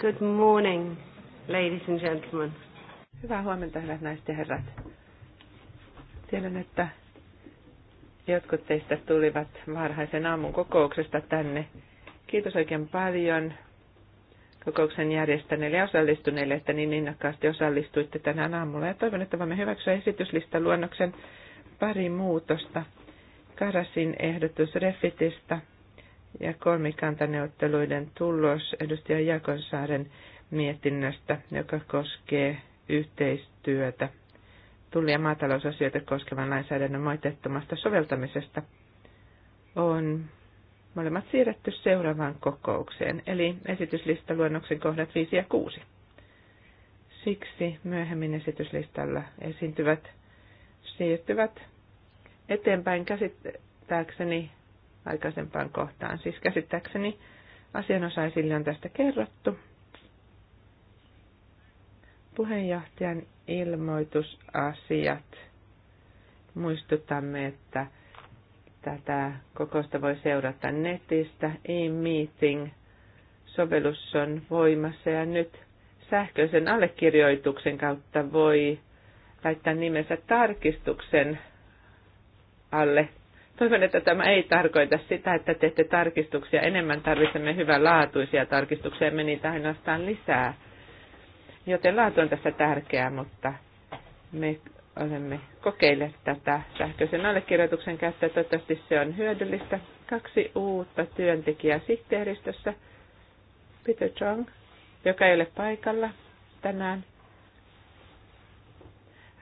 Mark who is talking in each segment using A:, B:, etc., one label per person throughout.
A: Good morning, ladies and gentlemen.
B: Hyvää huomenta, hyvät naiset ja herrat. Tiedän, että jotkut teistä tulivat varhaisen aamun kokouksesta tänne. Kiitos oikein paljon kokouksen järjestäneille ja osallistuneille, että niin innokkaasti osallistuitte tänään aamulla. Ja toivon, että voimme hyväksyä luonnoksen pari muutosta. Karasin ehdotus Refitistä – ja kolmikantaneuvotteluiden tulos edustaja Jakonsaaren mietinnöstä, joka koskee yhteistyötä tulli- ja maatalousasioita koskevan lainsäädännön moitettomasta soveltamisesta, on molemmat siirretty seuraavaan kokoukseen, eli esityslistaluonnoksen kohdat 5 ja 6. Siksi myöhemmin esityslistalla esiintyvät siirtyvät eteenpäin käsittääkseni aikaisempaan kohtaan. Siis käsittääkseni asianosaisille on tästä kerrottu. Puheenjohtajan ilmoitusasiat. Muistutamme, että tätä kokousta voi seurata netistä. E-meeting-sovellus on voimassa ja nyt sähköisen allekirjoituksen kautta voi laittaa nimensä tarkistuksen alle Toivon, että tämä ei tarkoita sitä, että teette tarkistuksia. Enemmän tarvitsemme hyvänlaatuisia tarkistuksia, meni tähän ainoastaan lisää. Joten laatu on tässä tärkeää, mutta me olemme kokeilleet tätä sähköisen allekirjoituksen käyttöä. Toivottavasti se on hyödyllistä. Kaksi uutta työntekijää sihteeristössä. Peter Chong, joka ei ole paikalla tänään.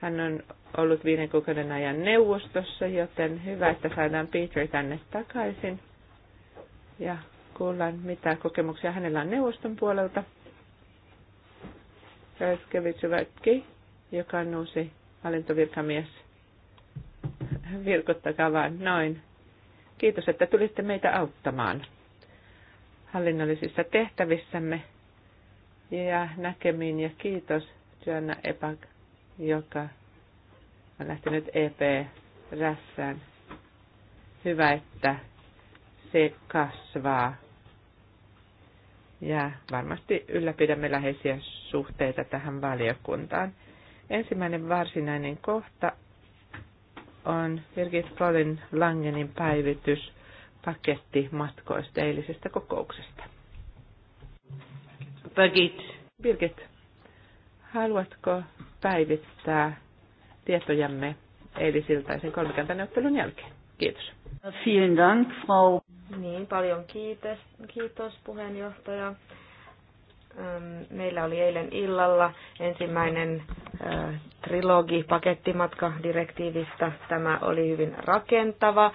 B: Hän on ollut viiden kuukauden ajan neuvostossa, joten hyvä, että saadaan Peter tänne takaisin. Ja kuullaan, mitä kokemuksia hänellä on neuvoston puolelta. Raskevic joka on uusi hallintovirkamies. Virkottakaa vaan noin. Kiitos, että tulitte meitä auttamaan hallinnollisissa tehtävissämme. Ja näkemiin ja kiitos Joanna Epak joka on lähtenyt EP-rässään. Hyvä, että se kasvaa. Ja varmasti ylläpidämme läheisiä suhteita tähän valiokuntaan. Ensimmäinen varsinainen kohta on Birgit Colin Langenin päivitys paketti matkoista eilisestä kokouksesta. Birgit. Birgit. Haluatko päivittää tietojamme eilisiltaisen kolmikantaneuvottelun jälkeen?
A: Kiitos. Vielen Dank, Frau.
C: Niin, paljon kiitos, kiitos puheenjohtaja. Meillä oli eilen illalla ensimmäinen trilogi direktiivistä. Tämä oli hyvin rakentava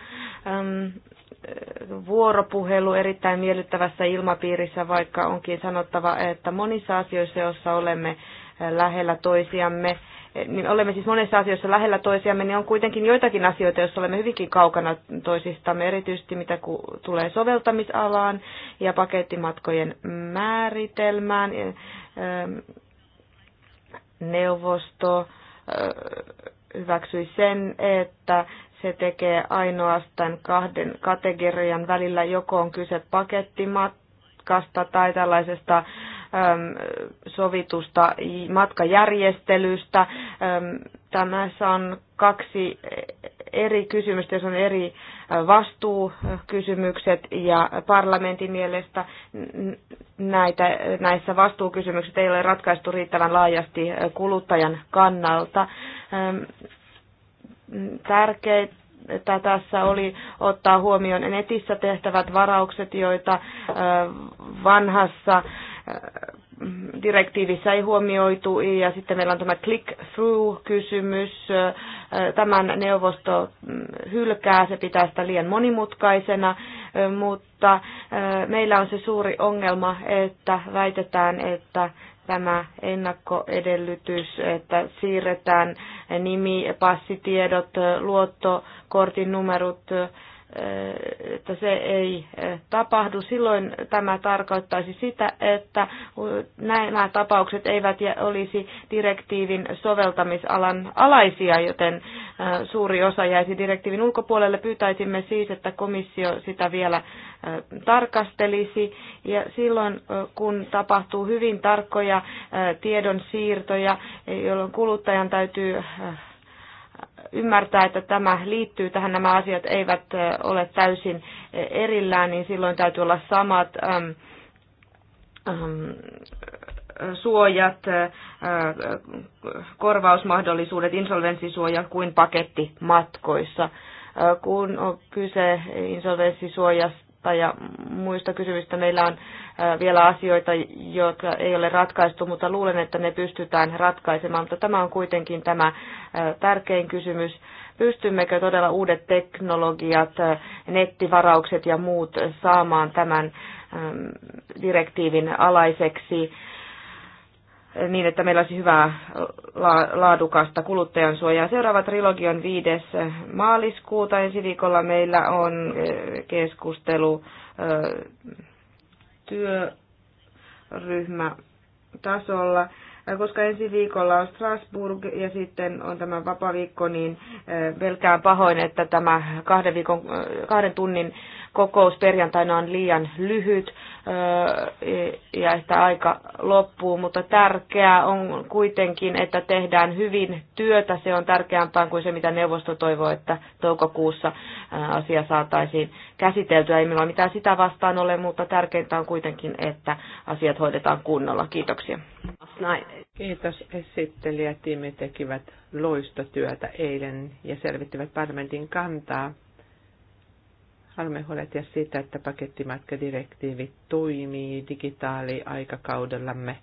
C: vuoropuhelu erittäin miellyttävässä ilmapiirissä, vaikka onkin sanottava, että monissa asioissa, joissa olemme lähellä toisiamme, niin olemme siis monessa asioissa lähellä toisiamme, niin on kuitenkin joitakin asioita, joissa olemme hyvinkin kaukana toisistamme, erityisesti mitä tulee soveltamisalaan ja pakettimatkojen määritelmään. Ähm, neuvosto äh, hyväksyi sen, että se tekee ainoastaan kahden kategorian välillä, joko on kyse pakettimatkasta tai tällaisesta Ähm, sovitusta matkajärjestelystä. Ähm, Tämässä on kaksi eri kysymystä, jos on eri äh, vastuukysymykset ja parlamentin mielestä näitä, näissä vastuukysymykset ei ole ratkaistu riittävän laajasti äh, kuluttajan kannalta. Ähm, Tärkeintä että tässä oli ottaa huomioon netissä tehtävät varaukset, joita äh, vanhassa direktiivissä ei huomioitu. Ja sitten meillä on tämä click-through-kysymys. Tämän neuvosto mm, hylkää, se pitää sitä liian monimutkaisena, mutta mm, meillä on se suuri ongelma, että väitetään, että tämä ennakkoedellytys, että siirretään nimi, passitiedot, luottokortin numerot, että se ei e, tapahdu. Silloin tämä tarkoittaisi sitä, että nämä tapaukset eivät olisi direktiivin soveltamisalan alaisia, joten e, suuri osa jäisi direktiivin ulkopuolelle. Pyytäisimme siis, että komissio sitä vielä e, tarkastelisi ja silloin kun tapahtuu hyvin tarkkoja tiedonsiirtoja, jolloin kuluttajan täytyy ymmärtää, että tämä liittyy tähän, nämä asiat eivät ole täysin erillään, niin silloin täytyy olla samat äm, äm, suojat, korvausmahdollisuudet, insolvenssisuoja kuin pakettimatkoissa. Kun on kyse insolvenssisuojasta ja muista kysymyksistä, meillä on vielä asioita, jotka ei ole ratkaistu, mutta luulen, että ne pystytään ratkaisemaan. Mutta tämä on kuitenkin tämä tärkein kysymys. Pystymmekö todella uudet teknologiat, nettivaraukset ja muut saamaan tämän direktiivin alaiseksi? niin, että meillä olisi hyvää laadukasta kuluttajan suojaa. Seuraava trilogi on 5. maaliskuuta. Ensi viikolla meillä on keskustelu työryhmä tasolla. Koska ensi viikolla on Strasbourg ja sitten on tämä vapaviikko, niin eh, pelkään pahoin, että tämä kahden, viikon, eh, kahden tunnin kokous perjantaina on liian lyhyt ja että aika loppuu, mutta tärkeää on kuitenkin, että tehdään hyvin työtä. Se on tärkeämpää kuin se, mitä neuvosto toivoo, että toukokuussa asia saataisiin käsiteltyä. Ei meillä mitään sitä vastaan ole, mutta tärkeintä on kuitenkin, että asiat hoidetaan kunnolla. Kiitoksia.
B: Kiitos esittelijä. Tiimi tekivät loistotyötä eilen ja selvittivät parlamentin kantaa haluamme huolehtia siitä, että pakettimatkadirektiivi toimii digitaaliaikakaudellamme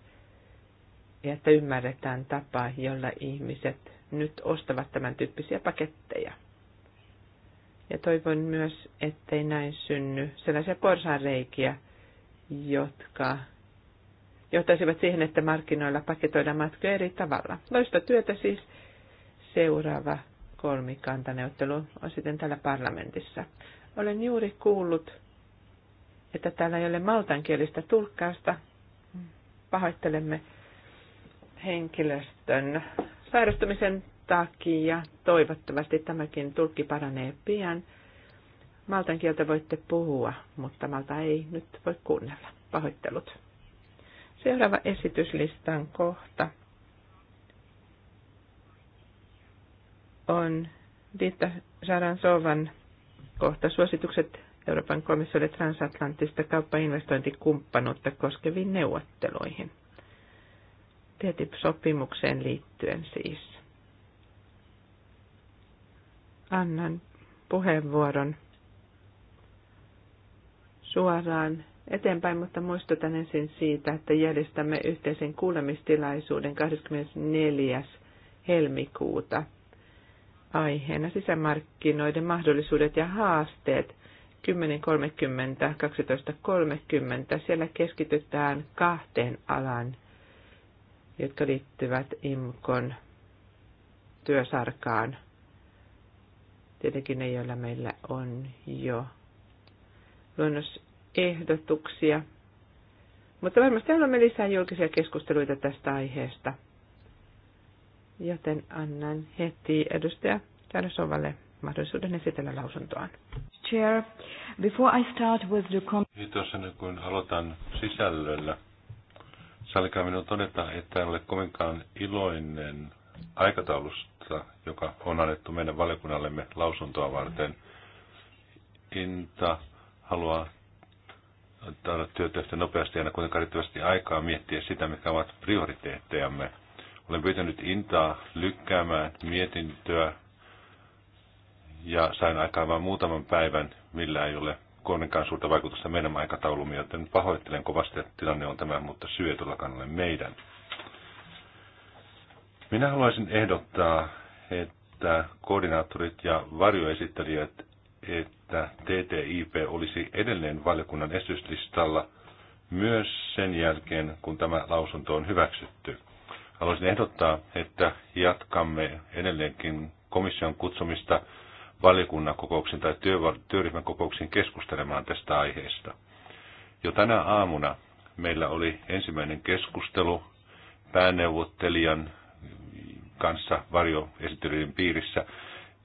B: ja että ymmärretään tapa, jolla ihmiset nyt ostavat tämän tyyppisiä paketteja. Ja toivon myös, ettei näin synny sellaisia porsaanreikiä, jotka johtaisivat siihen, että markkinoilla paketoidaan matkoja eri tavalla. Loista työtä siis. Seuraava kolmikantaneuvottelu on sitten täällä parlamentissa. Olen juuri kuullut, että täällä ei ole maltankielistä tulkkausta. Pahoittelemme henkilöstön sairastumisen takia. Toivottavasti tämäkin tulkki paranee pian. Maltan kieltä voitte puhua, mutta malta ei nyt voi kuunnella. Pahoittelut. Seuraava esityslistan kohta on Dita Saransovan kohta suositukset Euroopan komissiolle transatlanttista kauppainvestointikumppanuutta koskeviin neuvotteluihin. TTIP-sopimukseen liittyen siis. Annan puheenvuoron suoraan eteenpäin, mutta muistutan ensin siitä, että järjestämme yhteisen kuulemistilaisuuden 24. helmikuuta aiheena sisämarkkinoiden mahdollisuudet ja haasteet 10.30-12.30. Siellä keskitytään kahteen alaan, jotka liittyvät IMKON työsarkaan. Tietenkin ne, joilla meillä on jo luonnosehdotuksia. Mutta varmasti haluamme lisää julkisia keskusteluita tästä aiheesta – joten annan heti edustaja Tarasovalle mahdollisuuden esitellä lausuntoaan. Chair, before I start with the com-
D: Kiitos, ennen kuin aloitan sisällöllä. Sallikaa minun todeta, että en ole kovinkaan iloinen aikataulusta, joka on annettu meidän valiokunnallemme lausuntoa varten. Inta haluaa antaa työtehtä nopeasti ja kuitenkaan riittävästi aikaa miettiä sitä, mitkä ovat prioriteettejamme. Olen pyytänyt Intaa lykkäämään mietintöä ja sain aikaan vain muutaman päivän, millä ei ole kuitenkaan suurta vaikutusta meidän aikataulumme, joten pahoittelen kovasti, että tilanne on tämä, mutta syy ei todellakaan ole meidän. Minä haluaisin ehdottaa, että koordinaattorit ja varjoesittelijät, että TTIP olisi edelleen valiokunnan esityslistalla myös sen jälkeen, kun tämä lausunto on hyväksytty. Haluaisin ehdottaa, että jatkamme edelleenkin komission kutsumista valiokunnan kokouksen tai työryhmän kokouksen keskustelemaan tästä aiheesta. Jo tänä aamuna meillä oli ensimmäinen keskustelu pääneuvottelijan kanssa varjoesittelyiden piirissä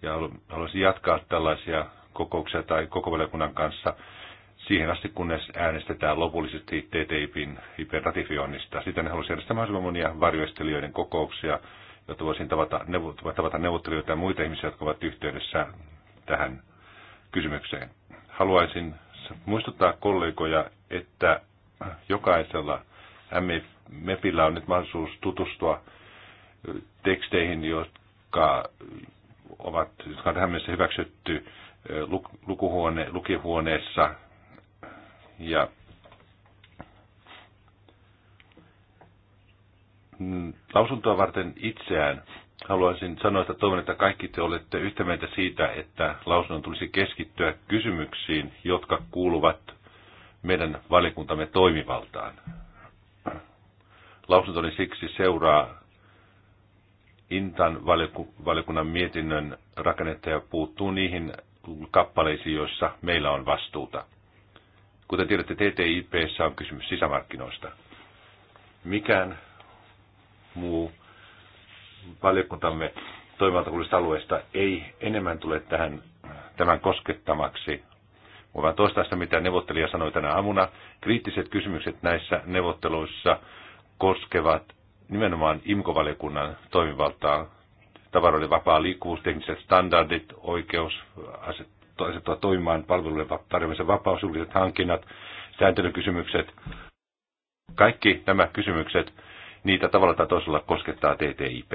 D: ja haluaisin jatkaa tällaisia kokouksia tai koko valiokunnan kanssa siihen asti, kunnes äänestetään lopullisesti TTIPin hyperratifioinnista. Sitten ne halusivat järjestää mahdollisimman monia varjoistelijoiden kokouksia, jotta voisin tavata, tavata neuvottelijoita ja muita ihmisiä, jotka ovat yhteydessä tähän kysymykseen. Haluaisin muistuttaa kollegoja, että jokaisella MEPillä e on nyt mahdollisuus tutustua teksteihin, jotka ovat, jotka on tähän mennessä hyväksytty lukuhuone, lukihuoneessa ja lausuntoa varten itseään haluaisin sanoa, että toivon, että kaikki te olette yhtä mieltä siitä, että lausunnon tulisi keskittyä kysymyksiin, jotka kuuluvat meidän valikuntamme toimivaltaan. Lausuntoni siksi seuraa Intan valiokunnan mietinnön rakennetta ja puuttuu niihin kappaleisiin, joissa meillä on vastuuta. Kuten tiedätte, TTIP on kysymys sisämarkkinoista. Mikään muu valiokuntamme toimivaltakuulista alueesta ei enemmän tule tähän, tämän koskettamaksi. Voin vain toistaa sitä, mitä neuvottelija sanoi tänä aamuna. Kriittiset kysymykset näissä neuvotteluissa koskevat nimenomaan IMKO-valiokunnan toimivaltaa, tavaroiden vapaa liikkuvuus, tekniset standardit, oikeus, aset, asettua toimimaan palvelujen tarjoamisen vapaus, hankinnat, sääntelykysymykset. Kaikki nämä kysymykset, niitä tavalla tai toisella koskettaa TTIP.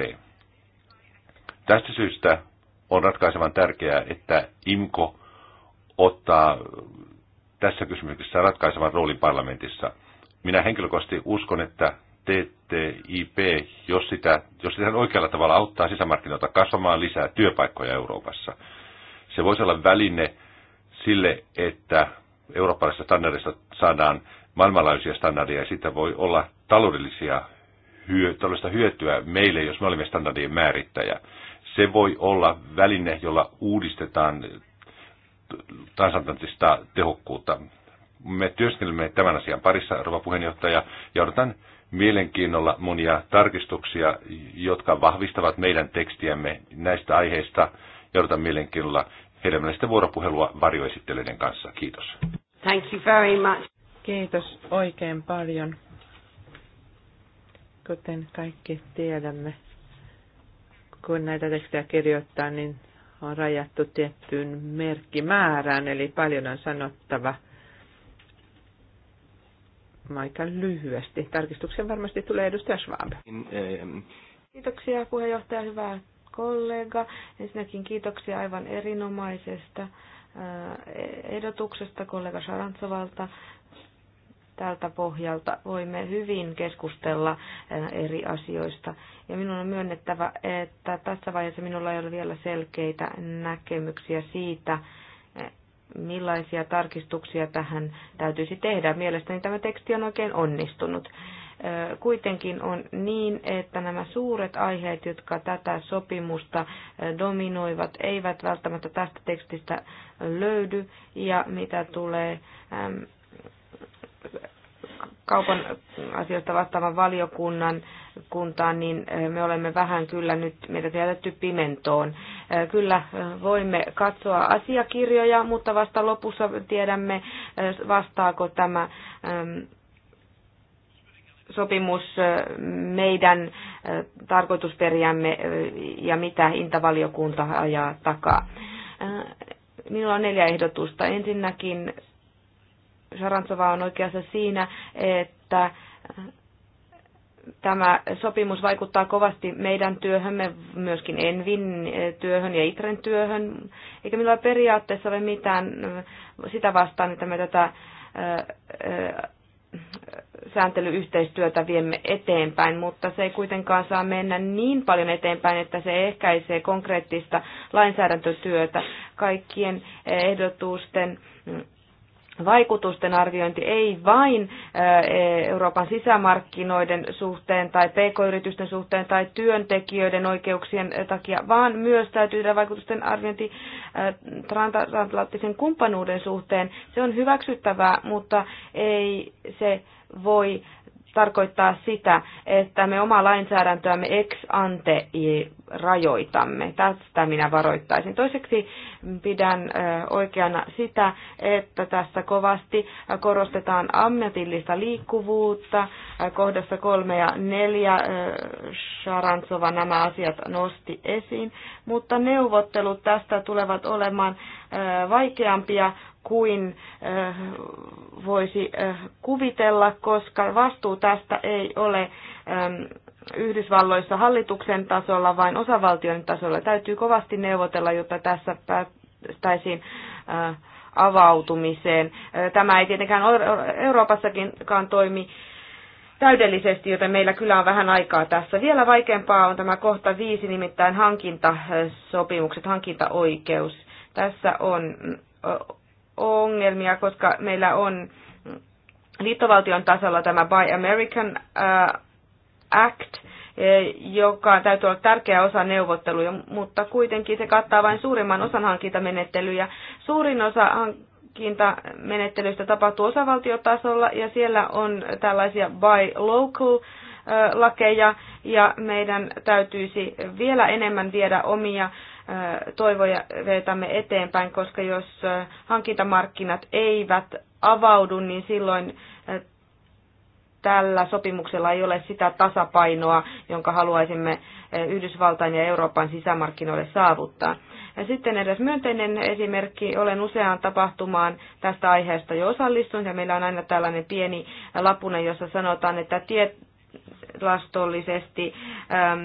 D: Tästä syystä on ratkaisevan tärkeää, että IMKO ottaa tässä kysymyksessä ratkaisevan roolin parlamentissa. Minä henkilökohtaisesti uskon, että TTIP, jos sitä, jos sitä oikealla tavalla auttaa sisämarkkinoita kasvamaan lisää työpaikkoja Euroopassa – se voisi olla väline sille, että eurooppalaisista standardeista saadaan maailmanlaajuisia standardeja ja siitä voi olla taloudellisia taloudellista hyötyä meille, jos me olemme standardien määrittäjä. Se voi olla väline, jolla uudistetaan transatlanttista tehokkuutta. Me työskentelemme tämän asian parissa, rouva puheenjohtaja, ja odotan mielenkiinnolla monia tarkistuksia, jotka vahvistavat meidän tekstiämme näistä aiheista. Ja odotan mielenkiinnolla hedelmällistä vuoropuhelua varjoesittelyiden kanssa. Kiitos.
B: Thank you very much. Kiitos oikein paljon. Kuten kaikki tiedämme, kun näitä tekstejä kirjoittaa, niin on rajattu tiettyyn merkkimäärään, eli paljon on sanottava aika lyhyesti. Tarkistuksen varmasti tulee edustaja Schwab. Eh,
A: Kiitoksia
C: puheenjohtaja, hyvää kollega. Ensinnäkin kiitoksia aivan erinomaisesta äh, ehdotuksesta kollega Sarantsovalta. Tältä pohjalta voimme hyvin keskustella äh, eri asioista. Ja minun on myönnettävä, että tässä vaiheessa minulla ei ole vielä selkeitä näkemyksiä siitä, äh, millaisia tarkistuksia tähän täytyisi tehdä. Mielestäni tämä teksti on oikein onnistunut. Kuitenkin on niin, että nämä suuret aiheet, jotka tätä sopimusta dominoivat, eivät välttämättä tästä tekstistä löydy. Ja mitä tulee kaupan asioista vastaavan valiokunnan kuntaan, niin me olemme vähän kyllä nyt meitä jätetty pimentoon. Kyllä voimme katsoa asiakirjoja, mutta vasta lopussa tiedämme, vastaako tämä sopimus meidän tarkoitusperiämme ja mitä intavaliokunta ajaa takaa. Minulla on neljä ehdotusta. Ensinnäkin Sarantsova on oikeassa siinä, että tämä sopimus vaikuttaa kovasti meidän työhömme, myöskin Envin työhön ja Itren työhön. Eikä minulla periaatteessa ole mitään sitä vastaan, että me tätä sääntelyyhteistyötä viemme eteenpäin, mutta se ei kuitenkaan saa mennä niin paljon eteenpäin, että se ehkäisee konkreettista lainsäädäntötyötä. Kaikkien ehdotusten vaikutusten arviointi ei vain Euroopan sisämarkkinoiden suhteen tai pk-yritysten suhteen tai työntekijöiden oikeuksien takia, vaan myös täytyy tehdä vaikutusten arviointi transatlanttisen kumppanuuden suhteen. Se on hyväksyttävää, mutta ei se voi tarkoittaa sitä, että me omaa lainsäädäntöämme ex ante rajoitamme. Tästä minä varoittaisin. Toiseksi pidän oikeana sitä, että tässä kovasti korostetaan ammatillista liikkuvuutta. Kohdassa kolme ja neljä Sharantsova nämä asiat nosti esiin, mutta neuvottelut tästä tulevat olemaan vaikeampia kuin äh, voisi äh, kuvitella, koska vastuu tästä ei ole ähm, Yhdysvalloissa hallituksen tasolla, vaan osavaltion tasolla. Täytyy kovasti neuvotella, jotta tässä päästäisiin äh, avautumiseen. Tämä ei tietenkään Euroopassakaan toimi täydellisesti, joten meillä kyllä on vähän aikaa tässä. Vielä vaikeampaa on tämä kohta viisi, nimittäin hankintasopimukset, hankintaoikeus. Tässä on ongelmia, koska meillä on liittovaltion tasolla tämä Buy American äh, Act, eh, joka täytyy olla tärkeä osa neuvotteluja, mutta kuitenkin se kattaa vain suurimman osan hankintamenettelyjä. Suurin osa hankintamenettelyistä tapahtuu osavaltiotasolla ja siellä on tällaisia buy local äh, lakeja ja meidän täytyisi vielä enemmän viedä omia toivojamme eteenpäin, koska jos hankintamarkkinat eivät avaudu, niin silloin tällä sopimuksella ei ole sitä tasapainoa, jonka haluaisimme Yhdysvaltain ja Euroopan sisämarkkinoille saavuttaa. Ja sitten edes myönteinen esimerkki, olen useaan tapahtumaan tästä aiheesta jo osallistunut ja meillä on aina tällainen pieni lapune, jossa sanotaan, että tiet, ähm,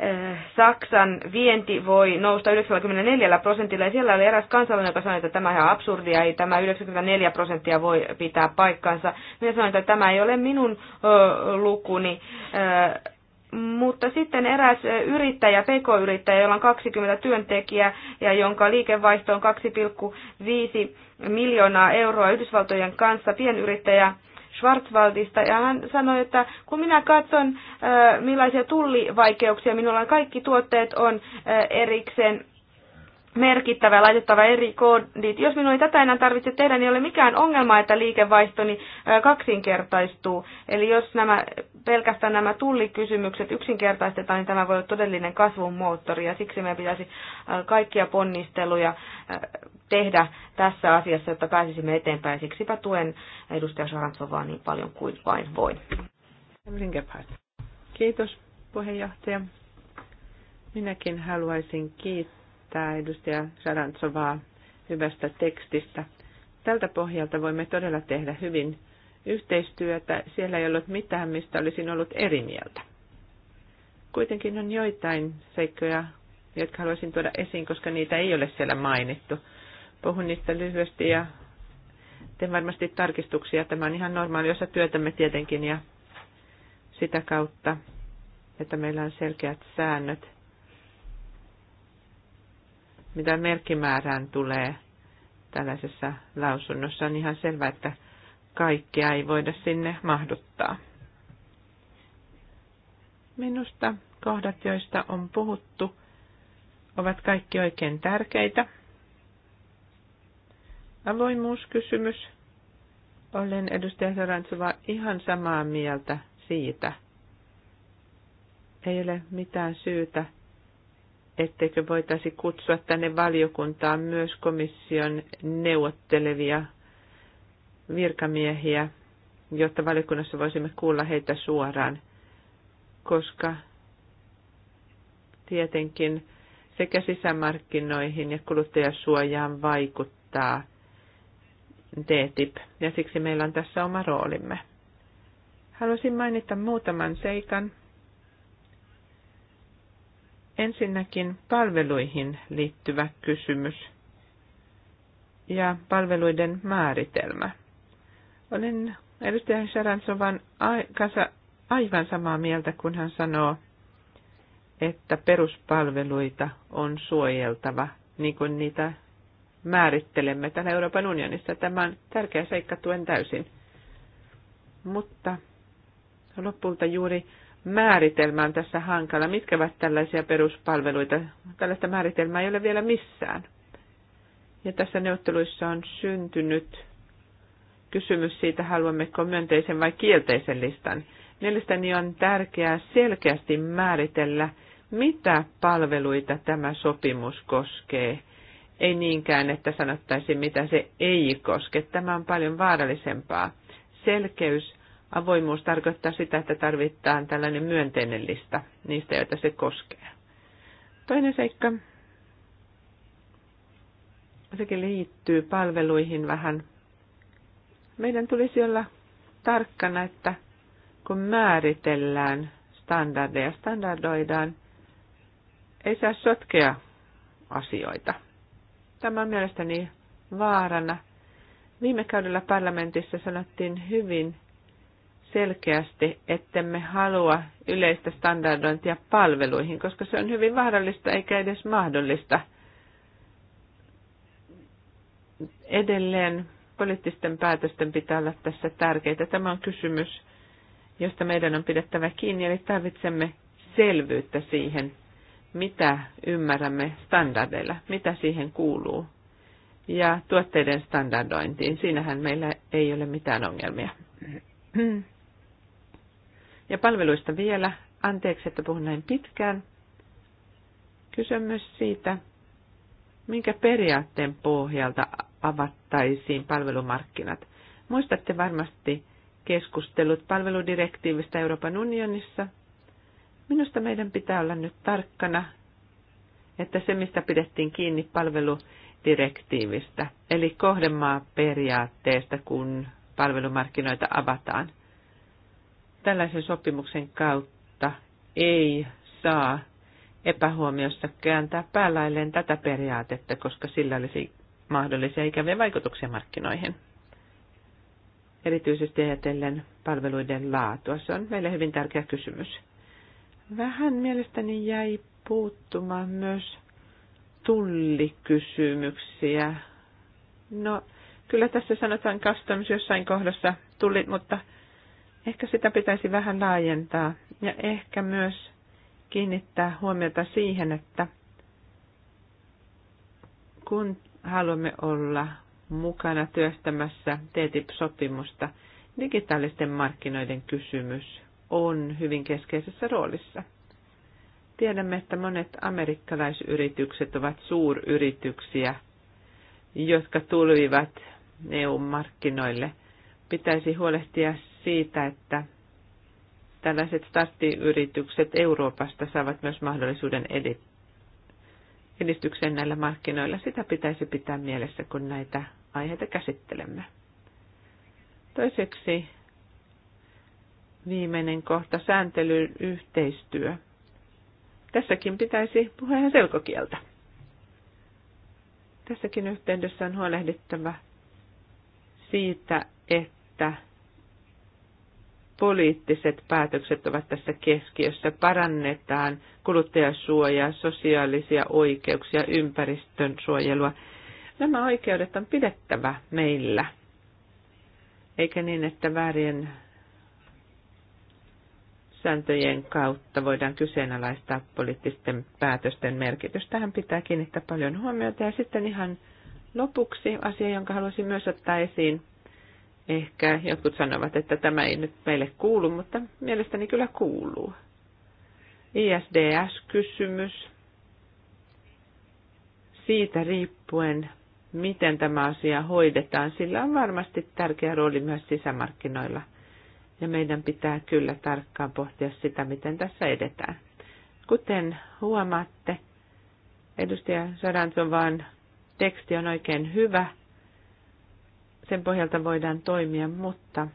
C: Eh, Saksan vienti voi nousta 94 prosentilla ja siellä oli eräs kansalainen, joka sanoi, että tämä on ihan absurdia, ei tämä 94 prosenttia voi pitää paikkansa. Minä sanoin, että tämä ei ole minun ö, lukuni. Ö, eh, mutta sitten eräs yrittäjä, pk-yrittäjä, jolla on 20 työntekijää ja jonka liikevaihto on 2,5 miljoonaa euroa Yhdysvaltojen kanssa, pienyrittäjä, Schwarzwaldista ja hän sanoi, että kun minä katson äh, millaisia tullivaikeuksia minulla on, kaikki tuotteet on äh, erikseen merkittävä ja laitettava eri koodit. Jos minun ei tätä enää tarvitse tehdä, niin ei ole mikään ongelma, että liikevaihtoni niin, kaksinkertaistuu. Eli jos nämä, pelkästään nämä tullikysymykset yksinkertaistetaan, niin tämä voi olla todellinen kasvun moottori. Ja siksi meidän pitäisi kaikkia ponnisteluja tehdä tässä asiassa, jotta pääsisimme eteenpäin. Siksipä tuen edustaja Sarantsovaa niin paljon
A: kuin
B: vain voin. Kiitos puheenjohtaja. Minäkin haluaisin kiittää kiittää edustaja Sarantsovaa hyvästä tekstistä. Tältä pohjalta voimme todella tehdä hyvin yhteistyötä. Siellä ei ollut mitään, mistä olisin ollut eri mieltä. Kuitenkin on joitain seikkoja, jotka haluaisin tuoda esiin, koska niitä ei ole siellä mainittu. Puhun niistä lyhyesti ja teen varmasti tarkistuksia. Tämä on ihan normaali osa työtämme tietenkin ja sitä kautta, että meillä on selkeät säännöt mitä merkkimäärään tulee tällaisessa lausunnossa, on ihan selvää, että kaikkea ei voida sinne mahduttaa. Minusta kohdat, joista on puhuttu, ovat kaikki oikein tärkeitä. Avoimuuskysymys. Olen edustaja Sarantsova ihan samaa mieltä siitä. Ei ole mitään syytä etteikö voitaisi kutsua tänne valiokuntaan myös komission neuvottelevia virkamiehiä, jotta valiokunnassa voisimme kuulla heitä suoraan, koska tietenkin sekä sisämarkkinoihin ja kuluttajasuojaan vaikuttaa TTIP, ja siksi meillä on tässä oma roolimme. Haluaisin mainita muutaman seikan, Ensinnäkin palveluihin liittyvä kysymys ja palveluiden määritelmä. Olen edustaja Sharansovan kanssa aivan samaa mieltä, kun hän sanoo, että peruspalveluita on suojeltava, niin kuin niitä määrittelemme täällä Euroopan unionissa. Tämä on tärkeä seikka, tuen täysin. Mutta lopulta juuri määritelmä on tässä hankala. Mitkä ovat tällaisia peruspalveluita? Tällaista määritelmää ei ole vielä missään. Ja tässä neuvotteluissa on syntynyt kysymys siitä, haluammeko myönteisen vai kielteisen listan. Mielestäni on tärkeää selkeästi määritellä, mitä palveluita tämä sopimus koskee. Ei niinkään, että sanottaisiin, mitä se ei koske. Tämä on paljon vaarallisempaa. Selkeys Avoimuus tarkoittaa sitä, että tarvitaan tällainen myönteinen lista niistä, joita se koskee. Toinen seikka, sekin liittyy palveluihin vähän. Meidän tulisi olla tarkkana, että kun määritellään standardeja, standardoidaan, ei saa sotkea asioita. Tämä on mielestäni vaarana. Viime kaudella parlamentissa sanottiin hyvin selkeästi, että me halua yleistä standardointia palveluihin, koska se on hyvin vaarallista eikä edes mahdollista. Edelleen poliittisten päätösten pitää olla tässä tärkeitä. Tämä on kysymys, josta meidän on pidettävä kiinni, eli tarvitsemme selvyyttä siihen, mitä ymmärrämme standardeilla, mitä siihen kuuluu. Ja tuotteiden standardointiin, siinähän meillä ei ole mitään ongelmia. Ja palveluista vielä. Anteeksi, että puhun näin pitkään. Kysymys siitä, minkä periaatteen pohjalta avattaisiin palvelumarkkinat. Muistatte varmasti keskustelut palveludirektiivistä Euroopan unionissa. Minusta meidän pitää olla nyt tarkkana, että se, mistä pidettiin kiinni palveludirektiivistä, eli kohdemaa periaatteesta, kun palvelumarkkinoita avataan – Tällaisen sopimuksen kautta ei saa epähuomiossa kääntää päälailleen tätä periaatetta, koska sillä olisi mahdollisia ikäviä vaikutuksia markkinoihin. Erityisesti ajatellen palveluiden laatua. Se on meille hyvin tärkeä kysymys. Vähän mielestäni jäi puuttumaan myös tullikysymyksiä. No, kyllä tässä sanotaan customs jossain kohdassa tullit, mutta Ehkä sitä pitäisi vähän laajentaa ja ehkä myös kiinnittää huomiota siihen, että kun haluamme olla mukana työstämässä TTIP-sopimusta, digitaalisten markkinoiden kysymys on hyvin keskeisessä roolissa. Tiedämme, että monet amerikkalaisyritykset ovat suuryrityksiä, jotka tulvivat EU-markkinoille. Pitäisi huolehtia siitä, että tällaiset starttiyritykset Euroopasta saavat myös mahdollisuuden edistykseen näillä markkinoilla. Sitä pitäisi pitää mielessä, kun näitä aiheita käsittelemme. Toiseksi viimeinen kohta, sääntelyyhteistyö. Tässäkin pitäisi puhua ihan selkokieltä. Tässäkin yhteydessä on huolehdittava siitä, että poliittiset päätökset ovat tässä keskiössä. Parannetaan kuluttajasuojaa, sosiaalisia oikeuksia, ympäristön suojelua. Nämä oikeudet on pidettävä meillä, eikä niin, että väärien sääntöjen kautta voidaan kyseenalaistaa poliittisten päätösten merkitys. Tähän pitää kiinnittää paljon huomiota. Ja sitten ihan lopuksi asia, jonka haluaisin myös ottaa esiin, Ehkä jotkut sanovat, että tämä ei nyt meille kuulu, mutta mielestäni kyllä kuuluu. ISDS-kysymys. Siitä riippuen, miten tämä asia hoidetaan, sillä on varmasti tärkeä rooli myös sisämarkkinoilla. Ja meidän pitää kyllä tarkkaan pohtia sitä, miten tässä edetään. Kuten huomaatte, edustaja Sarantovan teksti on oikein hyvä – sen pohjalta voidaan toimia, mutta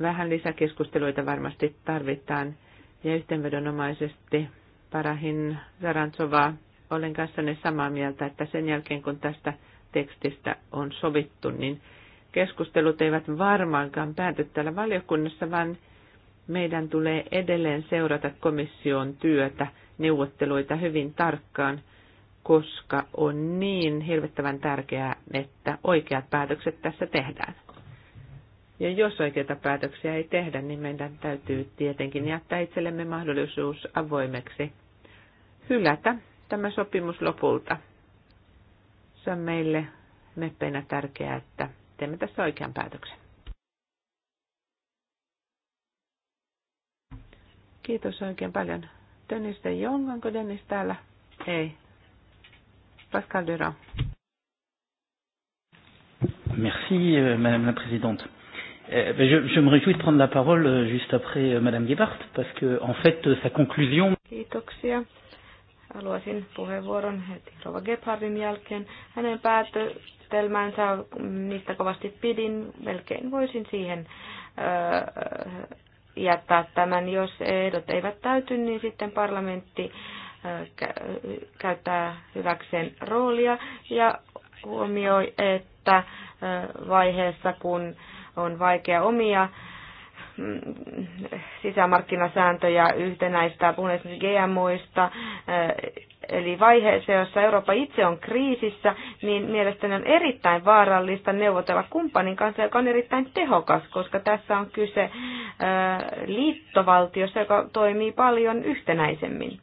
B: vähän lisäkeskusteluita varmasti tarvitaan. Ja yhteenvedonomaisesti Parahin Zarantsova, olen kanssanne samaa mieltä, että sen jälkeen kun tästä tekstistä on sovittu, niin keskustelut eivät varmaankaan pääty täällä valiokunnassa, vaan meidän tulee edelleen seurata komission työtä, neuvotteluita hyvin tarkkaan – koska on niin hirvittävän tärkeää, että oikeat päätökset tässä tehdään. Ja jos oikeita päätöksiä ei tehdä, niin meidän täytyy tietenkin jättää itsellemme mahdollisuus avoimeksi hylätä tämä sopimus lopulta. Se on meille meppeinä tärkeää, että teemme tässä oikean päätöksen. Kiitos oikein paljon. Dennis de Jong, onko Dennis täällä? Ei, Pascal Durand.
A: Merci, euh, Madame la Présidente. Euh, je, je me réjouis de prendre la parole euh, juste après euh, Madame Gebhardt, parce que, en fait, euh, sa conclusion.
C: Kiitoksia. Haluaisin puheenvuoron heti Rova Gebhardin jälkeen. Hänen päätelmänsä, niistä kovasti pidin, melkein voisin siihen äh, jättää tämän. Jos ehdot eivät täyty, niin sitten parlamentti äh, käyttää hyväkseen roolia ja huomioi, että vaiheessa kun on vaikea omia mm, sisämarkkinasääntöjä yhtenäistää, puhun esimerkiksi GMOista, eli vaiheessa, jossa Eurooppa itse on kriisissä, niin mielestäni on erittäin vaarallista neuvotella kumppanin kanssa, joka on erittäin tehokas, koska tässä on kyse liittovaltiossa, joka toimii paljon yhtenäisemmin.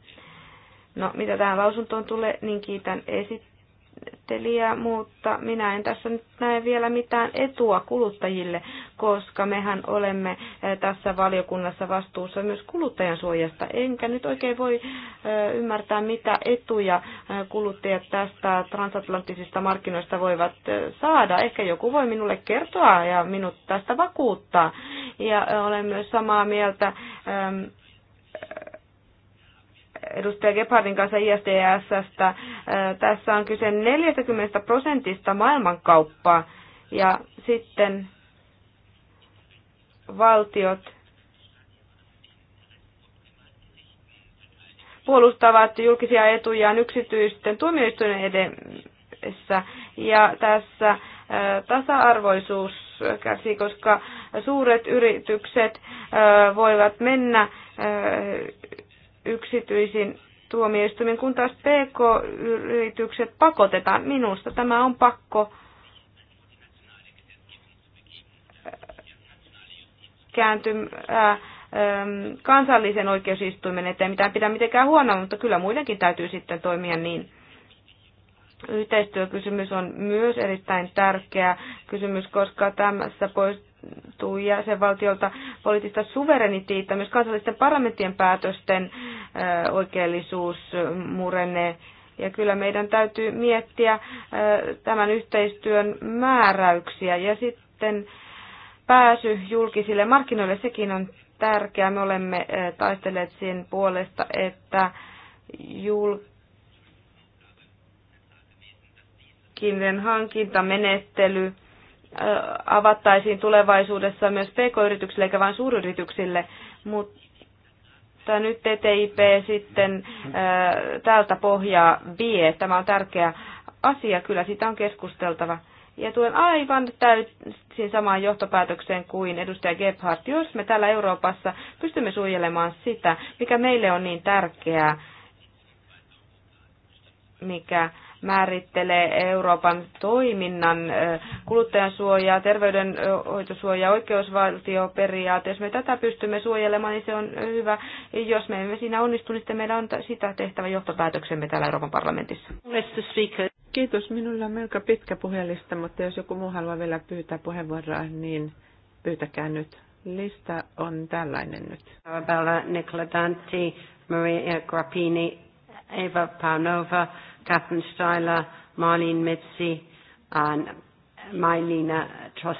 C: No, mitä tähän lausuntoon tulee, niin kiitän esittelijää, mutta minä en tässä nyt näe vielä mitään etua kuluttajille, koska mehän olemme eh, tässä valiokunnassa vastuussa myös kuluttajan suojasta. Enkä nyt oikein voi eh, ymmärtää, mitä etuja eh, kuluttajat tästä transatlanttisista markkinoista voivat saada. Ehkä joku voi minulle kertoa ja minut tästä vakuuttaa. Ja olen myös samaa mieltä ehm, edustaja Gebhardin kanssa ISDSstä. Tässä on kyse 40 prosentista maailmankauppaa ja sitten valtiot puolustavat julkisia etujaan yksityisten tuomioistuinen edessä. Ja tässä tasa-arvoisuus kärsii, koska suuret yritykset voivat mennä yksityisin tuomioistuimin, kun taas PK-yritykset pakotetaan. Minusta tämä on pakko kääntymään kansallisen oikeusistuimen eteen, mitä pitää mitenkään huonoa, mutta kyllä muidenkin täytyy sitten toimia niin. Yhteistyökysymys on myös erittäin tärkeä kysymys, koska tämässä pois tuu jäsenvaltiolta poliittista suvereniteettia, myös kansallisten parlamenttien päätösten oikeellisuus murenee. Ja kyllä meidän täytyy miettiä tämän yhteistyön määräyksiä ja sitten pääsy julkisille markkinoille, sekin on tärkeää. Me olemme taistelleet sen puolesta, että julkinen hankintamenettely avattaisiin tulevaisuudessa myös pk-yrityksille eikä vain suuryrityksille, mutta nyt TTIP sitten täältä pohjaa vie. Tämä on tärkeä asia, kyllä sitä on keskusteltava. Ja tuen aivan täysin samaan johtopäätökseen kuin edustaja Gebhardt. Jos me täällä Euroopassa pystymme suojelemaan sitä, mikä meille on niin tärkeää, mikä määrittelee Euroopan toiminnan kuluttajansuojaa, terveydenhoitosuojaa, oikeusvaltioperiaate. Jos me tätä pystymme suojelemaan, niin se on hyvä. Jos me emme siinä onnistu, niin sitten meillä on sitä tehtävä johtopäätöksemme täällä Euroopan parlamentissa.
B: Kiitos. Minulla on melko pitkä puhelista, mutta jos joku muu haluaa vielä pyytää puheenvuoroa, niin pyytäkää nyt.
A: Lista on tällainen nyt. Arabella Nicoladanti, Maria Grappini, Eva Paunova, Catherine Styler, Marlene Mitzi, and Mylena Tros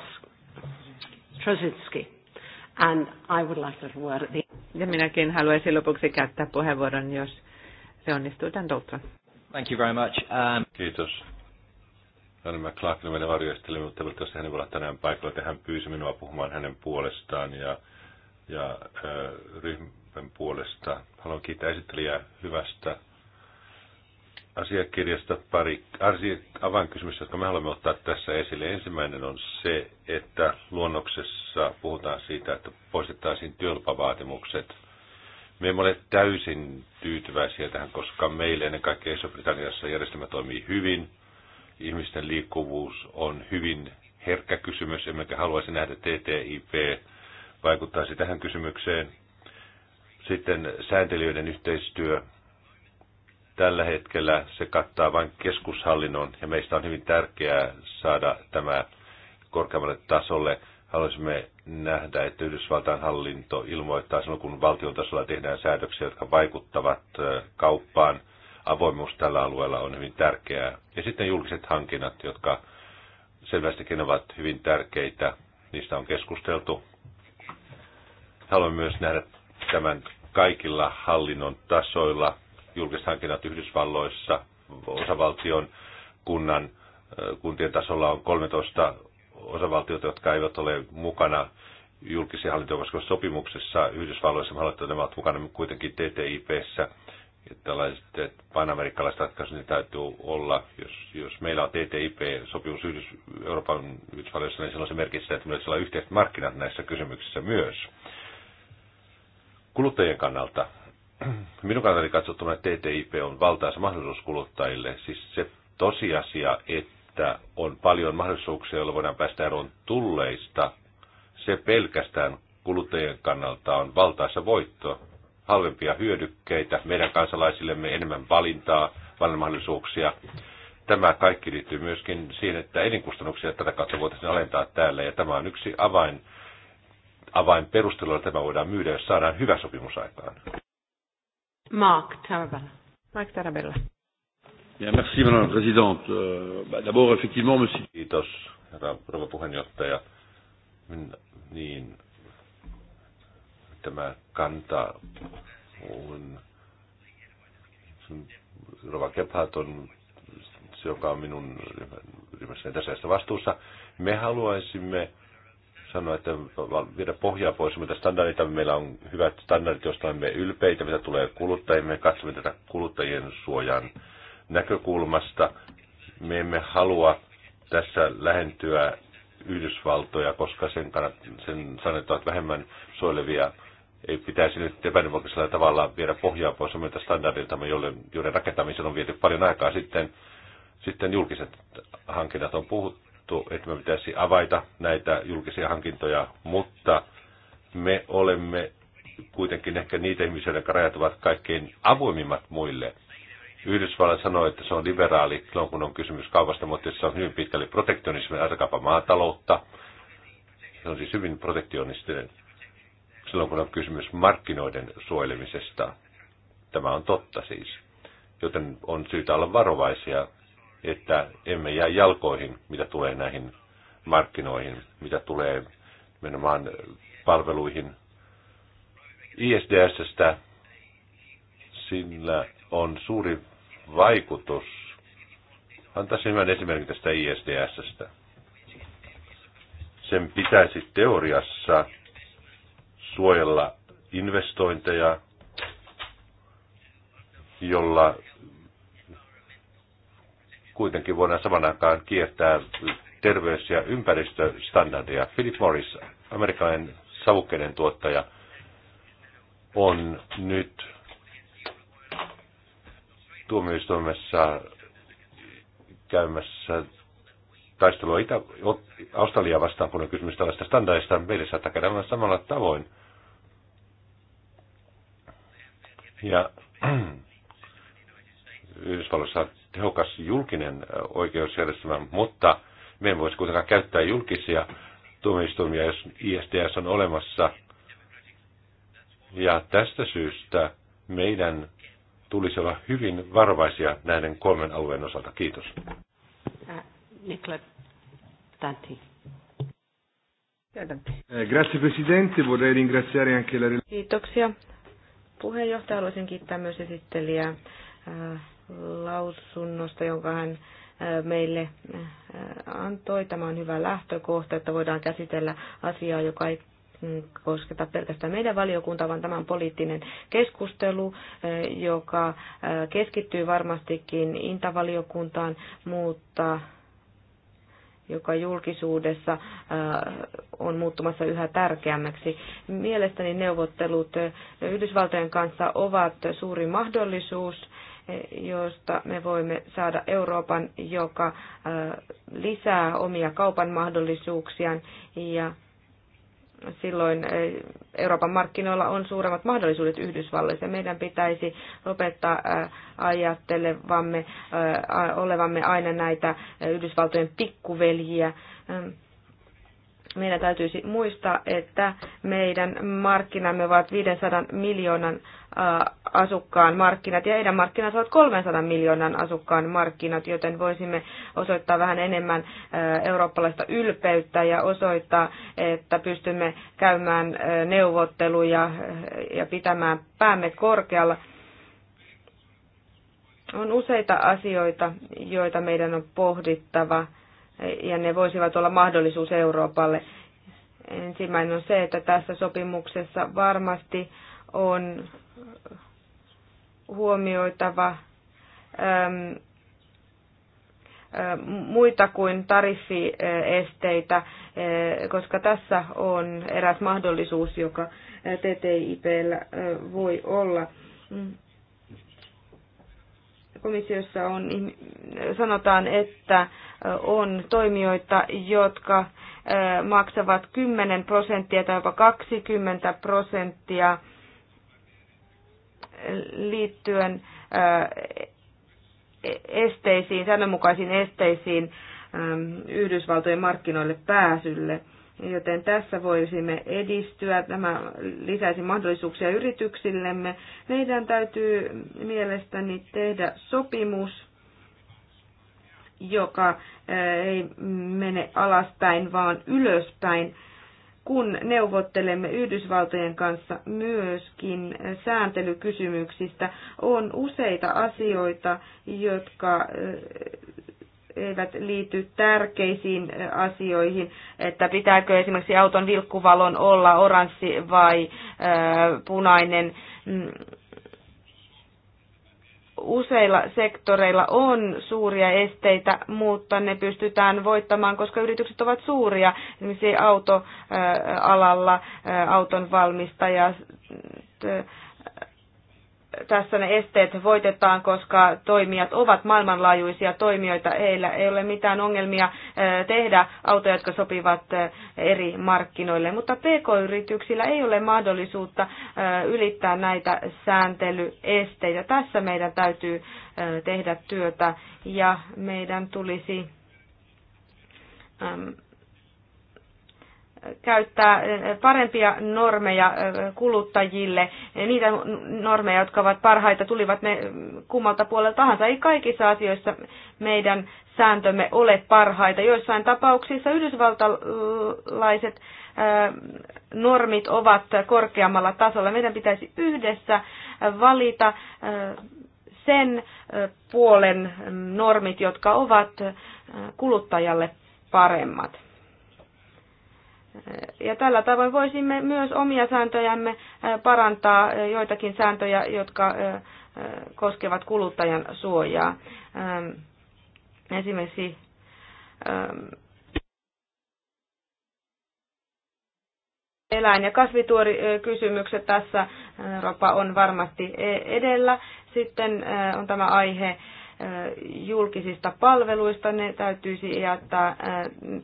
A: Trositsky.
B: And I would like to word at the... Ja minäkin haluaisin lopuksi käyttää puheenvuoron, jos se onnistuu, tämän Dalton.
D: Thank you very much. Um... Kiitos. Anne McClarkin meidän varjoistelimme, mutta toivottavasti hän ei voi olla tänään paikalla. Että hän pyysi minua puhumaan hänen puolestaan ja, ja äh, ryhmän puolesta. Haluan kiittää esittelijää hyvästä asiakirjasta pari asia, avainkysymystä, jotka me haluamme ottaa tässä esille. Ensimmäinen on se, että luonnoksessa puhutaan siitä, että poistettaisiin työlupavaatimukset. Me emme ole täysin tyytyväisiä tähän, koska meillä ennen kaikkea Iso-Britanniassa järjestelmä toimii hyvin. Ihmisten liikkuvuus on hyvin herkkä kysymys, emmekä haluaisi nähdä TTIP vaikuttaisi tähän kysymykseen. Sitten sääntelijöiden yhteistyö Tällä hetkellä se kattaa vain keskushallinnon ja meistä on hyvin tärkeää saada tämä korkeammalle tasolle. Haluaisimme nähdä, että Yhdysvaltain hallinto ilmoittaa silloin, kun valtion tasolla tehdään säädöksiä, jotka vaikuttavat kauppaan. Avoimuus tällä alueella on hyvin tärkeää. Ja sitten julkiset hankinnat, jotka selvästikin ovat hyvin tärkeitä. Niistä on keskusteltu. Haluan myös nähdä tämän kaikilla hallinnon tasoilla julkiset hankinnat Yhdysvalloissa osavaltion kunnan äh, kuntien tasolla on 13 osavaltiota, jotka eivät ole mukana julkisia koskevassa sopimuksessa Yhdysvalloissa. Mä haluan, että ovat mukana kuitenkin TTIPssä. Tällaiset panamerikkalaiset ratkaisut niin täytyy olla. Jos, jos meillä on TTIP-sopimus Yhdys, Euroopan Yhdysvalloissa, niin silloin se merkitsee, että meillä on yhteiset markkinat näissä kysymyksissä myös. Kuluttajien kannalta minun kannaltani katsottuna TTIP on valtaisa mahdollisuus kuluttajille. Siis se tosiasia, että on paljon mahdollisuuksia, joilla voidaan päästä eroon tulleista, se pelkästään kuluttajien kannalta on valtaisa voitto. Halvempia hyödykkeitä, meidän kansalaisillemme enemmän valintaa, valinnanmahdollisuuksia. Tämä kaikki liittyy myöskin siihen, että elinkustannuksia tätä kautta voitaisiin alentaa täällä, ja tämä on yksi avain, avain perustelulla, tämä voidaan myydä, jos saadaan hyvä sopimus aikaan.
B: Mark Tarabella. Mark Tarabella.
D: Ja, merci, madame la présidente. Euh, bah, D'abord, effectivement, monsieur... Kiitos, herra rouva puheenjohtaja. Minä, niin, tämä kanta on... Rova Kephat on se, joka on minun ryhmässäni tässä vastuussa. Me haluaisimme sanoa, että viedä pohjaa pois, mitä standardita meillä on hyvät standardit, joista olemme ylpeitä, mitä tulee kuluttajille, me katsomme tätä kuluttajien suojan näkökulmasta. Me emme halua tässä lähentyä Yhdysvaltoja, koska sen, kannat, sen sanotaan vähemmän suojelevia ei pitäisi nyt epädemokraattisella tavalla viedä pohjaa pois omilta standardiltamme, jolle, joiden rakentamisen on viety paljon aikaa sitten. Sitten julkiset hankinnat on puhuttu sanottu, että me pitäisi avaita näitä julkisia hankintoja, mutta me olemme kuitenkin ehkä niitä ihmisiä, jotka rajat ovat kaikkein avoimimmat muille. Yhdysvallat sanoo, että se on liberaali silloin, kun on kysymys kaupasta, mutta se on hyvin pitkälle protektionismi, ajatakaapa maataloutta. Se on siis hyvin protektionistinen silloin, kun on kysymys markkinoiden suojelemisesta. Tämä on totta siis. Joten on syytä olla varovaisia että emme jää jalkoihin, mitä tulee näihin markkinoihin, mitä tulee menemään palveluihin. ISDSstä sillä on suuri vaikutus. Antaisin hyvän esimerkin tästä ISDSstä. Sen pitäisi teoriassa suojella investointeja, jolla kuitenkin voidaan saman aikaan kiertää terveys- ja ympäristöstandardeja. Philip Morris, amerikkalainen savukkeiden tuottaja, on nyt tuomioistuimessa käymässä taistelua Itä- Australiaa vastaan, kun on kysymys tällaista standardista. Meille saattaa käydä samalla tavoin. Ja Yhdysvalloissa tehokas julkinen oikeusjärjestelmä, mutta me emme voisi kuitenkaan käyttää julkisia tuomioistuimia, jos ISDS on olemassa. Ja tästä syystä meidän tulisi olla hyvin varovaisia näiden kolmen alueen osalta. Kiitos.
B: Äh, eh,
D: grazie Presidente, vorrei ringraziare anche la...
C: Kiitoksia. Puheenjohtaja, haluaisin kiittää myös esittelijää äh, lausunnosta, jonka hän meille antoi. Tämä on hyvä lähtökohta, että voidaan käsitellä asiaa, joka ei mm, kosketa pelkästään meidän valiokuntaa, vaan tämän poliittinen keskustelu, joka keskittyy varmastikin intavaliokuntaan, mutta joka julkisuudessa on muuttumassa yhä tärkeämmäksi. Mielestäni neuvottelut Yhdysvaltojen kanssa ovat suuri mahdollisuus josta me voimme saada Euroopan, joka äh, lisää omia kaupan mahdollisuuksiaan ja silloin äh, Euroopan markkinoilla on suuremmat mahdollisuudet Yhdysvalloissa. Meidän pitäisi lopettaa äh, ajattelevamme, olevamme aina näitä Yhdysvaltojen pikkuveljiä. Ähm, meidän täytyisi muistaa, että meidän markkinamme ovat 500 miljoonan asukkaan markkinat ja heidän markkinat ovat 300 miljoonan asukkaan markkinat, joten voisimme osoittaa vähän enemmän eurooppalaista ylpeyttä ja osoittaa, että pystymme käymään neuvotteluja ja pitämään päämme korkealla. On useita asioita, joita meidän on pohdittava ja ne voisivat olla mahdollisuus Euroopalle. Ensimmäinen on se, että tässä sopimuksessa varmasti on huomioitava äm, muita kuin tariffiesteitä, koska tässä on eräs mahdollisuus, joka TTIPllä voi olla komissiossa on, sanotaan, että on toimijoita, jotka maksavat 10 prosenttia tai jopa 20 prosenttia liittyen e-, esteisiin, säännönmukaisiin esteisiin Yhdysvaltojen markkinoille pääsylle – joten tässä voisimme edistyä. Tämä lisäisi mahdollisuuksia yrityksillemme. Meidän täytyy mielestäni tehdä sopimus, joka ei mene alaspäin, vaan ylöspäin, kun neuvottelemme Yhdysvaltojen kanssa myöskin sääntelykysymyksistä. On useita asioita, jotka eivät liity tärkeisiin asioihin, että pitääkö esimerkiksi auton vilkkuvalon olla oranssi vai punainen. Mm. Useilla sektoreilla on suuria esteitä, mutta ne pystytään voittamaan, koska yritykset ovat suuria. Esimerkiksi autoalalla auton valmistajat tässä ne esteet voitetaan, koska toimijat ovat maailmanlaajuisia toimijoita. Heillä ei ole mitään ongelmia tehdä autoja, jotka sopivat eri markkinoille. Mutta PK-yrityksillä ei ole mahdollisuutta ylittää näitä sääntelyesteitä. Tässä meidän täytyy tehdä työtä ja meidän tulisi käyttää parempia normeja kuluttajille, niitä normeja, jotka ovat parhaita, tulivat ne kummalta puolelta tahansa. Ei kaikissa asioissa meidän sääntömme ole parhaita. Joissain tapauksissa yhdysvaltalaiset normit ovat korkeammalla tasolla. Meidän pitäisi yhdessä valita sen puolen normit, jotka ovat kuluttajalle paremmat. Ja tällä tavoin voisimme myös omia sääntöjämme parantaa joitakin sääntöjä, jotka koskevat kuluttajan suojaa. Esimerkiksi eläin- ja kasvituorikysymykset tässä Europa on varmasti e-, edellä. Sitten on tämä aihe julkisista palveluista. Ne täytyisi jättää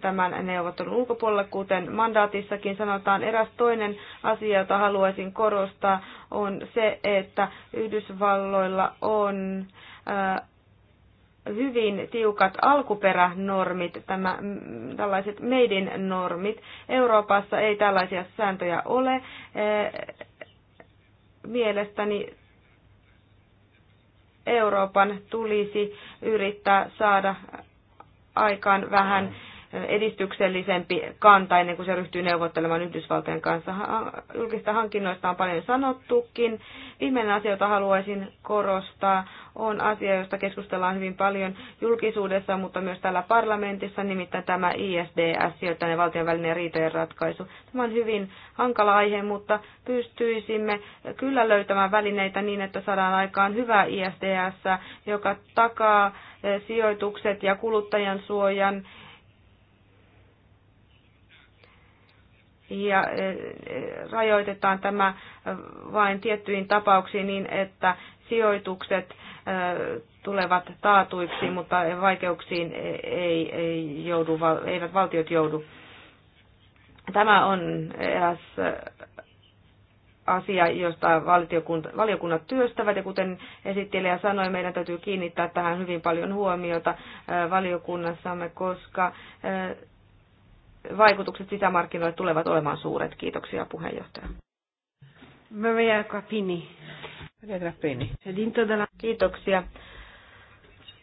C: tämän neuvottelun ulkopuolella, kuten mandaatissakin sanotaan. Eräs toinen asia, jota haluaisin korostaa, on se, että Yhdysvalloilla on hyvin tiukat alkuperänormit, tämä, tällaiset meidin normit. Euroopassa ei tällaisia sääntöjä ole. Mielestäni Euroopan tulisi yrittää saada aikaan vähän edistyksellisempi kanta ennen kuin se ryhtyy neuvottelemaan Yhdysvaltojen kanssa. Julkista hankinnoista on paljon sanottukin. Viimeinen asia, jota haluaisin korostaa, on asia, josta keskustellaan hyvin paljon julkisuudessa, mutta myös täällä parlamentissa, nimittäin tämä ISDS, ne valtion välinen riitojen ratkaisu. Tämä on hyvin hankala aihe, mutta pystyisimme kyllä löytämään välineitä niin, että saadaan aikaan hyvä ISDS, joka takaa eh, sijoitukset ja kuluttajan suojan ja eh, eh, rajoitetaan tämä eh, vain tiettyihin tapauksiin niin, että sijoitukset tulevat taatuiksi, mutta vaikeuksiin ei, ei joudu, eivät valtiot joudu. Tämä on eräs asia, josta valiokunnat työstävät. Ja kuten esittelijä sanoi, meidän täytyy kiinnittää tähän hyvin paljon huomiota valiokunnassamme, koska vaikutukset sisämarkkinoille tulevat olemaan suuret. Kiitoksia puheenjohtaja. Kiitoksia.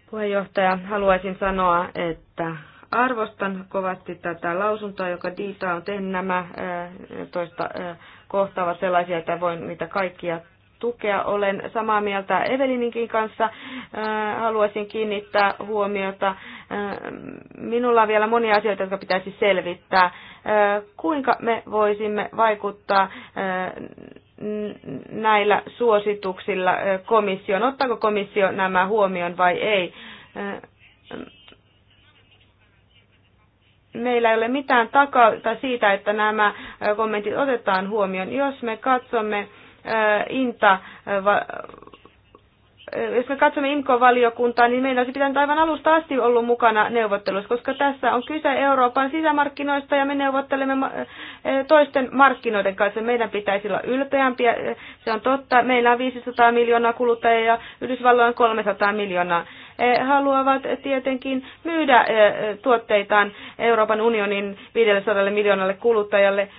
C: Puheenjohtaja, haluaisin sanoa, että arvostan kovasti tätä lausuntoa, joka Diita on tehnyt. Nämä äh, toista äh, kohtaavat sellaisia, että voin niitä kaikkia tukea. Olen samaa mieltä Evelininkin kanssa. Äh, haluaisin kiinnittää huomiota. Äh, minulla on vielä monia asioita, jotka pitäisi selvittää. Äh, kuinka me voisimme vaikuttaa näillä suosituksilla komission? Ottaako komissio nämä huomioon vai ei? meillä ei ole mitään takaa siitä, että nämä kommentit otetaan huomioon. Jos me katsomme Inta jos me katsomme IMKO-valiokuntaa, niin meidän olisi pitänyt aivan alusta asti ollut mukana neuvottelussa, koska tässä on kyse Euroopan sisämarkkinoista ja me neuvottelemme toisten markkinoiden kanssa. Meidän pitäisi olla ylpeämpiä, se on totta. Meillä on 500 miljoonaa kuluttajia ja Yhdysvalloin 300 miljoonaa. haluavat tietenkin myydä tuotteitaan Euroopan unionin 500 miljoonalle kuluttajalle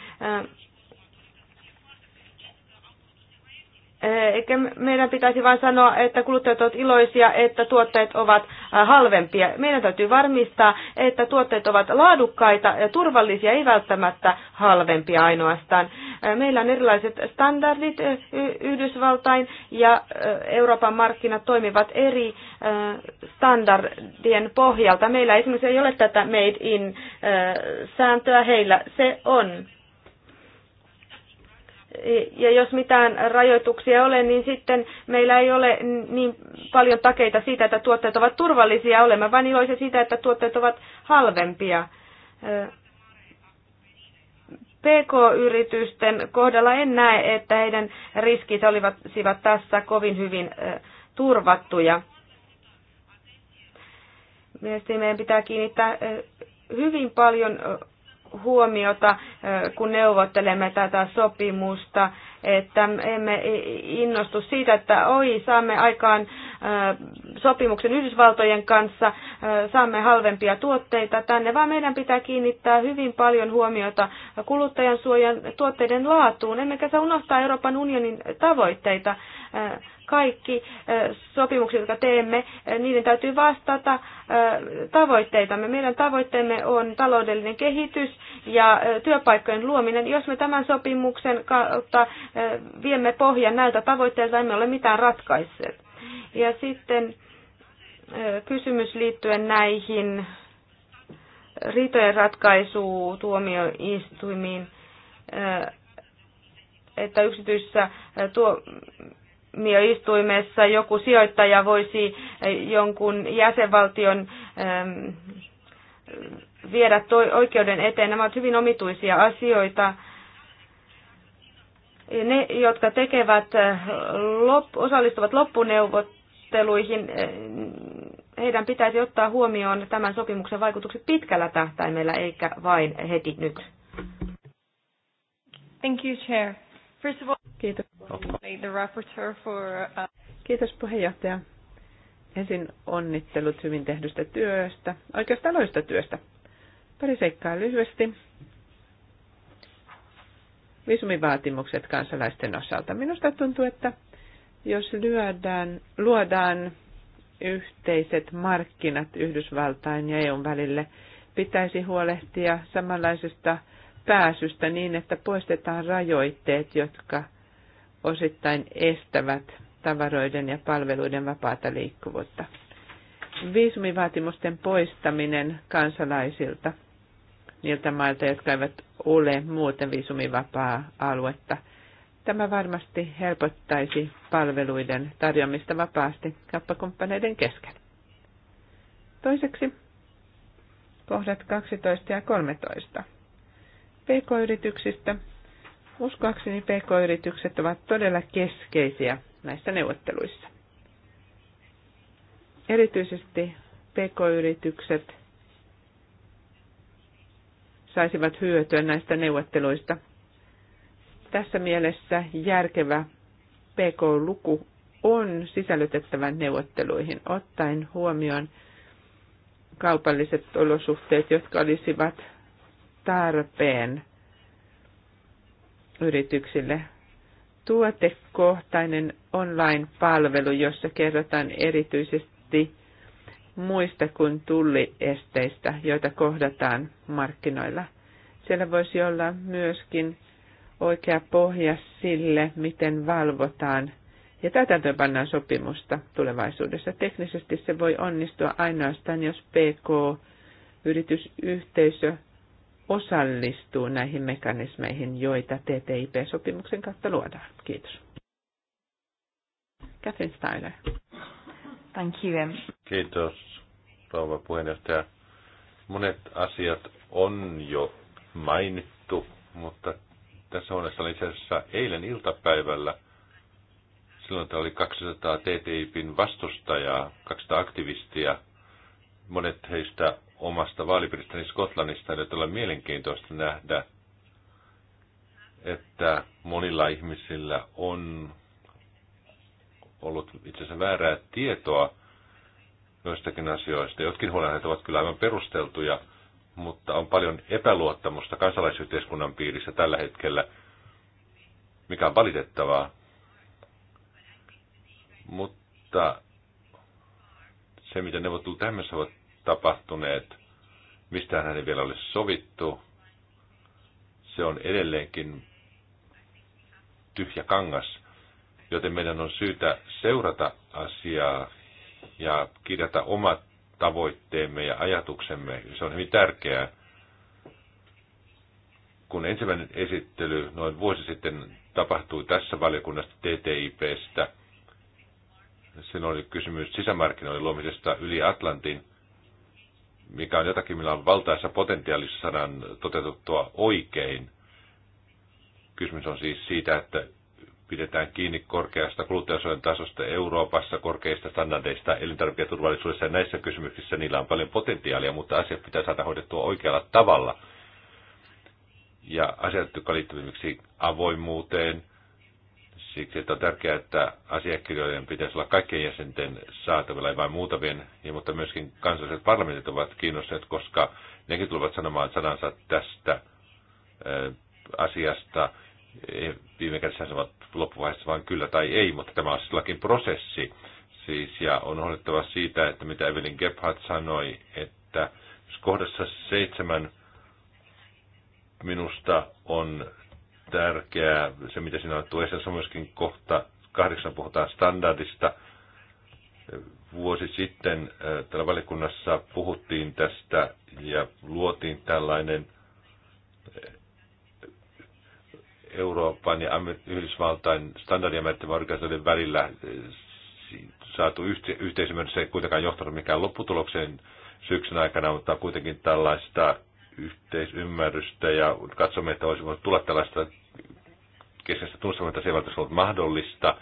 C: Eh, eikä meidän pitäisi vain sanoa, että kuluttajat ovat iloisia, että tuotteet ovat eh, halvempia. Meidän täytyy varmistaa, että tuotteet ovat laadukkaita ja turvallisia, ei välttämättä halvempia ainoastaan. Eh, meillä on erilaiset standardit Yhdysvaltain ja Euroopan markkinat toimivat eri standardien pohjalta. Meillä esimerkiksi ei ole tätä made in sääntöä, heillä se on. Ja jos mitään rajoituksia ei ole, niin sitten meillä ei ole niin paljon takeita siitä, että tuotteet ovat turvallisia. Olemme vain iloisia siitä, että tuotteet ovat halvempia. PK-yritysten kohdalla en näe, että heidän riskit olisivat tässä kovin hyvin turvattuja. Mielestäni meidän pitää kiinnittää hyvin paljon huomiota, kun neuvottelemme tätä sopimusta, että emme innostu siitä, että oi, saamme aikaan sopimuksen Yhdysvaltojen kanssa, saamme halvempia tuotteita tänne, vaan meidän pitää kiinnittää hyvin paljon huomiota kuluttajan suojan tuotteiden laatuun, emmekä se unohtaa Euroopan unionin tavoitteita kaikki sopimukset, jotka teemme, niiden täytyy vastata tavoitteitamme. Meidän tavoitteemme on taloudellinen kehitys ja työpaikkojen luominen. Jos me tämän sopimuksen kautta viemme pohjan näiltä tavoitteilta, emme ole mitään ratkaisseet. Ja sitten kysymys liittyen näihin riitojen ratkaisutuomioistuimiin, että yksityisissä tuo, tuomioistuimessa joku sijoittaja voisi eh, jonkun jäsenvaltion ehm, viedä toi oikeuden eteen. Nämä ovat hyvin omituisia asioita. Ne, jotka tekevät, eh, lop, osallistuvat loppuneuvotteluihin, eh, heidän pitäisi ottaa huomioon tämän sopimuksen vaikutukset pitkällä tähtäimellä, eikä vain heti nyt.
B: Thank you, Chair. First of all... Kiitos. Uh, Kiitos puheenjohtaja. Ensin onnittelut hyvin tehdystä työstä, oikeastaan loista työstä. Pari seikkaa lyhyesti. Viisumivaatimukset kansalaisten osalta. Minusta tuntuu, että jos lyödään, luodaan yhteiset markkinat Yhdysvaltain ja EUn välille, pitäisi huolehtia samanlaisesta pääsystä niin, että poistetaan rajoitteet, jotka – osittain estävät tavaroiden ja palveluiden vapaata liikkuvuutta. Viisumivaatimusten poistaminen kansalaisilta niiltä mailta, jotka eivät ole muuten viisumivapaa aluetta. Tämä varmasti helpottaisi palveluiden tarjoamista vapaasti kauppakumppaneiden kesken. Toiseksi kohdat 12 ja 13. PK-yrityksistä Uskoakseni PK-yritykset ovat todella keskeisiä näissä neuvotteluissa. Erityisesti PK-yritykset saisivat hyötyä näistä neuvotteluista. Tässä mielessä järkevä PK-luku on sisällytettävä neuvotteluihin ottaen huomioon kaupalliset olosuhteet, jotka olisivat tarpeen yrityksille. Tuotekohtainen online-palvelu, jossa kerrotaan erityisesti muista kuin tulliesteistä, joita kohdataan markkinoilla. Siellä voisi olla myöskin oikea pohja sille, miten valvotaan ja täytäntöönpannaan sopimusta tulevaisuudessa. Teknisesti se voi onnistua ainoastaan, jos PK-yritysyhteisö osallistuu näihin mekanismeihin, joita TTIP-sopimuksen kautta luodaan. Kiitos. Catherine Steiner. Thank you. Um,
D: Kiitos, rouva puheenjohtaja. Monet asiat on jo mainittu, mutta tässä huoneessa oli itse asiassa eilen iltapäivällä. Silloin täällä oli 200 TTIPin vastustajaa, 200 aktivistia. Monet heistä omasta vaalipiiristäni Skotlannista, että olla mielenkiintoista nähdä, että monilla ihmisillä on ollut itse asiassa väärää tietoa joistakin asioista. Jotkin huolenaiheet ovat kyllä aivan perusteltuja, mutta on paljon epäluottamusta kansalaisyhteiskunnan piirissä tällä hetkellä, mikä on valitettavaa. Mutta se, mitä neuvottelut tämmöisessä ovat tapahtuneet. mistä hän ei vielä ole sovittu. Se on edelleenkin tyhjä kangas, joten meidän on syytä seurata asiaa ja kirjata omat tavoitteemme ja ajatuksemme. Se on hyvin tärkeää. Kun ensimmäinen esittely noin vuosi sitten tapahtui tässä valiokunnasta TTIPstä, silloin oli kysymys sisämarkkinoiden luomisesta yli Atlantin mikä on jotakin, millä on valtaessa potentiaalissa sanan toteutettua oikein. Kysymys on siis siitä, että pidetään kiinni korkeasta kuluttajasuojan tasosta Euroopassa, korkeista standardeista elintarviketurvallisuudessa ja näissä kysymyksissä niillä on paljon potentiaalia, mutta asiat pitää saada hoidettua oikealla tavalla. Ja asiat, jotka liittyvät avoimuuteen, Siksi että on tärkeää, että asiakirjojen pitäisi olla kaikkien jäsenten saatavilla, ei vain muutamien, ja mutta myöskin kansalliset parlamentit ovat kiinnostuneet, koska nekin tulevat sanomaan sanansa tästä asiasta. Viime kädessä sanovat loppuvaiheessa vain kyllä tai ei, mutta tämä on silläkin siis prosessi. Siis, ja on huolettava siitä, että mitä Evelyn Gebhardt sanoi, että kohdassa seitsemän minusta on tärkeää. Se, mitä sinä olet esille, on myöskin kohta kahdeksan puhutaan standardista. Vuosi sitten täällä valikunnassa puhuttiin tästä ja luotiin tällainen Euroopan ja Yhdysvaltain standardia määrittävän organisaatioiden välillä saatu yhteisymmärrys. Se ei kuitenkaan johtanut mikään lopputulokseen syksyn aikana, mutta kuitenkin tällaista yhteisymmärrystä ja katsomme, että olisi voinut tulla tällaista keskeistä tunnustamista, se ei ollut mahdollista.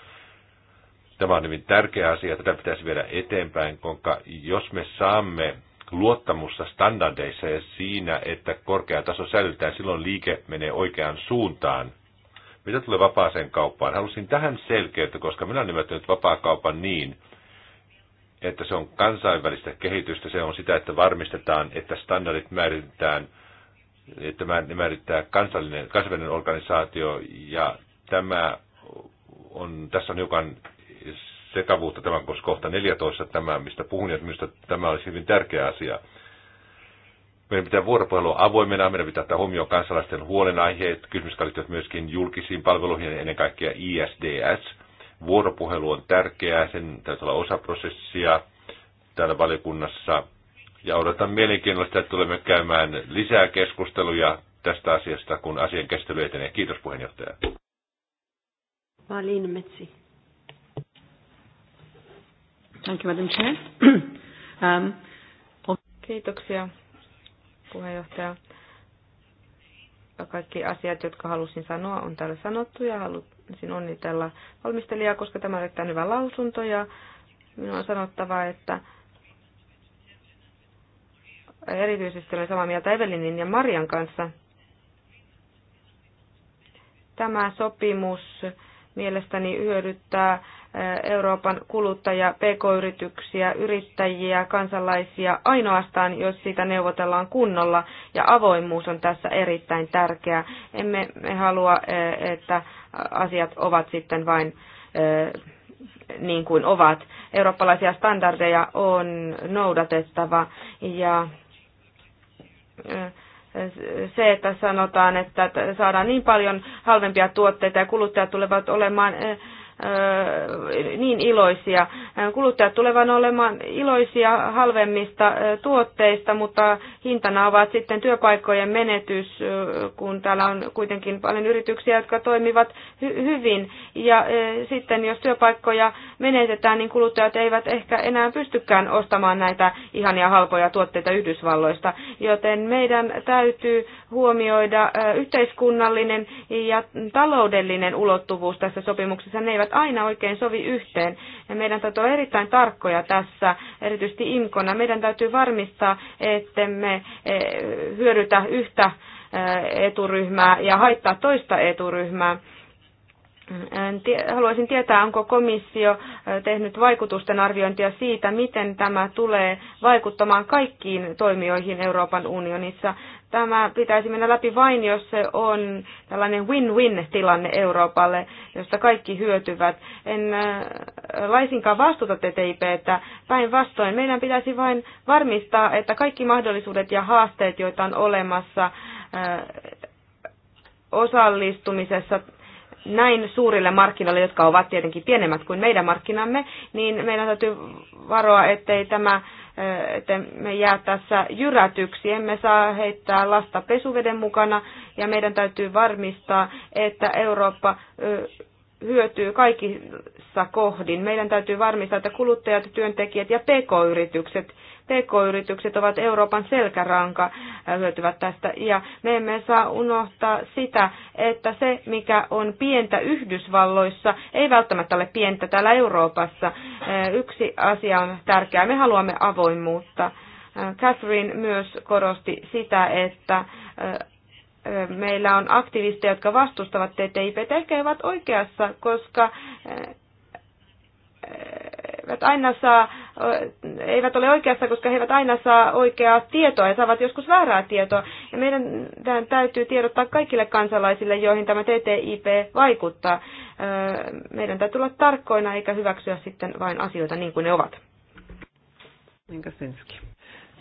D: Tämä on hyvin tärkeä asia, tätä pitäisi viedä eteenpäin, koska jos me saamme luottamusta standardeissa ja siinä, että korkea taso säilytetään, silloin liike menee oikeaan suuntaan. Mitä tulee vapaaseen kauppaan? Halusin tähän selkeyttä, koska minä olen ymmärtänyt vapaakaupan niin, että se on kansainvälistä kehitystä, se on sitä, että varmistetaan, että standardit määritetään, että määrittää kansallinen, kansainvälinen organisaatio, ja tämä on, tässä on hiukan sekavuutta tämän, koska kohta 14 tämä, mistä puhun, ja minusta tämä olisi hyvin tärkeä asia. Meidän pitää vuoropuhelua avoimena, meidän pitää ottaa huomioon kansalaisten huolenaiheet, kysymys liittyvät myöskin julkisiin palveluihin, ennen kaikkea ISDS, Vuoropuhelu on tärkeää, sen täytyy olla osa prosessia täällä valiokunnassa. Ja odotan mielenkiinnolla että tulemme käymään lisää keskusteluja tästä asiasta, kun asian käsittely etenee. Kiitos puheenjohtaja.
A: Malin Metsi. Thank you, Madam Chair. um,
C: Kiitoksia, puheenjohtaja. Kaikki asiat, jotka halusin sanoa, on täällä sanottu ja halut, haluaisin onnitella valmistelijaa, koska tämä on erittäin hyvä lausunto ja minun on sanottava, että erityisesti olen samaa mieltä Evelinin ja Marian kanssa. Tämä sopimus mielestäni hyödyttää eh, Euroopan kuluttajia, pk-yrityksiä, yrittäjiä, kansalaisia ainoastaan, jos siitä neuvotellaan kunnolla. Ja avoimuus on tässä erittäin tärkeää. Emme me halua, eh, että asiat ovat sitten vain niin kuin ovat. Eurooppalaisia standardeja on noudatettava ja se, että sanotaan, että saadaan niin paljon halvempia tuotteita ja kuluttajat tulevat olemaan niin iloisia. Kuluttajat tulevat olemaan iloisia halvemmista tuotteista, mutta hintana ovat sitten työpaikkojen menetys, kun täällä on kuitenkin paljon yrityksiä, jotka toimivat hy- hyvin. Ja sitten jos työpaikkoja menetetään, niin kuluttajat eivät ehkä enää pystykään ostamaan näitä ihania halpoja tuotteita Yhdysvalloista. Joten meidän täytyy huomioida yhteiskunnallinen ja taloudellinen ulottuvuus tässä sopimuksessa. Ne eivät eivät aina oikein sovi yhteen. Ja meidän täytyy olla erittäin tarkkoja tässä, erityisesti imkona. Meidän täytyy varmistaa, ettemme e, hyödytä yhtä e, eturyhmää ja haittaa toista eturyhmää. Haluaisin tietää, onko komissio e, tehnyt vaikutusten arviointia siitä, miten tämä tulee vaikuttamaan kaikkiin toimijoihin Euroopan unionissa tämä pitäisi mennä läpi vain, jos se on tällainen win-win-tilanne Euroopalle, josta kaikki hyötyvät. En äh, laisinkaan vastuuta että päinvastoin meidän pitäisi vain varmistaa, että kaikki mahdollisuudet ja haasteet, joita on olemassa äh, osallistumisessa näin suurille markkinoille, jotka ovat tietenkin pienemmät kuin meidän markkinamme, niin meidän täytyy varoa, ettei tämä että me jää tässä jyrätyksi. Emme saa heittää lasta pesuveden mukana ja meidän täytyy varmistaa, että Eurooppa hyötyy kaikissa kohdin. Meidän täytyy varmistaa, että kuluttajat, työntekijät ja pk-yritykset pk yritykset ovat Euroopan selkäranka, äh, hyötyvät tästä. Ja me emme saa unohtaa sitä, että se, mikä on pientä Yhdysvalloissa, ei välttämättä ole pientä täällä Euroopassa. Äh, yksi asia on tärkeää. Me haluamme avoimuutta. Äh, Catherine myös korosti sitä, että meillä on aktivisteja, jotka vastustavat TTIP. Ehkä he ovat oikeassa, koska eivät aina saa, eivät ole oikeassa, koska he eivät aina saa oikeaa tietoa ja saavat joskus väärää tietoa. Ja meidän täytyy tiedottaa kaikille kansalaisille, joihin tämä TTIP vaikuttaa. Meidän täytyy olla tarkkoina eikä hyväksyä sitten vain asioita niin kuin ne
B: ovat.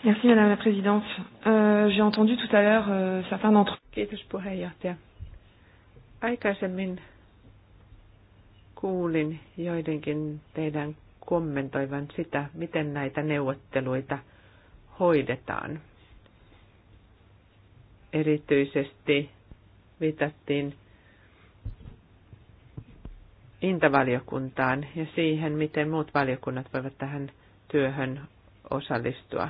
B: Merci Madame la Présidente. Euh, J'ai entendu tout à l'heure euh, certains d'entre. Kiitos puheenjohtaja. Aikaisemmin kuulin joidenkin teidän kommentoivan sitä, miten näitä neuvotteluita hoidetaan. Erityisesti viitattiin intavaliokuntaan ja siihen, miten muut valiokunnat voivat tähän työhön osallistua.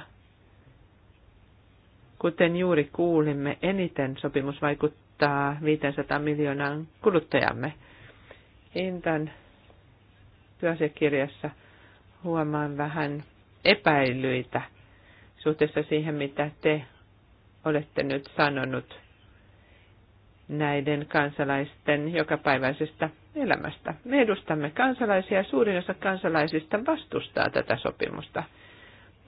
B: Kuten juuri kuulimme, eniten sopimus vaikuttaa 500 miljoonaan kuluttajamme – Intan työasiakirjassa huomaan vähän epäilyitä suhteessa siihen, mitä te olette nyt sanonut näiden kansalaisten jokapäiväisestä elämästä. Me edustamme kansalaisia ja suurin osa kansalaisista vastustaa tätä sopimusta.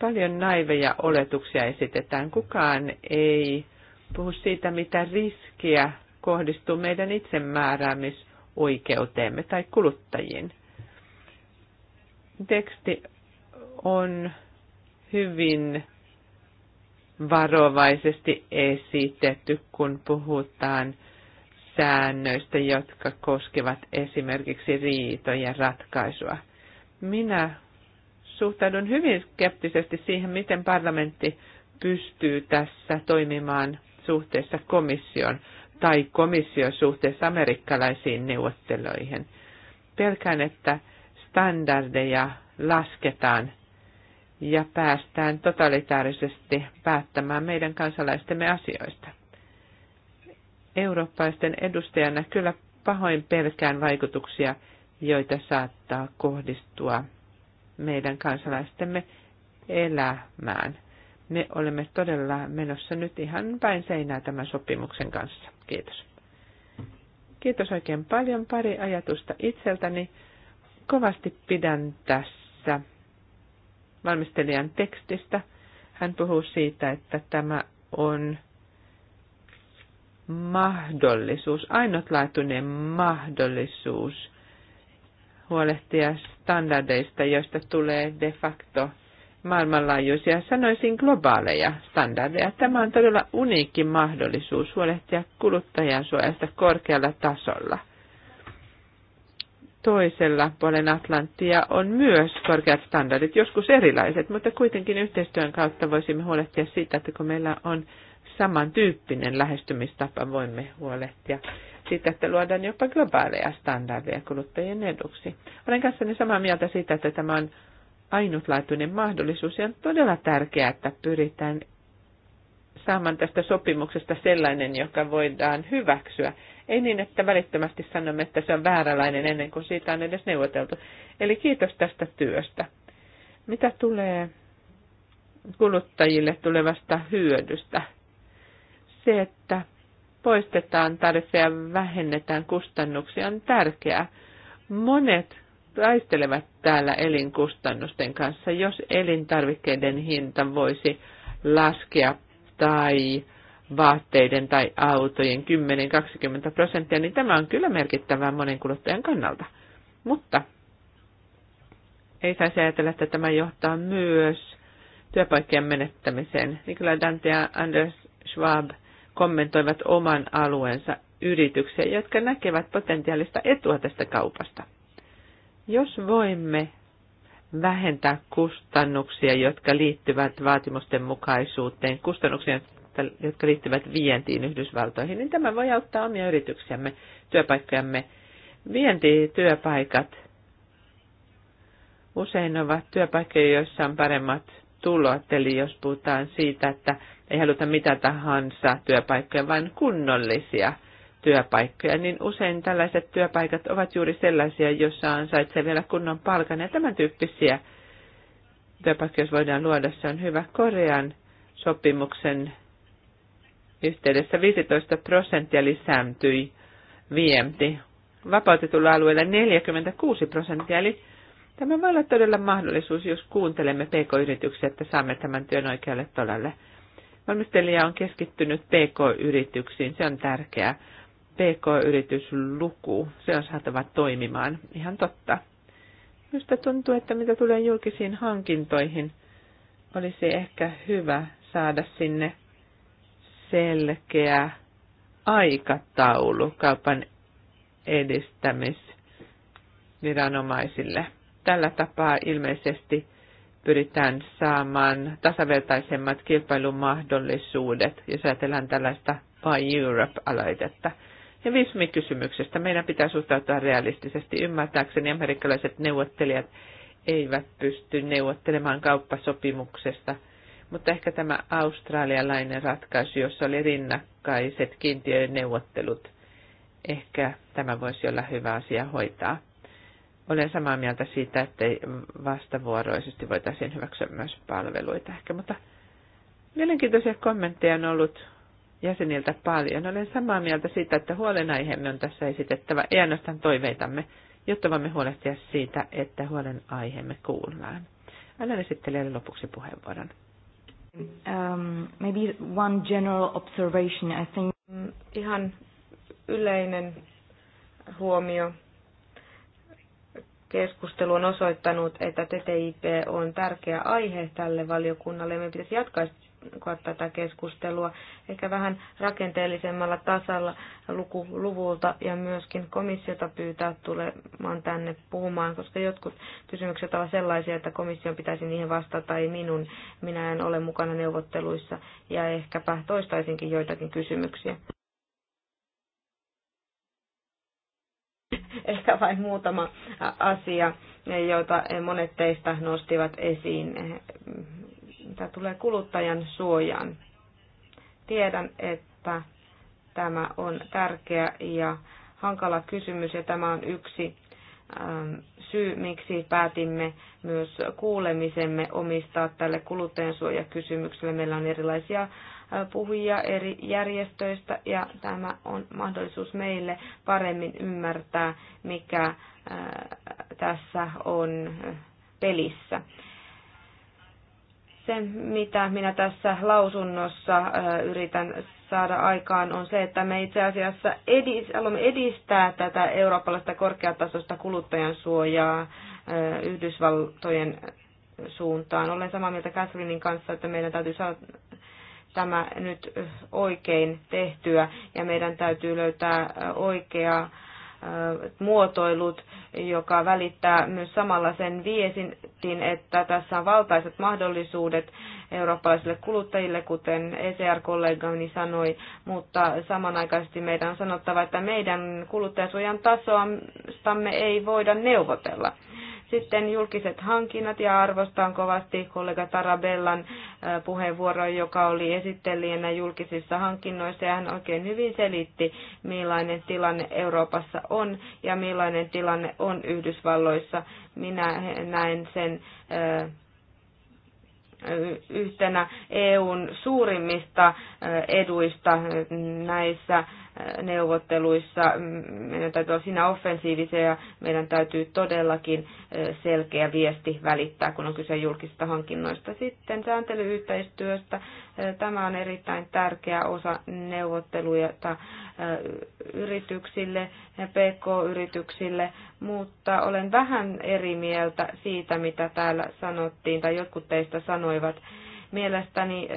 B: Paljon naiveja oletuksia esitetään. Kukaan ei puhu siitä, mitä riskiä kohdistuu meidän itsemääräämis oikeuteemme tai kuluttajiin. Teksti on hyvin varovaisesti esitetty, kun puhutaan säännöistä, jotka koskevat esimerkiksi riitoja ratkaisua. Minä suhtaudun hyvin skeptisesti siihen, miten parlamentti pystyy tässä toimimaan suhteessa komission tai komissio suhteessa amerikkalaisiin neuvotteluihin. Pelkään, että standardeja lasketaan ja päästään totalitaarisesti päättämään meidän kansalaistemme asioista. Eurooppaisten edustajana kyllä pahoin pelkään vaikutuksia, joita saattaa kohdistua meidän kansalaistemme elämään me olemme todella menossa nyt ihan päin seinää tämän sopimuksen kanssa. Kiitos. Kiitos oikein paljon. Pari ajatusta itseltäni. Kovasti pidän tässä valmistelijan tekstistä. Hän puhuu siitä, että tämä on mahdollisuus, ainutlaatuinen mahdollisuus huolehtia standardeista, joista tulee de facto – maailmanlaajuisia, sanoisin globaaleja standardeja. Tämä on todella uniikki mahdollisuus huolehtia kuluttajan suojasta korkealla tasolla. Toisella puolen Atlanttia on myös korkeat standardit, joskus erilaiset, mutta kuitenkin yhteistyön kautta voisimme huolehtia siitä, että kun meillä on samantyyppinen lähestymistapa, voimme huolehtia siitä, että luodaan jopa globaaleja standardeja kuluttajien eduksi. Olen kanssani samaa mieltä siitä, että tämä on ainutlaatuinen mahdollisuus ja on todella tärkeää, että pyritään saamaan tästä sopimuksesta sellainen, joka voidaan hyväksyä. Ei niin, että välittömästi sanomme, että se on vääränlainen ennen kuin siitä on edes neuvoteltu. Eli kiitos tästä työstä. Mitä tulee kuluttajille tulevasta hyödystä? Se, että poistetaan ja vähennetään kustannuksia on tärkeää. Monet taistelevat täällä elinkustannusten kanssa, jos elintarvikkeiden hinta voisi laskea tai vaatteiden tai autojen 10-20 prosenttia, niin tämä on kyllä merkittävää monen kuluttajan kannalta. Mutta ei saisi ajatella, että tämä johtaa myös työpaikkien menettämiseen. Nikola Dante ja Anders Schwab kommentoivat oman alueensa yrityksiä, jotka näkevät potentiaalista etua tästä kaupasta. Jos voimme vähentää kustannuksia, jotka liittyvät vaatimusten mukaisuuteen, kustannuksia, jotka liittyvät vientiin Yhdysvaltoihin, niin tämä voi auttaa omia yrityksiämme, työpaikkojamme. Vientityöpaikat usein ovat työpaikkoja, joissa on paremmat tulot, eli jos puhutaan siitä, että ei haluta mitä tahansa työpaikkoja, vaan kunnollisia – työpaikkoja, niin usein tällaiset työpaikat ovat juuri sellaisia, joissa ansaitsee vielä kunnon palkan. Ja tämän tyyppisiä työpaikkoja, jos voidaan luoda, se on hyvä. Korean sopimuksen yhteydessä 15 prosenttia lisääntyi vienti. Vapautetulla alueella 46 prosenttia, eli tämä voi olla todella mahdollisuus, jos kuuntelemme pk-yrityksiä, että saamme tämän työn oikealle tolalle. Valmistelija on keskittynyt pk-yrityksiin, se on tärkeää. PK-yritysluku, se on saatava toimimaan, ihan totta. Minusta tuntuu, että mitä tulee julkisiin hankintoihin, olisi ehkä hyvä saada sinne selkeä aikataulu kaupan edistämisviranomaisille. Tällä tapaa ilmeisesti pyritään saamaan tasavertaisemmat kilpailumahdollisuudet, jos ajatellaan tällaista Buy Europe-aloitetta. Ja kysymyksestä, meidän pitää suhtautua realistisesti. Ymmärtääkseni amerikkalaiset neuvottelijat eivät pysty neuvottelemaan kauppasopimuksesta, mutta ehkä tämä australialainen ratkaisu, jossa oli rinnakkaiset kiintiöiden neuvottelut, ehkä tämä voisi olla hyvä asia hoitaa. Olen samaa mieltä siitä, että vastavuoroisesti voitaisiin hyväksyä myös palveluita ehkä, mutta mielenkiintoisia kommentteja on ollut jäseniltä paljon. Olen samaa mieltä siitä, että huolenaiheemme on tässä esitettävä, ei ainoastaan toiveitamme, jotta voimme huolehtia siitä, että huolenaiheemme kuullaan. Annan esittelijälle lopuksi puheenvuoron. Um, maybe one general
C: observation, I think. Ihan yleinen huomio. Keskustelu on osoittanut, että TTIP on tärkeä aihe tälle valiokunnalle. Me pitäisi jatkaa tätä keskustelua ehkä vähän rakenteellisemmalla tasalla luku, luvulta ja myöskin komissiota pyytää tulemaan tänne puhumaan, koska jotkut kysymykset ovat sellaisia, että komission pitäisi niihin vastata, tai minun. Minä en ole mukana neuvotteluissa ja ehkäpä toistaisinkin joitakin kysymyksiä. ehkä vain muutama asia, joita monet teistä nostivat esiin mitä tulee kuluttajan suojaan. Tiedän, että tämä on tärkeä ja hankala kysymys ja tämä on yksi ähm, syy, miksi päätimme myös kuulemisemme omistaa tälle kuluttajansuojakysymykselle. Meillä on erilaisia äh, puhujia eri järjestöistä ja tämä on mahdollisuus meille paremmin ymmärtää, mikä äh, tässä on äh, pelissä. Se, mitä minä tässä lausunnossa äh, yritän saada aikaan, on se, että me itse asiassa edis, haluamme edistää tätä eurooppalaista korkeatasosta kuluttajan suojaa äh, Yhdysvaltojen suuntaan. Olen samaa mieltä Catherinein kanssa, että meidän täytyy saada tämä nyt oikein tehtyä ja meidän täytyy löytää oikea muotoilut, joka välittää myös samalla sen viestin, että tässä on valtaiset mahdollisuudet eurooppalaisille kuluttajille, kuten ECR-kollegani sanoi, mutta samanaikaisesti meidän on sanottava, että meidän kuluttajasuojan tasoamme ei voida neuvotella. Sitten julkiset hankinnat ja arvostan kovasti kollega Tarabellan puheenvuoro, joka oli esittelijänä julkisissa hankinnoissa ja hän oikein hyvin selitti, millainen tilanne Euroopassa on ja millainen tilanne on Yhdysvalloissa. Minä näen sen yhtenä EUn suurimmista eduista näissä neuvotteluissa. Meidän täytyy olla siinä offensiivisia ja meidän täytyy todellakin selkeä viesti välittää, kun on kyse julkisista hankinnoista. Sitten sääntelyyhteistyöstä. Tämä on erittäin tärkeä osa neuvotteluja yrityksille ja pk-yrityksille, mutta olen vähän eri mieltä siitä, mitä täällä sanottiin tai jotkut teistä sanoivat. Mielestäni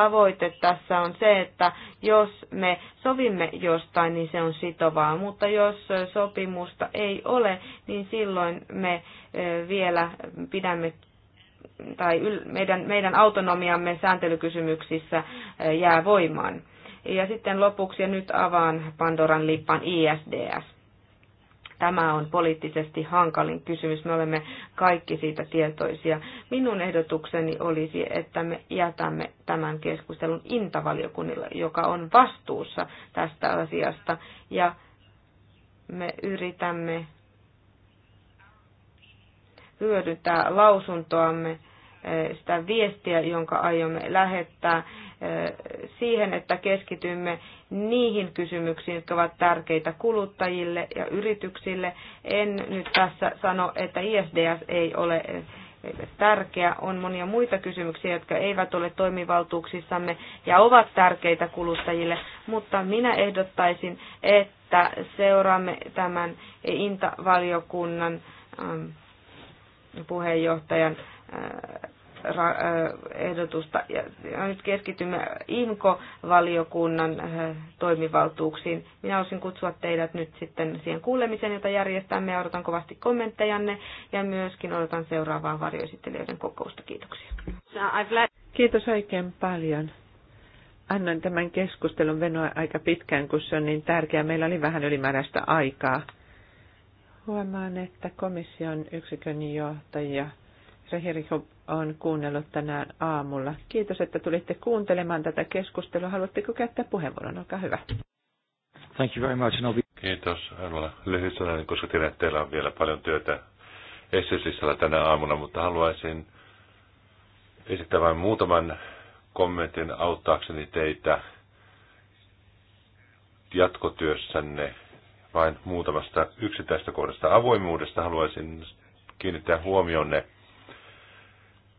C: tavoite tässä on se, että jos me sovimme jostain, niin se on sitovaa, mutta jos sopimusta ei ole, niin silloin me vielä pidämme tai meidän, meidän autonomiamme sääntelykysymyksissä jää voimaan. Ja sitten lopuksi, ja nyt avaan Pandoran lippan ISDS. Tämä on poliittisesti hankalin kysymys. Me olemme kaikki siitä tietoisia. Minun ehdotukseni olisi, että me jätämme tämän keskustelun intavaliokunnille, joka on vastuussa tästä asiasta. Ja me yritämme hyödyntää lausuntoamme, eh, sitä viestiä, jonka aiomme lähettää, eh, siihen, että keskitymme niihin kysymyksiin, jotka ovat tärkeitä kuluttajille ja yrityksille. En nyt tässä sano, että ISDS ei ole eh, eh, tärkeä. On monia muita kysymyksiä, jotka eivät ole toimivaltuuksissamme ja ovat tärkeitä kuluttajille, mutta minä ehdottaisin, että seuraamme tämän inta puheenjohtajan ehdotusta. Ja nyt keskitymme IMKO-valiokunnan äh, toimivaltuuksiin. Minä olisin kutsua teidät nyt sitten siihen kuulemiseen, jota järjestämme odotan kovasti kommenttejanne ja myöskin odotan seuraavaa varjoesittelijöiden
B: kokousta. Kiitoksia. Kiitos oikein paljon. Annan tämän keskustelun venoa aika pitkään, kun se on niin tärkeää. Meillä oli vähän ylimääräistä aikaa. Huomaan, että komission yksikön johtaja Rehirikov on kuunnellut tänään aamulla. Kiitos, että tulitte kuuntelemaan tätä keskustelua. Haluatteko käyttää puheenvuoron? Olkaa hyvä.
D: Thank you very much. be... Kiitos. Haluan lyhyt sanoa, koska tiedän, että teillä on vielä paljon työtä esityslisällä tänä aamuna, mutta haluaisin esittää vain muutaman kommentin auttaakseni teitä jatkotyössänne vain muutamasta yksittäistä kohdasta. Avoimuudesta haluaisin kiinnittää huomionne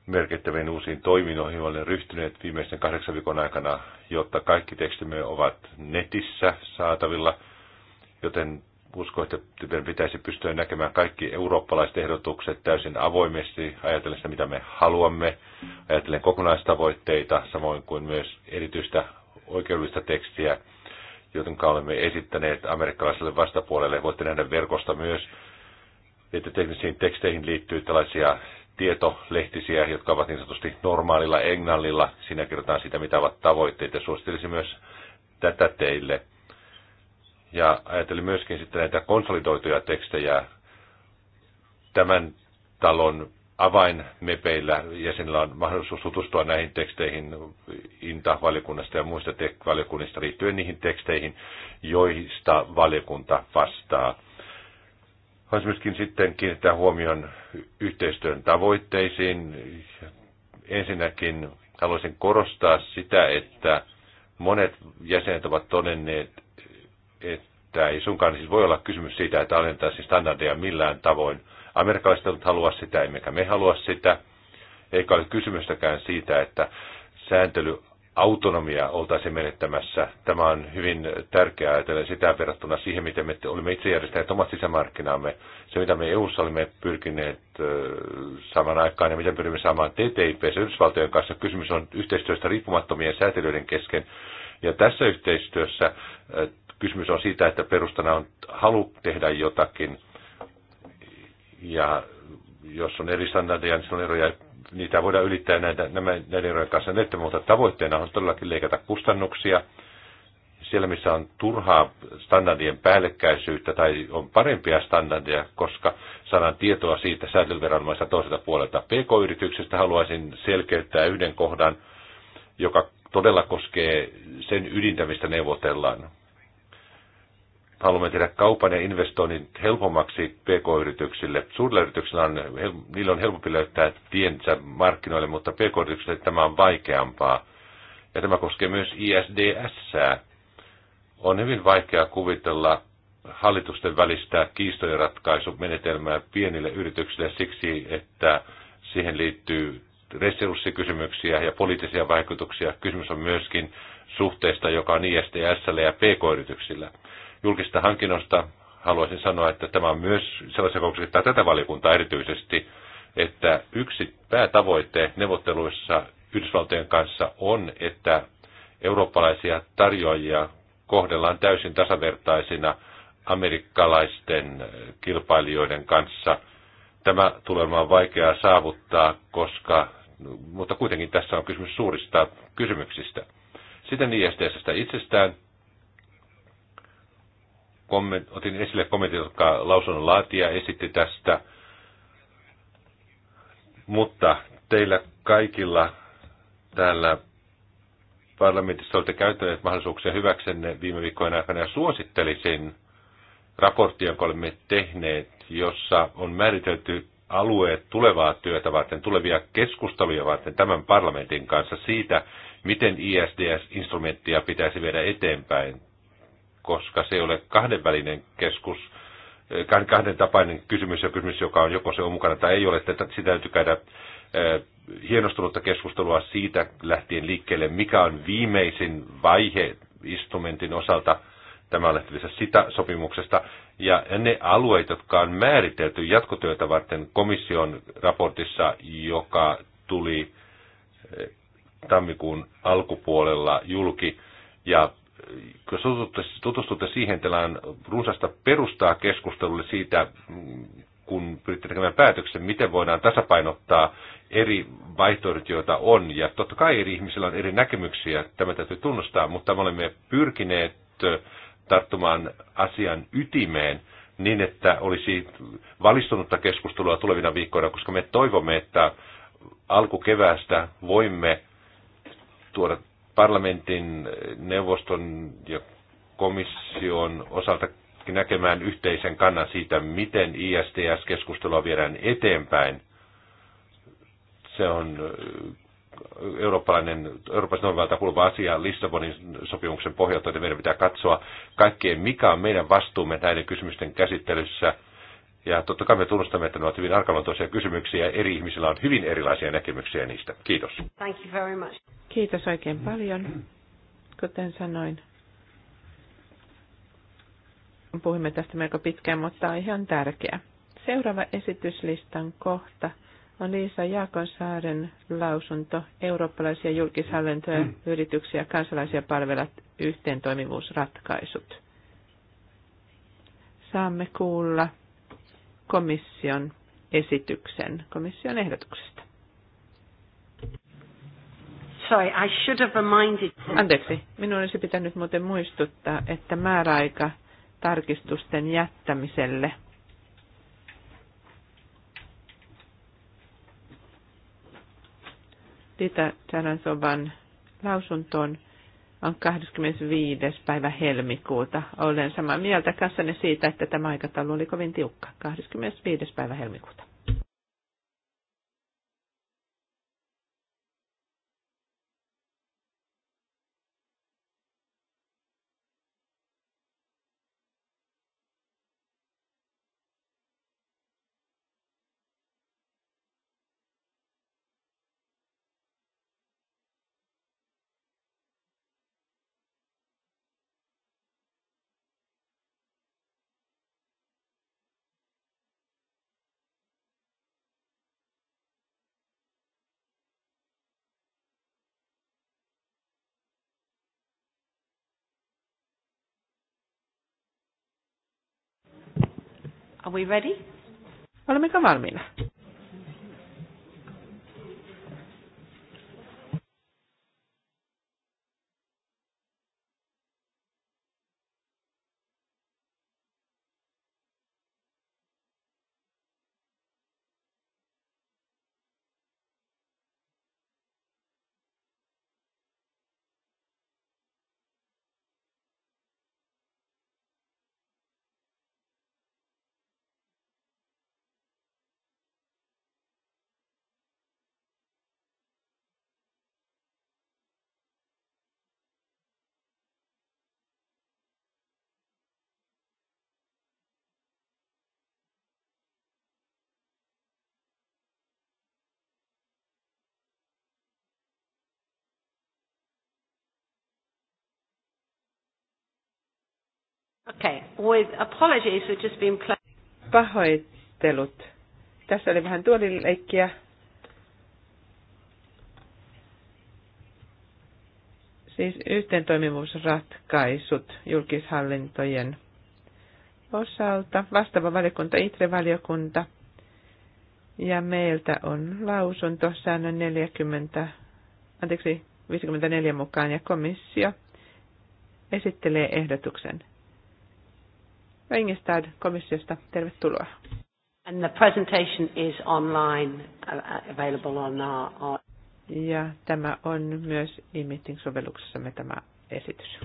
D: merkittäviin uusiin toiminnoihin olen ryhtyneet viimeisten kahdeksan viikon aikana, jotta kaikki tekstimme ovat netissä saatavilla, joten usko, että meidän pitäisi pystyä näkemään kaikki eurooppalaiset ehdotukset täysin avoimesti, ajatellen sitä, mitä me haluamme, ajatellen kokonaistavoitteita, samoin kuin myös erityistä oikeudellista tekstiä, jotenka olemme esittäneet amerikkalaiselle vastapuolelle. Voitte nähdä verkosta myös, että teknisiin teksteihin liittyy tällaisia tietolehtisiä, jotka ovat niin sanotusti normaalilla englannilla. Siinä kerrotaan sitä, mitä ovat tavoitteet ja suosittelisin myös tätä teille. Ja ajattelin myöskin sitten näitä konsolidoituja tekstejä tämän talon avainmepeillä jäsenillä on mahdollisuus tutustua näihin teksteihin INTA-valiokunnasta ja muista valiokunnista liittyen niihin teksteihin, joista valiokunta vastaa. Voisi myöskin sitten kiinnittää huomion yhteistyön tavoitteisiin. Ensinnäkin haluaisin korostaa sitä, että monet jäsenet ovat todenneet, että ei sunkaan siis voi olla kysymys siitä, että alentaisi standardeja millään tavoin. Amerikkalaiset eivät halua sitä, emmekä me halua sitä. Eikä ole kysymystäkään siitä, että sääntely autonomia oltaisiin menettämässä. Tämä on hyvin tärkeää ajatella sitä verrattuna siihen, miten me olimme itse järjestäneet omat sisämarkkinaamme. Se, mitä me EU-ssa olimme pyrkineet saman aikaan ja miten pyrimme saamaan TTIP Yhdysvaltojen kanssa, kysymys on yhteistyöstä riippumattomien säätelyiden kesken. Ja tässä yhteistyössä kysymys on siitä, että perustana on halu tehdä jotakin. Ja jos on eri standardeja, niin on eroja niitä voidaan ylittää näitä, nämä, näiden erojen kanssa näiden, mutta tavoitteena on todellakin leikata kustannuksia. Siellä, missä on turhaa standardien päällekkäisyyttä tai on parempia standardeja, koska saadaan tietoa siitä säätelyviranomaisesta toiselta puolelta. PK-yrityksestä haluaisin selkeyttää yhden kohdan, joka todella koskee sen ydintä, mistä neuvotellaan haluamme tehdä kaupan ja investoinnin helpommaksi pk-yrityksille. Suurilla yrityksillä on, niillä on helpompi löytää tiensä markkinoille, mutta pk-yrityksille tämä on vaikeampaa. Ja tämä koskee myös ISDS. -sää. On hyvin vaikea kuvitella hallitusten välistä kiistojen ratkaisumenetelmää pienille yrityksille siksi, että siihen liittyy resurssikysymyksiä ja poliittisia vaikutuksia. Kysymys on myöskin suhteesta, joka on ISDS ja PK-yrityksillä julkista hankinnosta haluaisin sanoa, että tämä on myös sellaisia että tätä valikuntaa erityisesti, että yksi päätavoite neuvotteluissa Yhdysvaltojen kanssa on, että eurooppalaisia tarjoajia kohdellaan täysin tasavertaisina amerikkalaisten kilpailijoiden kanssa. Tämä tulee olemaan vaikeaa saavuttaa, koska, mutta kuitenkin tässä on kysymys suurista kysymyksistä. Sitten ISTSstä itsestään komment, otin esille kommentit, jotka lausunnon laatija esitti tästä. Mutta teillä kaikilla täällä parlamentissa olette käyttäneet mahdollisuuksia hyväksenne viime viikkojen aikana ja suosittelisin raporttia, jonka olemme tehneet, jossa on määritelty alueet tulevaa työtä varten, tulevia keskusteluja varten tämän parlamentin kanssa siitä, miten ISDS-instrumenttia pitäisi viedä eteenpäin koska se ei ole kahdenvälinen keskus, eh, kahden tapainen kysymys ja kysymys, joka on joko se on mukana tai ei ole. että sitä täytyy käydä eh, hienostunutta keskustelua siitä lähtien liikkeelle, mikä on viimeisin vaihe instrumentin osalta tämä lähtevissä sitä sopimuksesta. Ja ne alueet, jotka on määritelty jatkotyötä varten komission raportissa, joka tuli eh, tammikuun alkupuolella julki, ja jos tutustutte siihen, teillä on runsasta perustaa keskustelulle siitä, kun pyritte tekemään päätöksen, miten voidaan tasapainottaa eri vaihtoehdot, joita on. Ja totta kai eri ihmisillä on eri näkemyksiä, tämä täytyy tunnustaa, mutta me olemme pyrkineet tarttumaan asian ytimeen niin, että olisi valistunutta keskustelua tulevina viikkoina, koska me toivomme, että alkukeväästä voimme tuoda parlamentin, neuvoston ja komission osalta näkemään yhteisen kannan siitä, miten ISTS-keskustelua viedään eteenpäin. Se on äh, eurooppalainen, Euroopan toimivalta kuuluva asia Lissabonin sopimuksen pohjalta, että meidän pitää katsoa kaikkeen, mikä on meidän vastuumme näiden kysymysten käsittelyssä ja totta kai me tunnustamme, että ne ovat hyvin arkaluontoisia kysymyksiä ja eri ihmisillä on hyvin erilaisia näkemyksiä niistä. Kiitos. Thank
A: you very much.
B: Kiitos oikein paljon. Kuten sanoin, puhumme tästä melko pitkään, mutta aihe on tärkeä. Seuraava esityslistan kohta on Liisa Jaakonsaaren lausunto Eurooppalaisia julkishallintoja, yrityksiä, kansalaisia palvelat, yhteentoimivuusratkaisut. Saamme kuulla komission esityksen komission ehdotuksesta.
A: Sorry, I should have
B: reminded Anteeksi, minun olisi pitänyt muuten muistuttaa, että määräaika tarkistusten jättämiselle Dita Taransovan lausuntoon on 25. päivä helmikuuta. Olen samaa mieltä kanssani siitä, että tämä aikataulu oli kovin tiukka. 25. päivä helmikuuta. Are we ready? Olemmeko valmiina?
A: Okay. With apologies, we've just been
B: Pahoittelut. Tässä oli vähän tuolileikkiä. Siis yhteentoimivuusratkaisut julkishallintojen osalta. Vastaava valiokunta, ITRE-valiokunta. Ja meiltä on lausunto säännön 40, anteeksi, 54 mukaan ja komissio esittelee ehdotuksen. Engestad komissiosta. Tervetuloa. And the presentation is online, uh, available on our, our... Ja tämä on myös e-meeting-sovelluksessamme tämä esitys.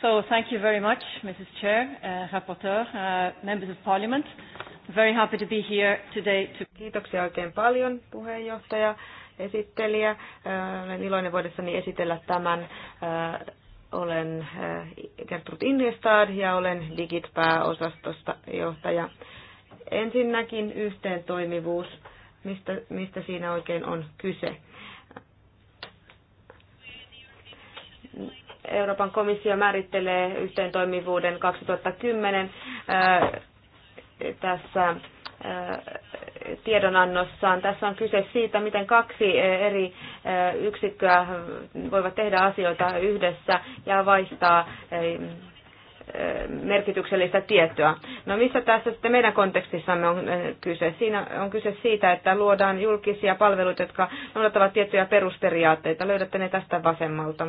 A: So thank you very much, Mrs. Chair, uh, Rapporteur, uh, Members of Parliament.
C: Very happy to be here today. To... Kiitoksia oikein paljon, puheenjohtaja, esittelijä. Olen iloinen voidessani esitellä tämän uh, olen Gertrud äh, Inrestad ja olen Digit-pääosastosta johtaja. Ensinnäkin yhteen toimivuus, mistä, mistä siinä oikein on kyse. Euroopan komissio määrittelee yhteen toimivuuden 2010 äh, tässä tiedonannossaan. Tässä on kyse siitä, miten kaksi eri yksikköä voivat tehdä asioita yhdessä ja vaihtaa merkityksellistä tietoa. No missä tässä sitten meidän kontekstissamme on kyse? Siinä on kyse siitä, että luodaan julkisia palveluita, jotka noudattavat tiettyjä perusperiaatteita. Löydätte ne tästä vasemmalta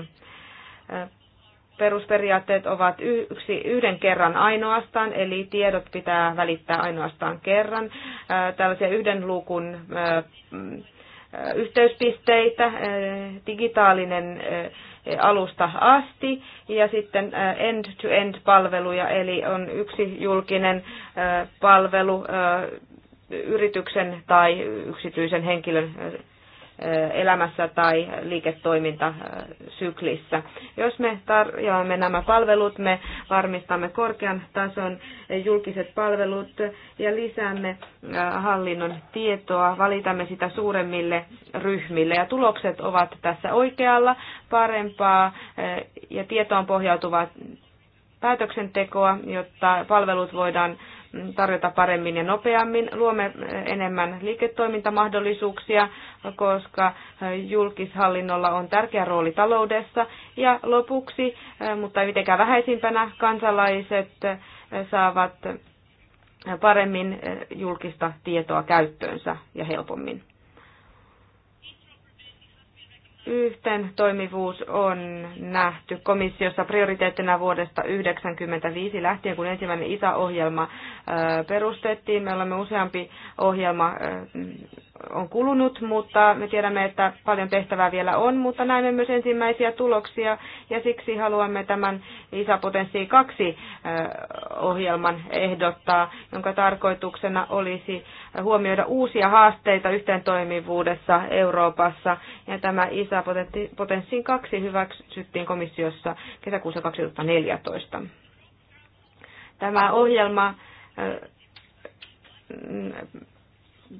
C: perusperiaatteet ovat yksi, yhden kerran ainoastaan, eli tiedot pitää välittää ainoastaan kerran. Tällaisia yhden luukun yhteyspisteitä, digitaalinen alusta asti ja sitten end-to-end -end palveluja, eli on yksi julkinen palvelu yrityksen tai yksityisen henkilön elämässä tai liiketoimintasyklissä. Jos me tarjoamme nämä palvelut, me varmistamme korkean tason julkiset palvelut ja lisäämme hallinnon tietoa, valitamme sitä suuremmille ryhmille ja tulokset ovat tässä oikealla parempaa ja tietoon pohjautuvaa päätöksentekoa, jotta palvelut voidaan tarjota paremmin ja nopeammin. Luomme eh, enemmän liiketoimintamahdollisuuksia, koska eh, julkishallinnolla on tärkeä rooli taloudessa. Ja lopuksi, eh, mutta ei mitenkään vähäisimpänä, kansalaiset saavat paremmin julkista tietoa käyttöönsä ja helpommin. Yhteen toimivuus on nähty komissiossa prioriteettina vuodesta 1995 lähtien, kun ensimmäinen ohjelma perustettiin. Me olemme useampi ohjelma on kulunut, mutta me tiedämme, että paljon tehtävää vielä on, mutta näemme myös ensimmäisiä tuloksia ja siksi haluamme tämän ISA-potenssi 2 ohjelman ehdottaa, jonka tarkoituksena olisi huomioida uusia haasteita toimivuudessa Euroopassa ja tämä Isä potenssiin kaksi hyväksyttiin komissiossa kesäkuussa 2014. Tämä ohjelma äh,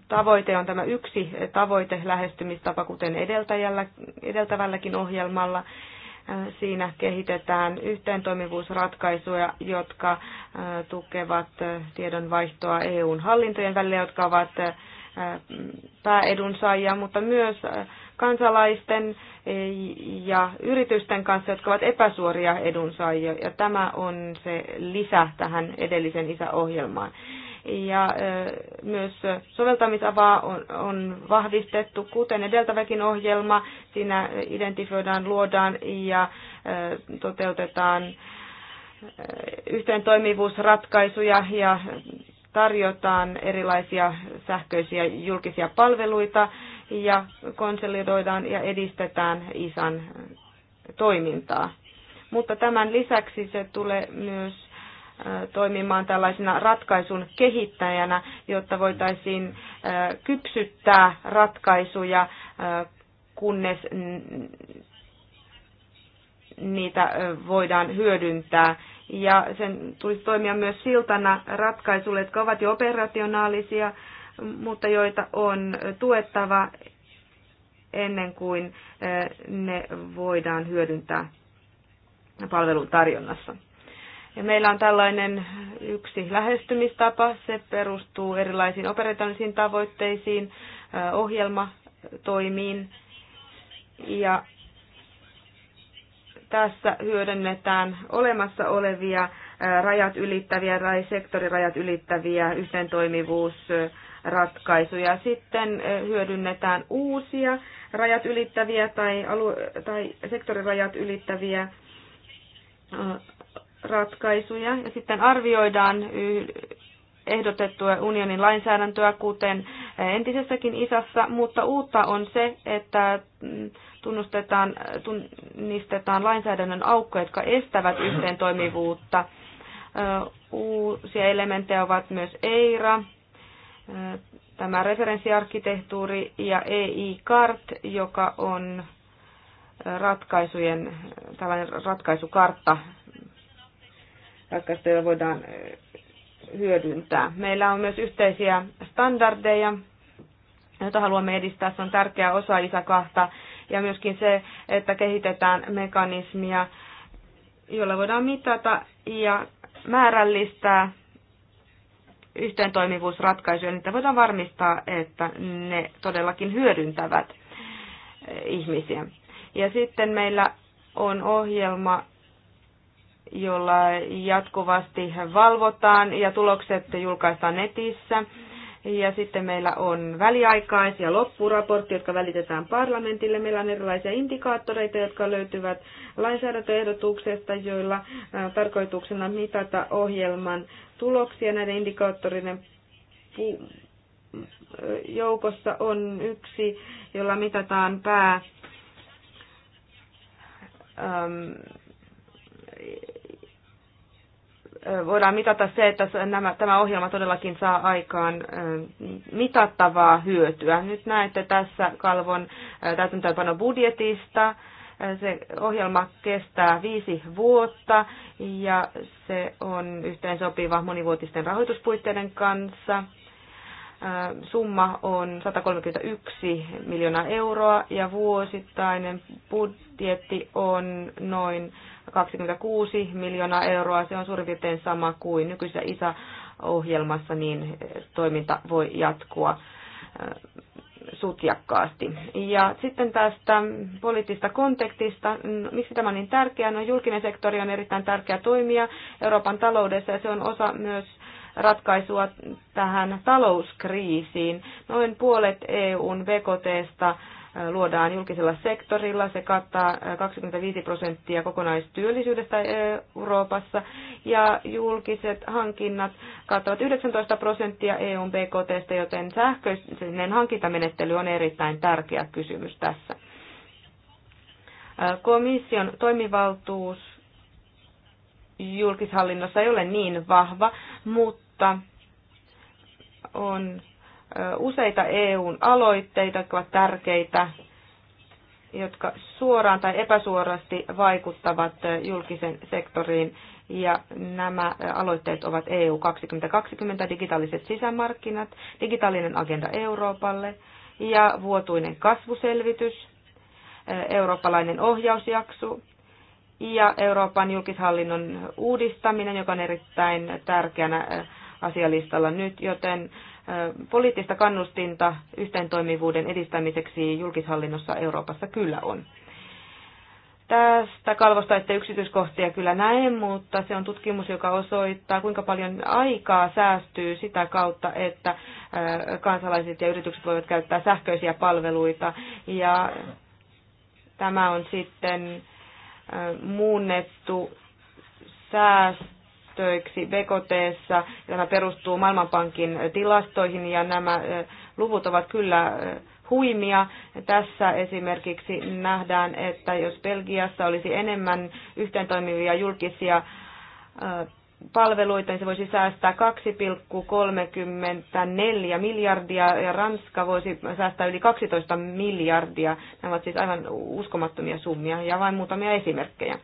C: tavoite on tämä yksi tavoite lähestymistapa, kuten edeltäjällä, edeltävälläkin ohjelmalla. Äh, siinä kehitetään yhteentoimivuusratkaisuja, jotka äh, tukevat tiedonvaihtoa EUn hallintojen välillä, jotka ovat pääedunsaajia, mutta myös kansalaisten eh, ja yritysten kanssa, jotka ovat epäsuoria edunsaajia. Ja tämä on se lisä tähän edellisen isäohjelmaan. Ja eh, myös soveltamisavaa on, on vahvistettu, kuten edeltäväkin ohjelma. Siinä identifioidaan, luodaan ja eh, toteutetaan yhteen toimivuusratkaisuja ja tarjotaan erilaisia sähköisiä julkisia palveluita ja konsolidoidaan ja edistetään isän toimintaa. Mutta tämän lisäksi se tulee myös toimimaan tällaisena ratkaisun kehittäjänä, jotta voitaisiin kypsyttää ratkaisuja, kunnes niitä voidaan hyödyntää. Ja sen tulisi toimia myös siltana ratkaisuille, jotka ovat jo operationaalisia, mutta joita on tuettava ennen kuin ne voidaan hyödyntää palvelun tarjonnassa. Ja meillä on tällainen yksi lähestymistapa, se perustuu erilaisiin operatiivisiin tavoitteisiin, ohjelmatoimiin ja tässä hyödynnetään olemassa olevia rajat ylittäviä tai sektorirajat ylittäviä yhteentoimivuusratkaisuja. Sitten hyödynnetään uusia rajat ylittäviä tai, alue- tai sektorirajat ylittäviä ratkaisuja ja sitten arvioidaan ehdotettua unionin lainsäädäntöä, kuten entisessäkin isassa, mutta uutta on se, että mm, tunnustetaan, tunnistetaan lainsäädännön aukkoja, jotka estävät yhteen toimivuutta. Uusia elementtejä ovat myös EIRA, tämä referenssiarkkitehtuuri ja EI-kart, joka on ratkaisujen, tällainen ratkaisukartta, ratkaisuja voidaan hyödyntää. Meillä on myös yhteisiä standardeja, joita haluamme edistää. Se on tärkeä osa ISA ja myöskin se, että kehitetään mekanismia, jolla voidaan mitata ja määrällistää yhteentoimivuusratkaisuja, niin voidaan varmistaa, että ne todellakin hyödyntävät eh, ihmisiä. Ja sitten meillä on ohjelma, jolla jatkuvasti valvotaan ja tulokset julkaistaan netissä. Ja sitten meillä on väliaikais- ja loppuraportti, jotka välitetään parlamentille. Meillä on erilaisia indikaattoreita, jotka löytyvät lainsäädäntöehdotuksesta, joilla tarkoituksena mitata ohjelman tuloksia. Näiden indikaattorien joukossa on yksi, jolla mitataan pää voidaan mitata se, että nämä, tämä ohjelma todellakin saa aikaan mitattavaa hyötyä. Nyt näette tässä kalvon täytäntöönpano budjetista. Se ohjelma kestää viisi vuotta ja se on yhteen sopiva monivuotisten rahoituspuitteiden kanssa. Summa on 131 miljoonaa euroa ja vuosittainen budjetti on noin 26 miljoonaa euroa. Se on suurin piirtein sama kuin nykyisessä ISA-ohjelmassa, niin toiminta voi jatkua äh, sutjakkaasti. Ja sitten tästä poliittisesta kontekstista, miksi tämä on niin tärkeää? No julkinen sektori on erittäin tärkeä toimija Euroopan taloudessa ja se on osa myös ratkaisua tähän talouskriisiin. Noin puolet EUn BKTstä luodaan julkisella sektorilla. Se kattaa 25 prosenttia kokonaistyöllisyydestä Euroopassa ja julkiset hankinnat kattavat 19 prosenttia EUn BKTstä, joten sähköinen hankintamenettely on erittäin tärkeä kysymys tässä. Komission toimivaltuus julkishallinnossa ei ole niin vahva, mutta on useita EUn aloitteita, jotka ovat tärkeitä, jotka suoraan tai epäsuorasti vaikuttavat julkisen sektoriin. Ja nämä aloitteet ovat EU 2020, digitaaliset sisämarkkinat, digitaalinen agenda Euroopalle ja vuotuinen kasvuselvitys, eurooppalainen ohjausjakso ja Euroopan julkishallinnon uudistaminen, joka on erittäin tärkeänä asialistalla nyt, joten poliittista kannustinta yhteentoimivuuden edistämiseksi julkishallinnossa Euroopassa kyllä on. Tästä kalvosta että yksityiskohtia kyllä näe, mutta se on tutkimus, joka osoittaa, kuinka paljon aikaa säästyy sitä kautta, että kansalaiset ja yritykset voivat käyttää sähköisiä palveluita. Ja tämä on sitten muunnettu säästö päästöiksi BKT. Tämä perustuu Maailmanpankin tilastoihin ja nämä luvut ovat kyllä huimia. Tässä esimerkiksi nähdään, että jos Belgiassa olisi enemmän yhteen toimivia julkisia palveluita, niin se voisi säästää 2,34 miljardia ja Ranska voisi säästää yli 12 miljardia. Nämä ovat siis aivan uskomattomia summia ja vain muutamia esimerkkejä.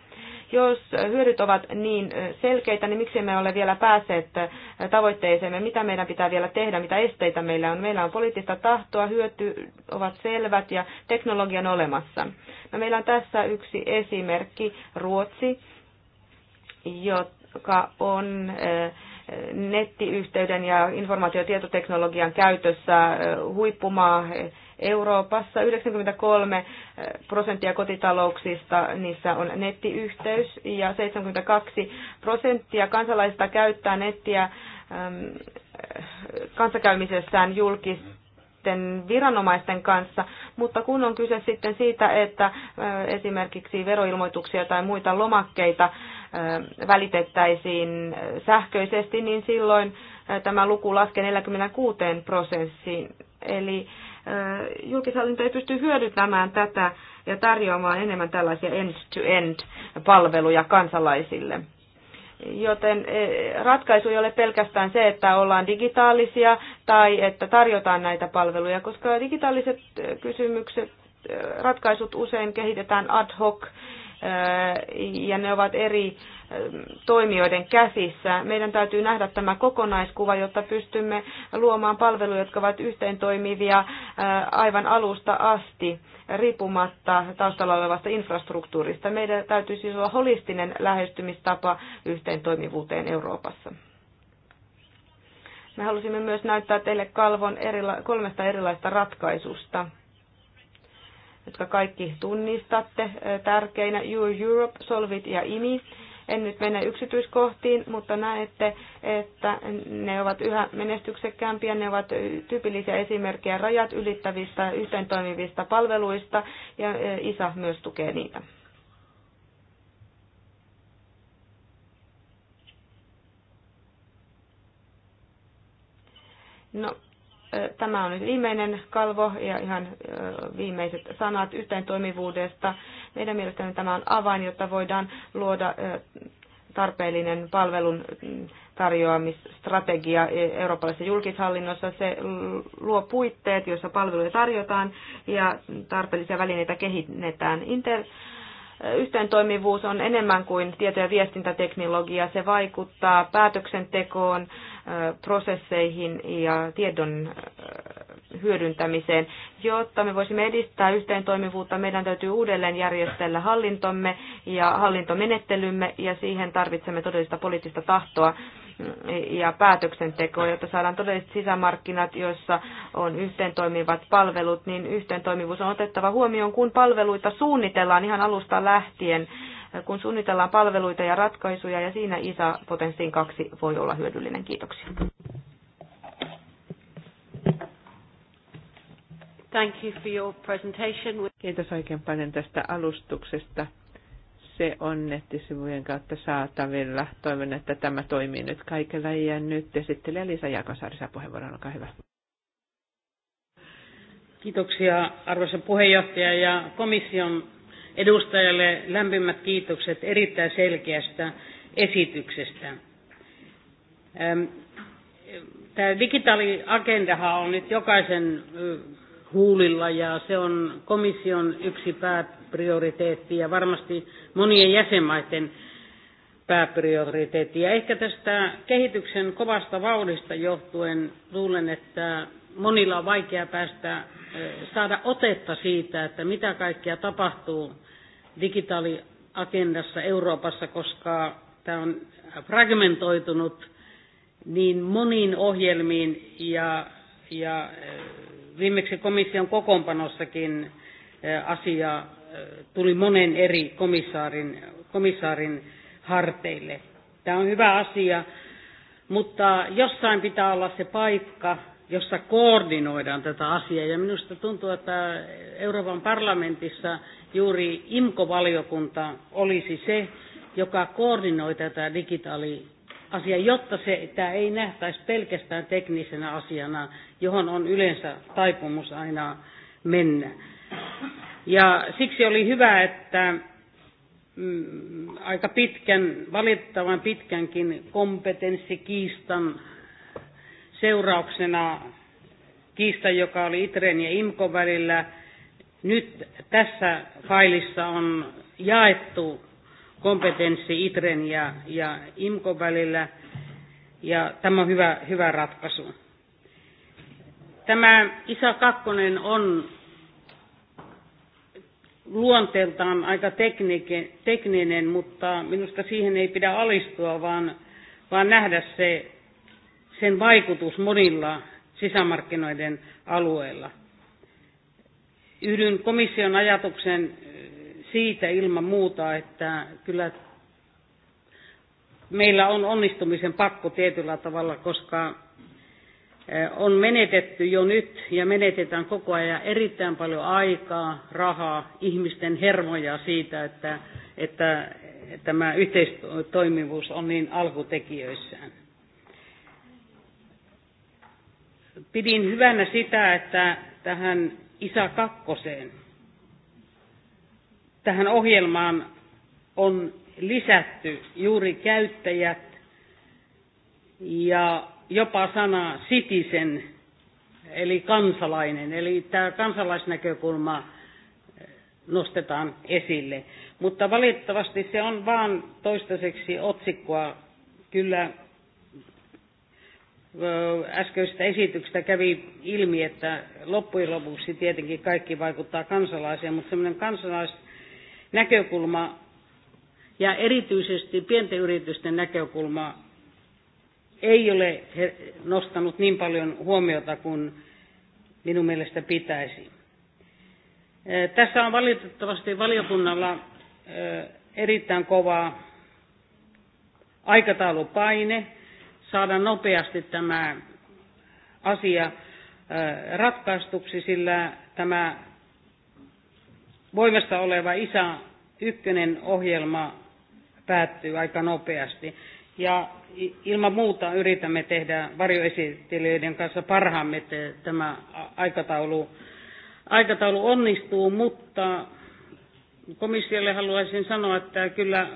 C: Jos hyödyt ovat niin selkeitä, niin miksi me ole vielä päässeet tavoitteeseemme? Mitä meidän pitää vielä tehdä? Mitä esteitä meillä on? Meillä on poliittista tahtoa, hyöty ovat selvät ja teknologian olemassa. No, meillä on tässä yksi esimerkki, Ruotsi, joka on nettiyhteyden ja informaatiotietoteknologian käytössä huippumaa Euroopassa 93 eh, prosenttia kotitalouksista, niissä on nettiyhteys ja 72 prosenttia kansalaisista käyttää nettiä ehm, kanssakäymisessään julkisten viranomaisten kanssa, mutta kun on kyse sitten siitä, että eh, esimerkiksi veroilmoituksia tai muita lomakkeita eh, välitettäisiin sähköisesti, niin silloin tämä luku laskee 46 prosenttiin. Eli julkishallinto ei pysty hyödyntämään tätä ja tarjoamaan enemmän tällaisia end-to-end palveluja kansalaisille. Joten e, ratkaisu ei ole pelkästään se, että ollaan digitaalisia tai että tarjotaan näitä palveluja, koska digitaaliset e, kysymykset, e, ratkaisut usein kehitetään ad hoc ja ne ovat eri toimijoiden käsissä. Meidän täytyy nähdä tämä kokonaiskuva, jotta pystymme luomaan palveluja, jotka ovat yhteen toimivia aivan alusta asti, riippumatta taustalla olevasta infrastruktuurista. Meidän täytyy siis olla holistinen lähestymistapa yhteen toimivuuteen Euroopassa. Me halusimme myös näyttää teille kalvon erila- kolmesta erilaista ratkaisusta jotka kaikki tunnistatte tärkeinä, Your Europe, Solvit ja IMI. En nyt mene yksityiskohtiin, mutta näette, että ne ovat yhä menestyksekkäämpiä. Ne ovat tyypillisiä esimerkkejä rajat ylittävistä yhteen toimivista palveluista ja e, ISA myös tukee niitä. No, Tämä on nyt viimeinen kalvo ja ihan viimeiset sanat yhteen toimivuudesta. Meidän mielestämme tämä on avain, jotta voidaan luoda tarpeellinen palvelun mm, tarjoamisstrategia e, eurooppalaisessa julkishallinnossa. Se luo puitteet, joissa palveluja tarjotaan ja tarpeellisia välineitä kehitetään. Inter- yhteentoimivuus on enemmän kuin tieto- ja viestintäteknologia. Se vaikuttaa päätöksentekoon, prosesseihin ja tiedon hyödyntämiseen. Jotta me voisimme edistää yhteentoimivuutta, meidän täytyy uudelleen järjestellä hallintomme ja hallintomenettelymme, ja siihen tarvitsemme todellista poliittista tahtoa ja päätöksentekoa, jotta saadaan todelliset sisämarkkinat, joissa on yhteen toimivat palvelut, niin yhteen toimivuus on otettava huomioon, kun palveluita suunnitellaan ihan alusta lähtien, kun suunnitellaan palveluita ja ratkaisuja, ja siinä ISA potenssiin kaksi voi olla hyödyllinen. Kiitoksia.
A: Thank you for your presentation.
B: Kiitos oikein paljon tästä alustuksesta se on nettisivujen kautta saatavilla. Toivon, että tämä toimii nyt kaikilla ja nyt esittelee Liisa Jaakonsaari saa
A: puheenvuoron, olkaa hyvä. Kiitoksia arvoisa puheenjohtaja ja komission edustajalle lämpimät kiitokset erittäin selkeästä esityksestä. Ehm, tämä digitaaliagendahan on nyt jokaisen huulilla ja se on komission yksi pääprioriteetti ja varmasti monien jäsenmaiden pääprioriteetti. Ja ehkä tästä kehityksen kovasta vauhdista johtuen luulen, että monilla on vaikea päästä eh, saada otetta siitä, että mitä kaikkea tapahtuu digitaaliagendassa Euroopassa, koska tämä on fragmentoitunut niin moniin ohjelmiin ja, ja eh, viimeksi komission kokoonpanossakin eh, asia tuli monen eri komissaarin, komissaarin harteille. Tämä on hyvä asia, mutta jossain pitää olla se paikka, jossa koordinoidaan tätä asiaa. Ja minusta tuntuu, että Euroopan parlamentissa juuri IMKO-valiokunta olisi se, joka koordinoi tätä digitaaliasiaa, jotta se, tämä ei nähtäisi pelkästään teknisenä asiana, johon on yleensä taipumus aina mennä. Ja siksi oli hyvä, että mm, aika pitkän, valitettavan pitkänkin kompetenssikiistan seurauksena kiista, joka oli ITREN ja IMKO välillä, nyt tässä failissa on jaettu kompetenssi ITREN ja, ja IMKO välillä, ja tämä on hyvä, hyvä ratkaisu. Tämä isä kakkonen on luonteeltaan aika teknike, tekninen, mutta minusta siihen ei pidä alistua, vaan, vaan nähdä se, sen vaikutus monilla sisämarkkinoiden alueilla. Yhdyn komission ajatuksen siitä ilman muuta, että kyllä meillä on onnistumisen pakko tietyllä tavalla, koska on menetetty jo nyt ja menetetään koko ajan erittäin paljon aikaa, rahaa, ihmisten hermoja siitä, että, että tämä yhteistoimivuus on niin alkutekijöissään. Pidin hyvänä sitä, että tähän isä kakkoseen, tähän ohjelmaan on lisätty juuri käyttäjät ja jopa sana citizen, eli kansalainen, eli tämä kansalaisnäkökulma eh, nostetaan esille. Mutta valitettavasti se on vaan toistaiseksi otsikkoa. Kyllä eh, äskeisestä esityksestä kävi ilmi, että loppujen lopuksi tietenkin kaikki vaikuttaa kansalaiseen, mutta semmoinen kansalaisnäkökulma ja erityisesti pienten yritysten näkökulma ei ole nostanut niin paljon huomiota kuin minun mielestä pitäisi. Tässä on valitettavasti valiokunnalla erittäin kova aikataulupaine saada nopeasti tämä asia ratkaistuksi, sillä tämä voimassa oleva isä ykkönen ohjelma päättyy aika nopeasti. Ja ilman muuta yritämme tehdä varjoesittelijöiden kanssa parhaamme, että tämä aikataulu, aikataulu onnistuu, mutta komissiolle haluaisin sanoa, että kyllä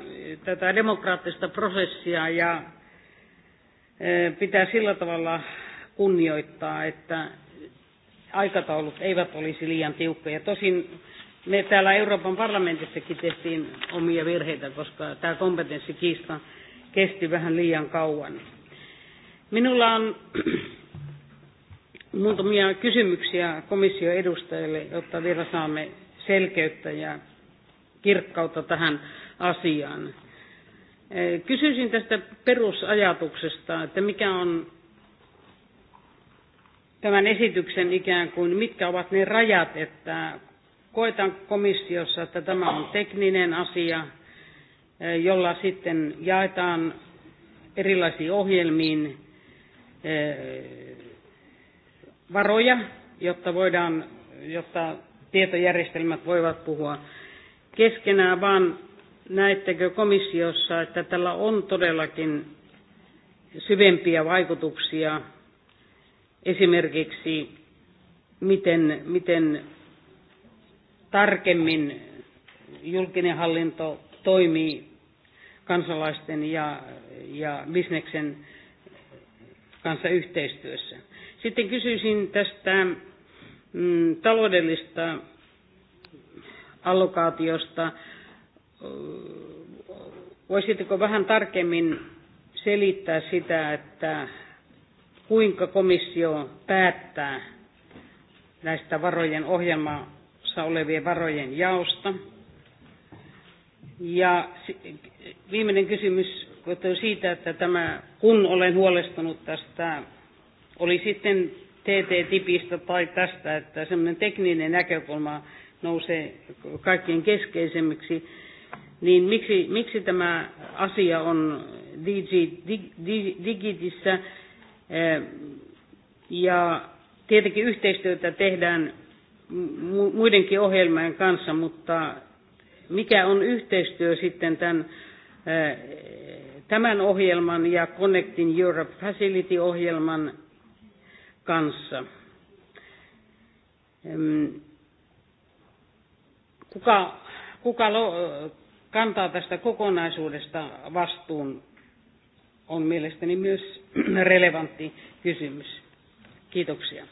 A: tätä demokraattista prosessia ja e, pitää sillä tavalla kunnioittaa, että aikataulut eivät olisi liian tiukkoja. Tosin me täällä Euroopan parlamentissakin tehtiin omia virheitä, koska tämä kompetenssi kesti vähän liian kauan. Minulla on muutamia kysymyksiä komission edustajille, jotta vielä saamme selkeyttä ja kirkkautta tähän asiaan. E, kysyisin tästä perusajatuksesta, että mikä on tämän esityksen ikään kuin, mitkä ovat ne rajat, että koetaan komissiossa, että tämä on tekninen asia, Eh, jolla sitten jaetaan erilaisiin ohjelmiin eh, varoja, jotta, voidaan, jotta tietojärjestelmät voivat puhua keskenään, vaan näettekö komissiossa, että tällä on todellakin syvempiä vaikutuksia esimerkiksi, miten, miten tarkemmin julkinen hallinto toimii kansalaisten ja, ja bisneksen kanssa yhteistyössä. Sitten kysyisin tästä mm, taloudellista allokaatiosta. Voisitteko vähän tarkemmin selittää sitä, että kuinka komissio päättää näistä varojen ohjelmassa olevien varojen jaosta? Ja viimeinen kysymys kertoo siitä, että tämä, kun olen huolestunut tästä, oli sitten TT-tipistä tai tästä, että semmoinen tekninen näkökulma nousee kaikkien keskeisemmiksi, niin miksi, miksi tämä asia on Digi, dig, dig, Digitissä eh, ja tietenkin yhteistyötä tehdään muidenkin ohjelmien kanssa, mutta mikä on yhteistyö sitten tämän, eh, tämän ohjelman ja Connecting Europe Facility-ohjelman kanssa. Kuka, kuka kantaa tästä kokonaisuudesta vastuun on mielestäni myös relevantti kysymys. Kiitoksia.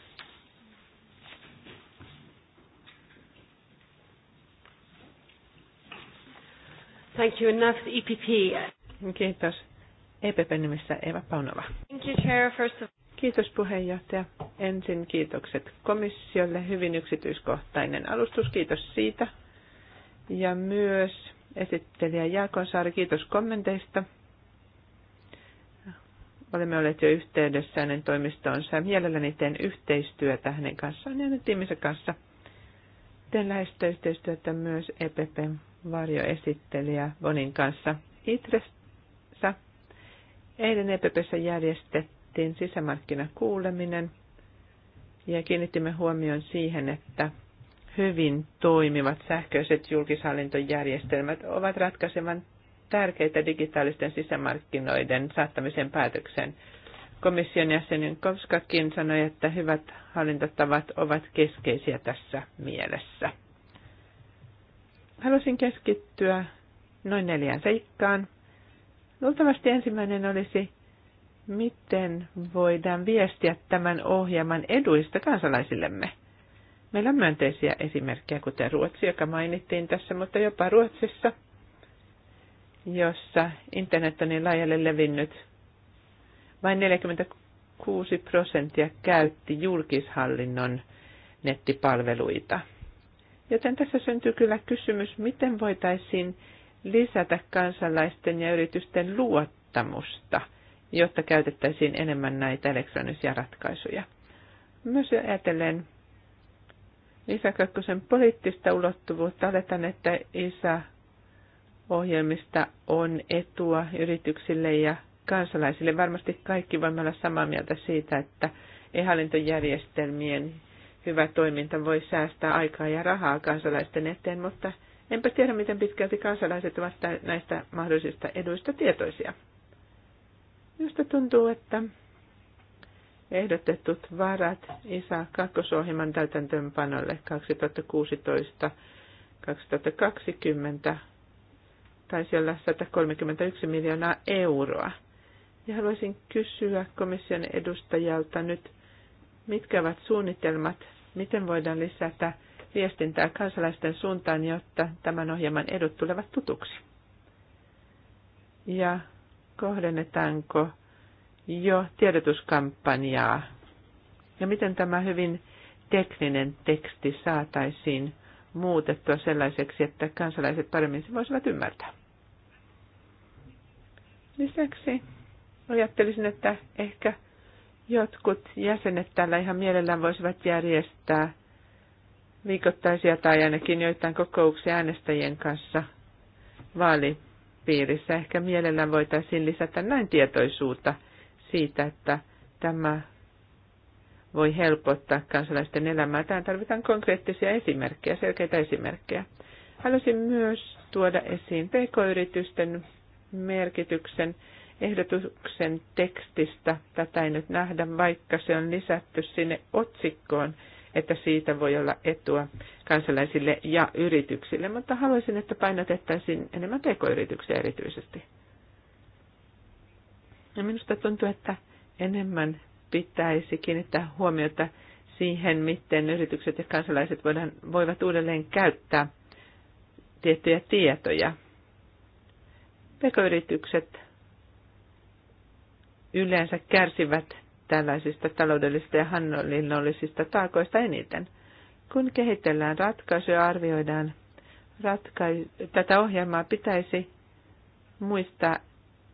A: Thank you enough, EPP.
B: Kiitos. EPP nimissä Eva Paunova. Thank you, Chair, first of... Kiitos puheenjohtaja. Ensin kiitokset komissiolle. Hyvin yksityiskohtainen alustus. Kiitos siitä. Ja myös esittelijä Jaakonsaari, kiitos kommenteista. Olemme olleet jo yhteydessä hänen toimistoonsa ja mielelläni teen yhteistyötä hänen kanssaan ja hänen tiiminsä kanssa. Teen läheistä yhteistyötä myös EPPn varjoesittelijä Bonin kanssa Itressä. Eilen EPPssä järjestettiin sisämarkkinakuuleminen ja kiinnitimme huomioon siihen, että hyvin toimivat sähköiset julkishallintojärjestelmät ovat ratkaisevan tärkeitä digitaalisten sisämarkkinoiden saattamisen päätöksen. Komission jäsenen Kovskakin sanoi, että hyvät hallintotavat ovat keskeisiä tässä mielessä. Haluaisin keskittyä noin neljään seikkaan. Luultavasti ensimmäinen olisi, miten voidaan viestiä tämän ohjelman eduista kansalaisillemme. Meillä on myönteisiä esimerkkejä, kuten Ruotsi, joka mainittiin tässä, mutta jopa Ruotsissa, jossa internet on niin laajalle levinnyt. Vain 46 prosenttia käytti julkishallinnon nettipalveluita – Joten tässä syntyy kyllä kysymys, miten voitaisiin lisätä kansalaisten ja yritysten luottamusta, jotta käytettäisiin enemmän näitä elektronisia ratkaisuja. Myös ajatellen lisäkakkosen poliittista ulottuvuutta oletan, että isä ohjelmista on etua yrityksille ja kansalaisille. Varmasti kaikki voimme olla samaa mieltä siitä, että e-hallintojärjestelmien hyvä toiminta voi säästää aikaa ja rahaa kansalaisten eteen, mutta enpä tiedä, miten pitkälti kansalaiset ovat näistä mahdollisista eduista tietoisia. Minusta tuntuu, että ehdotetut varat isä kakkosohjelman täytäntöönpanolle 2016-2020 taisi olla 131 miljoonaa euroa. Ja haluaisin kysyä komission edustajalta nyt, mitkä ovat suunnitelmat Miten voidaan lisätä viestintää kansalaisten suuntaan, jotta tämän ohjelman edut tulevat tutuksi? Ja kohdennetaanko jo tiedotuskampanjaa? Ja miten tämä hyvin tekninen teksti saataisiin muutettua sellaiseksi, että kansalaiset paremmin se voisivat ymmärtää? Lisäksi ajattelisin, että ehkä Jotkut jäsenet täällä ihan mielellään voisivat järjestää viikoittaisia tai ainakin joitain kokouksia äänestäjien kanssa vaalipiirissä. Ehkä mielellään voitaisiin lisätä näin tietoisuutta siitä, että tämä voi helpottaa kansalaisten elämää. Tähän tarvitaan konkreettisia esimerkkejä, selkeitä esimerkkejä. Haluaisin myös tuoda esiin pk-yritysten merkityksen ehdotuksen tekstistä. Tätä ei nyt nähdä, vaikka se on lisätty sinne otsikkoon, että siitä voi olla etua kansalaisille ja yrityksille, mutta haluaisin, että painotettaisiin enemmän pk-yrityksiä erityisesti. Ja minusta tuntuu, että enemmän pitäisi kiinnittää huomiota siihen, miten yritykset ja kansalaiset voidaan, voivat uudelleen käyttää tiettyjä tietoja. Pekoyritykset yleensä kärsivät tällaisista taloudellisista ja hallinnollisista taakoista eniten. Kun kehitellään ratkaisuja, arvioidaan ratka- tätä ohjelmaa, pitäisi muistaa,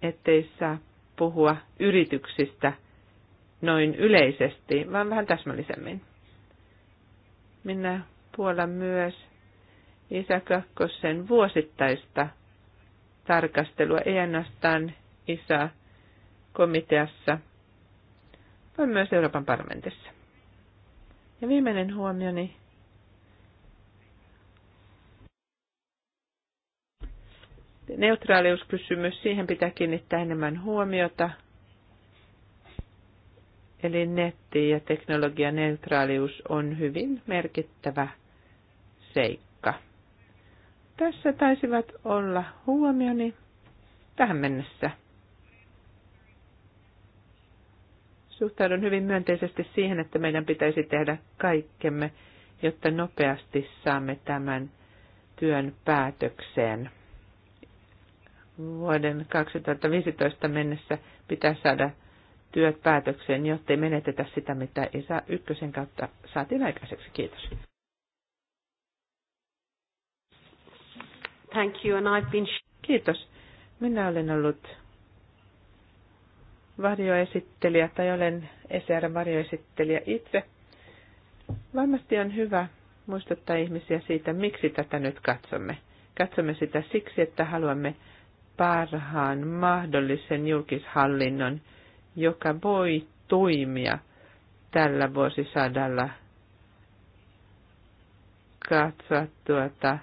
B: ettei saa puhua yrityksistä noin yleisesti, vaan vähän täsmällisemmin. Minä puolan myös Isä Kakkosen vuosittaista tarkastelua, ei ainoastaan Isä komiteassa voi myös Euroopan parlamentissa. Ja viimeinen huomioni. Neutraaliuskysymys, siihen pitää kiinnittää enemmän huomiota. Eli netti- ja teknologianeutraalius on hyvin merkittävä seikka. Tässä taisivat olla huomioni tähän mennessä. Suhtaudun hyvin myönteisesti siihen, että meidän pitäisi tehdä kaikkemme, jotta nopeasti saamme tämän työn päätökseen. Vuoden 2015 mennessä pitää saada työt päätökseen, ei menetetä sitä, mitä isä ykkösen kautta saatiin aikaiseksi. Kiitos. Thank you, and I've been... Kiitos. Minä olen ollut varjoesittelijä tai olen ECR-varjoesittelijä itse. Varmasti on hyvä muistuttaa ihmisiä siitä, miksi tätä nyt katsomme. Katsomme sitä siksi, että haluamme parhaan mahdollisen julkishallinnon, joka voi toimia tällä vuosisadalla katsoa tuota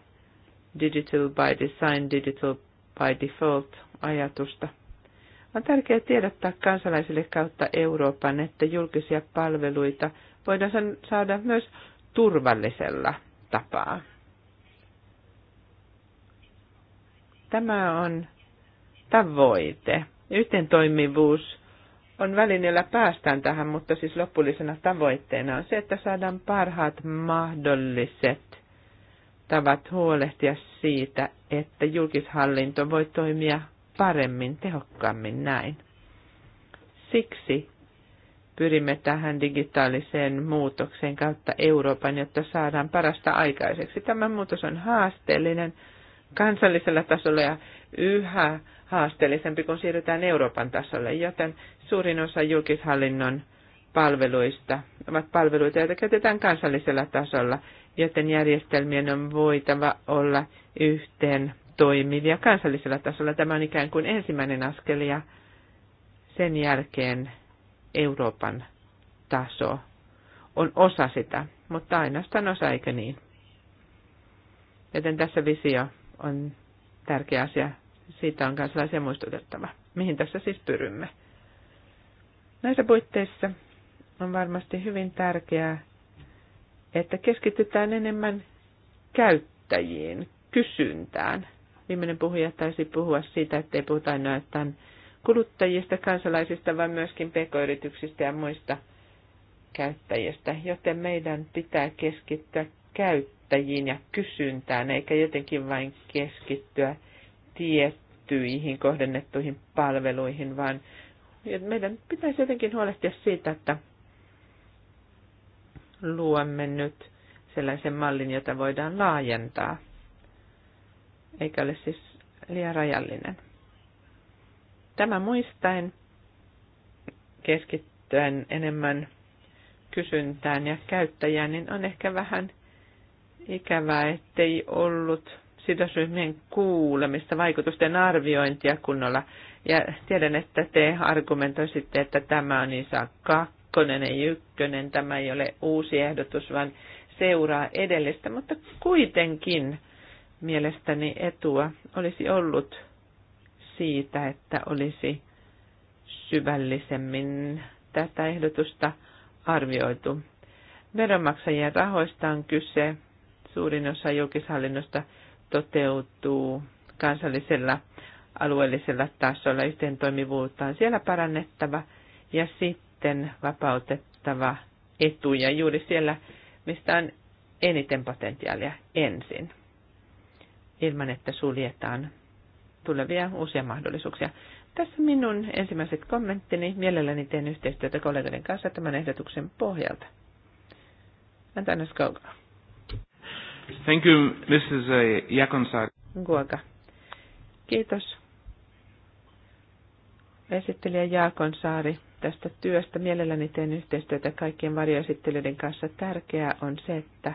B: Digital by Design, Digital by Default ajatusta – on tärkeää tiedottaa kansalaisille kautta Euroopan, että julkisia palveluita voidaan saada myös turvallisella tapaa. Tämä on tavoite. Yhteen toimivuus on välineellä päästään tähän, mutta siis lopullisena tavoitteena on se, että saadaan parhaat mahdolliset tavat huolehtia siitä, että julkishallinto voi toimia paremmin, tehokkaammin näin. Siksi pyrimme tähän digitaaliseen muutokseen kautta Euroopan, jotta saadaan parasta aikaiseksi. Tämä muutos on haasteellinen kansallisella tasolla ja yhä haasteellisempi, kun siirrytään Euroopan tasolle, joten suurin osa julkishallinnon palveluista ovat palveluita, joita käytetään kansallisella tasolla, joten järjestelmien on voitava olla yhteen toimivia kansallisella tasolla. Tämä on ikään kuin ensimmäinen askel ja sen jälkeen Euroopan taso on osa sitä, mutta ainoastaan osa, eikö niin? Joten tässä visio on tärkeä asia. Siitä on kansalaisia muistutettava, mihin tässä siis pyrymme. Näissä puitteissa on varmasti hyvin tärkeää, että keskitytään enemmän käyttäjiin, kysyntään viimeinen puhuja taisi puhua siitä, ettei puhuta ainoastaan kuluttajista, kansalaisista, vaan myöskin pk-yrityksistä ja muista käyttäjistä, joten meidän pitää keskittyä käyttäjiin ja kysyntään, eikä jotenkin vain keskittyä tiettyihin kohdennettuihin palveluihin, vaan meidän pitäisi jotenkin huolehtia siitä, että luomme nyt sellaisen mallin, jota voidaan laajentaa eikä ole siis liian rajallinen. Tämä muistaen keskittyen enemmän kysyntään ja käyttäjään, niin on ehkä vähän ikävää, ettei ollut sidosryhmien kuulemista, vaikutusten arviointia kunnolla. Ja tiedän, että te argumentoisitte, että tämä on isä kakkonen ei ykkönen, tämä ei ole uusi ehdotus, vaan seuraa edellistä, mutta kuitenkin mielestäni etua olisi ollut siitä, että olisi syvällisemmin tätä ehdotusta arvioitu. Veronmaksajien rahoista on kyse. Suurin osa julkishallinnosta toteutuu kansallisella alueellisella tasolla yhteen toimivuuttaan siellä parannettava ja sitten vapautettava etuja juuri siellä, mistä on eniten potentiaalia ensin ilman, että suljetaan tulevia uusia mahdollisuuksia. Tässä minun ensimmäiset kommenttini. Mielelläni teen yhteistyötä kollegoiden kanssa tämän ehdotuksen pohjalta. Antanas Kaukaa. Thank you, Mrs. Eh, Jakonsaari. Kuoka. Kiitos esittelijä Jaakonsaari tästä työstä. Mielelläni teen yhteistyötä kaikkien varjoesittelijöiden kanssa. Tärkeää on se, että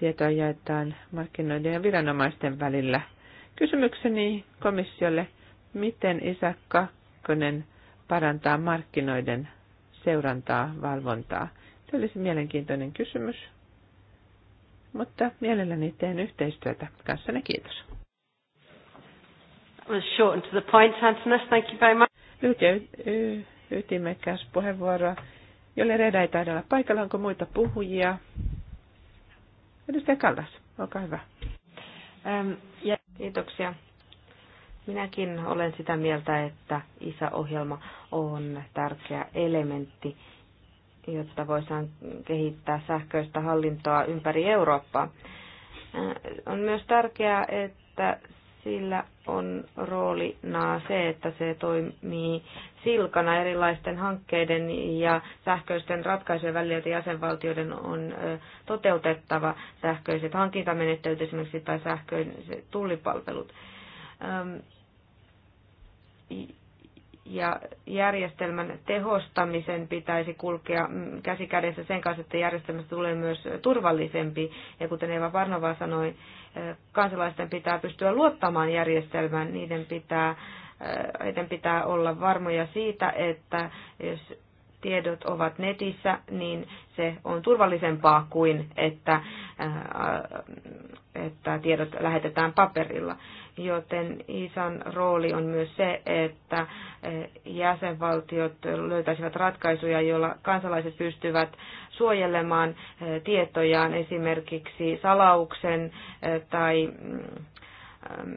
B: tietoa jaetaan markkinoiden ja viranomaisten välillä. Kysymykseni komissiolle, miten isä kakkonen parantaa markkinoiden seurantaa, valvontaa? Se olisi mielenkiintoinen kysymys, mutta mielelläni teen yhteistyötä kanssanne. Kiitos. Lyhyt ja ytimekäs puheenvuoro, jolle Reda ei taida olla paikalla. Onko muita puhujia? Edustaja Kallas, olkaa hyvä. Ähm, ja kiitoksia. Minäkin olen sitä mieltä,
C: että isäohjelma on tärkeä elementti, jotta voidaan kehittää sähköistä hallintoa ympäri Eurooppaa. Äh, on myös tärkeää, että sillä on roolina se, että se toimii silkana erilaisten hankkeiden ja sähköisten ratkaisujen välillä, joita jäsenvaltioiden on toteutettava sähköiset hankintamenettelyt esimerkiksi tai sähköiset tullipalvelut ja järjestelmän tehostamisen pitäisi kulkea mm, käsi kädessä sen kanssa, että järjestelmästä tulee myös turvallisempi. Ja kuten Eva Varnova sanoi, eh, kansalaisten pitää pystyä luottamaan järjestelmään, niiden pitää, eh, heidän pitää olla varmoja siitä, että jos tiedot ovat netissä, niin se on turvallisempaa kuin että, äh, että tiedot lähetetään paperilla. Joten ISAN rooli on myös se, että äh, jäsenvaltiot löytäisivät ratkaisuja, joilla kansalaiset pystyvät suojelemaan äh, tietojaan esimerkiksi salauksen tai mm, ähm,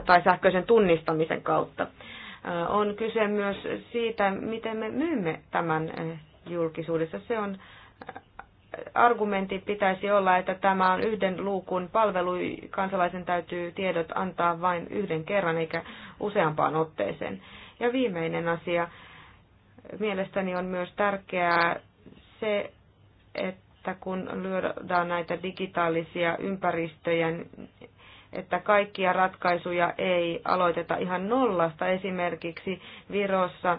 C: tai sähköisen tunnistamisen kautta. On kyse myös siitä, miten me myymme tämän julkisuudessa. Se on argumentti, pitäisi olla, että tämä on yhden luukun palvelu, kansalaisen täytyy tiedot antaa vain yhden kerran eikä useampaan otteeseen. Ja viimeinen asia, mielestäni on myös tärkeää se, että kun lyödään näitä digitaalisia ympäristöjä, että kaikkia ratkaisuja ei aloiteta ihan nollasta. Esimerkiksi Virossa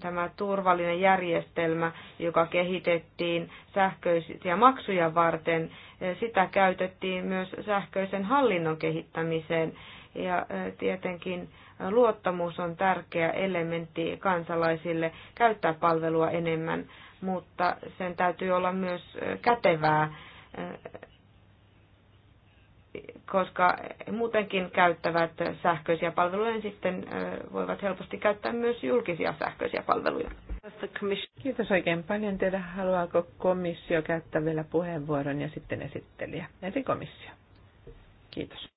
C: tämä turvallinen järjestelmä, joka kehitettiin sähköisiä maksuja varten, sitä käytettiin myös sähköisen hallinnon kehittämiseen. Ja tietenkin luottamus on tärkeä elementti kansalaisille käyttää palvelua enemmän, mutta sen täytyy olla myös kätevää koska muutenkin käyttävät sähköisiä palveluja, niin sitten voivat helposti käyttää myös julkisia sähköisiä palveluja.
B: Kiitos oikein paljon teille. Haluaako komissio käyttää vielä puheenvuoron ja sitten esittelijä? Ensin komissio. Kiitos.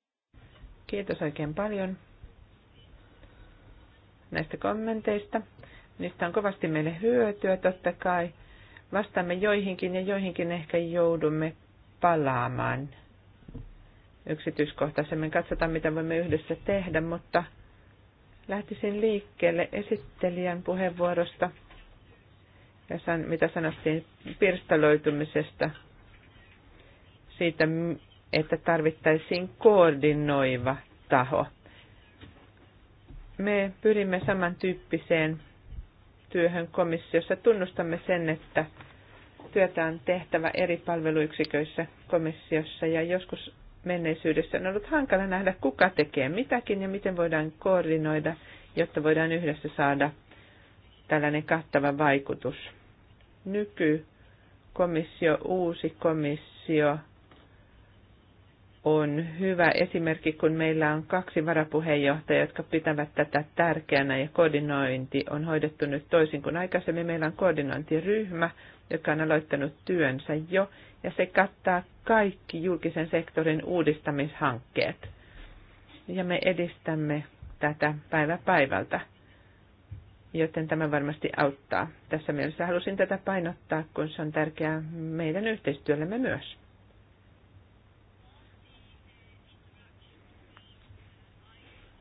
B: Kiitos oikein paljon näistä kommenteista. Niistä on kovasti meille hyötyä totta kai. Vastaamme joihinkin ja joihinkin ehkä joudumme palaamaan yksityiskohtaisemmin. Katsotaan, mitä voimme yhdessä tehdä, mutta lähtisin liikkeelle esittelijän puheenvuorosta ja san, mitä sanottiin pirstaloitumisesta, siitä, että tarvittaisiin koordinoiva taho. Me pyrimme samantyyppiseen työhön komissiossa. Tunnustamme sen, että työtä on tehtävä eri palveluyksiköissä komissiossa ja joskus menneisyydessä on ollut hankala nähdä, kuka tekee mitäkin ja miten voidaan koordinoida, jotta voidaan yhdessä saada tällainen kattava vaikutus. Nykykomissio, uusi komissio on hyvä esimerkki, kun meillä on kaksi varapuheenjohtajaa, jotka pitävät tätä tärkeänä ja koordinointi on hoidettu nyt toisin kuin aikaisemmin. Meillä on koordinointiryhmä, joka on aloittanut työnsä jo ja se kattaa kaikki julkisen sektorin uudistamishankkeet. Ja me edistämme tätä päivä päivältä, joten tämä varmasti auttaa. Tässä mielessä halusin tätä painottaa, kun se on tärkeää meidän yhteistyöllemme myös.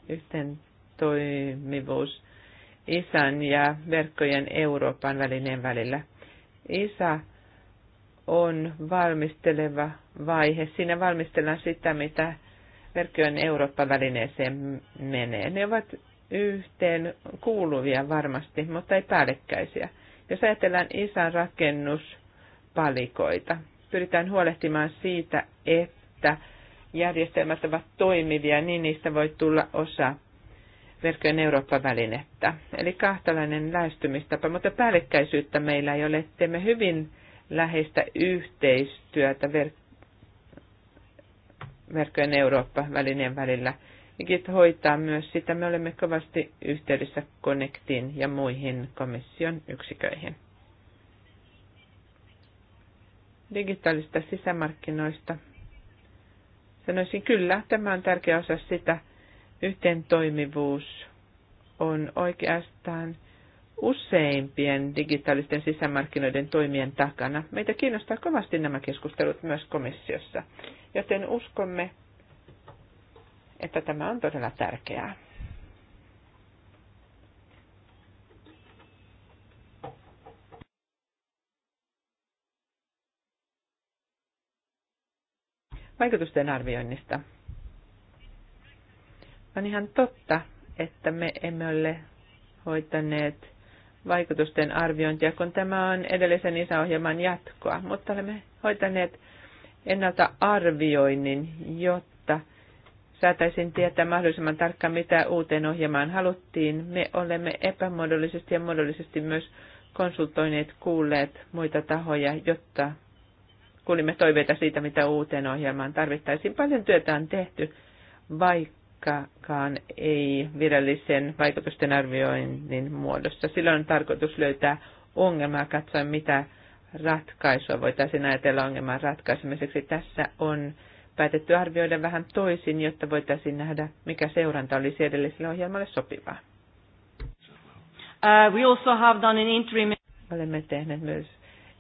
B: Yhteen toimivuus isän ja verkkojen Euroopan välineen välillä. Isä on valmisteleva vaihe. Siinä valmistellaan sitä, mitä verkkojen Eurooppa-välineeseen menee. Ne ovat yhteen kuuluvia varmasti, mutta ei päällekkäisiä. Jos ajatellaan isän rakennuspalikoita, pyritään huolehtimaan siitä, että järjestelmät ovat toimivia, niin niistä voi tulla osa verkkojen Eurooppa-välinettä. Eli kahtalainen lähestymistapa, mutta päällekkäisyyttä meillä ei ole. Teemme hyvin läheistä yhteistyötä verk- verkkojen Eurooppa-välineen välillä. Digit hoitaa myös sitä. Me olemme kovasti yhteydessä Connectin ja muihin komission yksiköihin. Digitaalista sisämarkkinoista. Sanoisin kyllä, tämä on tärkeä osa sitä. Yhteen toimivuus on oikeastaan useimpien digitaalisten sisämarkkinoiden toimien takana. Meitä kiinnostaa kovasti nämä keskustelut myös komissiossa, joten uskomme, että tämä on todella tärkeää. Vaikutusten arvioinnista. On ihan totta, että me emme ole hoitaneet vaikutusten arviointia, kun tämä on edellisen isäohjelman jatkoa, mutta olemme hoitaneet ennalta arvioinnin, jotta saataisiin tietää mahdollisimman tarkkaan, mitä uuteen ohjelmaan haluttiin. Me olemme epämuodollisesti ja muodollisesti myös konsultoineet, kuulleet muita tahoja, jotta kuulimme toiveita siitä, mitä uuteen ohjelmaan tarvittaisiin. Paljon työtä on tehty, vaikka vaikkakaan ei virallisen vaikutusten arvioinnin muodossa. Silloin on tarkoitus löytää ongelmaa, katsoa mitä ratkaisua voitaisiin ajatella ongelman ratkaisemiseksi. Tässä on päätetty arvioida vähän toisin, jotta voitaisiin nähdä, mikä seuranta olisi edelliselle ohjelmalle sopivaa. Uh, we also have done an interim... Olemme tehneet myös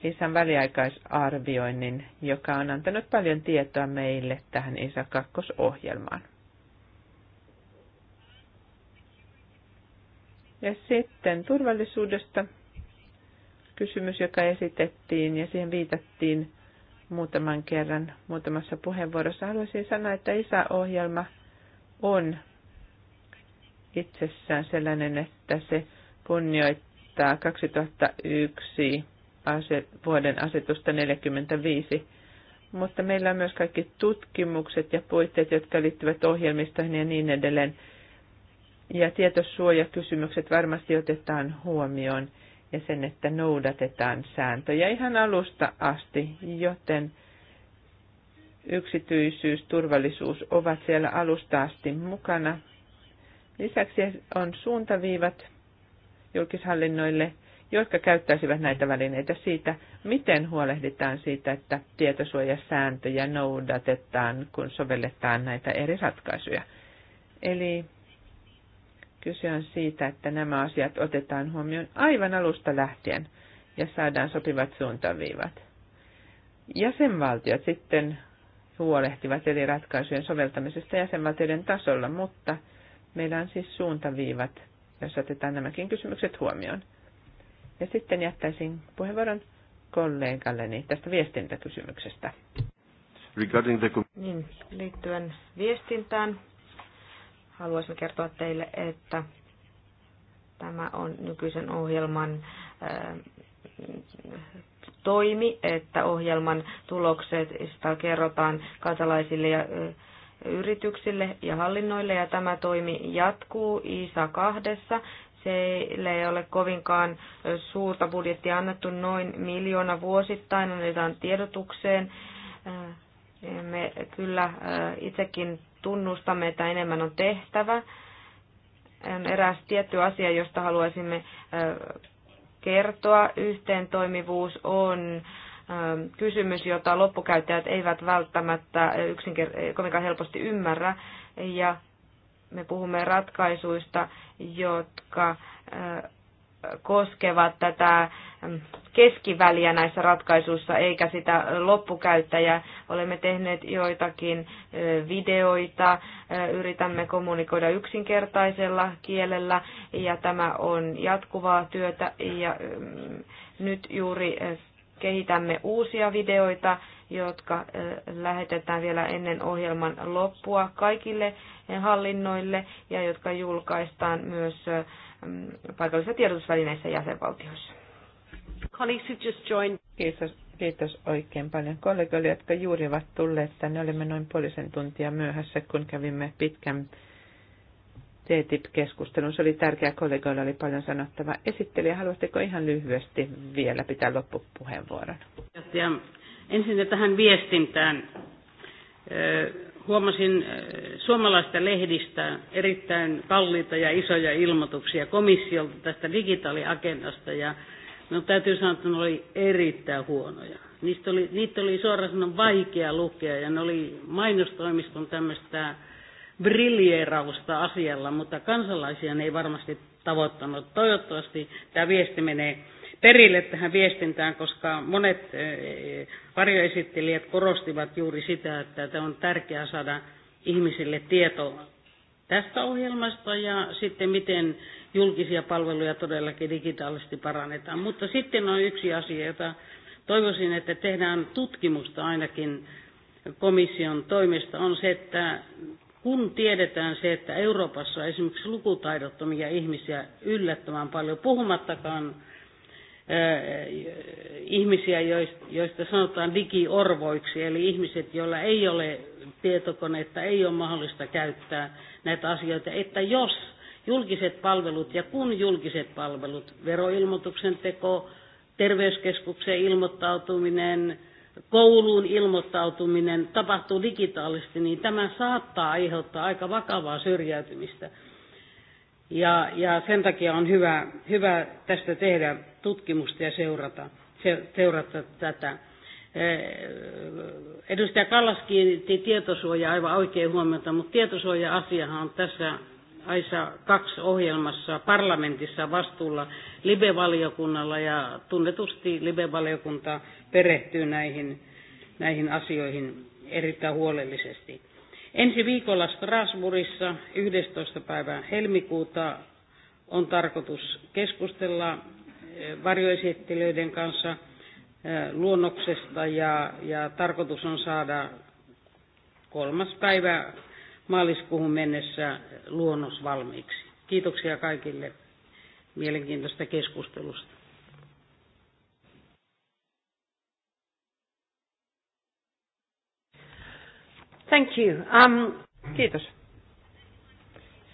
B: isän väliaikaisarvioinnin, joka on antanut paljon tietoa meille tähän isä kakkosohjelmaan. Ja sitten turvallisuudesta kysymys, joka esitettiin ja siihen viitattiin muutaman kerran muutamassa puheenvuorossa. Haluaisin sanoa, että isäohjelma on itsessään sellainen, että se kunnioittaa 2001 vuoden asetusta 45, mutta meillä on myös kaikki tutkimukset ja puitteet, jotka liittyvät ohjelmistoihin ja niin edelleen, ja tietosuojakysymykset varmasti otetaan huomioon ja sen, että noudatetaan sääntöjä ihan alusta asti, joten yksityisyys, turvallisuus ovat siellä alusta asti mukana. Lisäksi on suuntaviivat julkishallinnoille, jotka käyttäisivät näitä välineitä siitä, miten huolehditaan siitä, että tietosuojasääntöjä noudatetaan, kun sovelletaan näitä eri ratkaisuja. Eli Kyse on siitä, että nämä asiat otetaan huomioon aivan alusta lähtien ja saadaan sopivat suuntaviivat. Jäsenvaltiot sitten huolehtivat eri ratkaisujen soveltamisesta jäsenvaltioiden tasolla, mutta meillä on siis suuntaviivat, jos otetaan nämäkin kysymykset huomioon. Ja sitten jättäisin puheenvuoron kollegalleni niin tästä viestintäkysymyksestä. Regarding the... niin, liittyen viestintään haluaisimme kertoa teille,
C: että tämä on nykyisen ohjelman äh, toimi, että ohjelman tuloksesta kerrotaan kansalaisille ja äh, yrityksille ja hallinnoille ja tämä toimi jatkuu ISA kahdessa. Seille ei ole kovinkaan äh, suurta budjettia annettu, noin miljoona vuosittain annetaan tiedotukseen. Me kyllä itsekin tunnustamme, että enemmän on tehtävä. On eräs tietty asia, josta haluaisimme kertoa. Yhteen toimivuus on kysymys, jota loppukäyttäjät eivät välttämättä yksinker- kovinkaan helposti ymmärrä. Ja me puhumme ratkaisuista, jotka koskevat tätä keskiväliä näissä ratkaisuissa eikä sitä loppukäyttäjää. Olemme tehneet joitakin videoita, yritämme kommunikoida yksinkertaisella kielellä ja tämä on jatkuvaa työtä ja nyt juuri kehitämme uusia videoita, jotka lähetetään vielä ennen ohjelman loppua kaikille hallinnoille ja jotka julkaistaan myös Mm, paikallisissa tiedotusvälineissä jäsenvaltioissa.
B: Kiitos, kiitos oikein paljon kollegoille, jotka juuri ovat tulleet tänne. Olemme noin puolisen tuntia myöhässä, kun kävimme pitkän TTIP-keskustelun. Se oli tärkeä, kollegoilla oli paljon sanottavaa. Esittelijä, haluatteko ihan lyhyesti vielä pitää loppupuheenvuoron?
A: Ensin tähän viestintään huomasin äh, suomalaista lehdistä erittäin kalliita ja isoja ilmoituksia komissiolta tästä digitaaliagendasta ja no täytyy sanoa, että ne oli erittäin huonoja. Niistä oli, niitä oli suoraan sanon vaikea lukea ja ne oli mainostoimiston tämmöistä brillierausta asialla, mutta kansalaisia ne ei varmasti tavoittanut. Toivottavasti tämä viesti menee perille tähän viestintään, koska monet eh, varjoesittelijät korostivat juuri sitä, että tämä on tärkeää saada ihmisille tietoa tästä ohjelmasta ja sitten miten julkisia palveluja todellakin digitaalisesti parannetaan. Mutta sitten on yksi asia, jota toivoisin, että tehdään tutkimusta ainakin komission toimesta, on se, että kun tiedetään se, että Euroopassa on esimerkiksi lukutaidottomia ihmisiä yllättävän paljon, puhumattakaan ihmisiä, joista sanotaan digiorvoiksi, eli ihmiset, joilla ei ole tietokonetta, ei ole mahdollista käyttää näitä asioita, että jos julkiset palvelut ja kun julkiset palvelut, veroilmoituksen teko, terveyskeskukseen ilmoittautuminen, kouluun ilmoittautuminen tapahtuu digitaalisesti, niin tämä saattaa aiheuttaa aika vakavaa syrjäytymistä. Ja, ja sen takia on hyvä, hyvä tästä tehdä tutkimusta ja seurata, se, seurata tätä. Eh, edustaja Kallas kiinnitti tietosuojaa aivan oikein huomiota, mutta tietosuoja-asiahan on tässä AISA 2 ohjelmassa parlamentissa vastuulla libevaliokunnalla valiokunnalla ja tunnetusti libevaliokunta valiokunta perehtyy näihin, näihin asioihin erittäin huolellisesti. Ensi viikolla Strasbourgissa 11. päivää helmikuuta on tarkoitus keskustella eh, varjoesittelijöiden kanssa eh, luonnoksesta ja, ja tarkoitus on saada kolmas päivä maaliskuuhun mennessä luonnos valmiiksi. Kiitoksia kaikille mielenkiintoista keskustelusta.
B: Thank you. Um... Kiitos.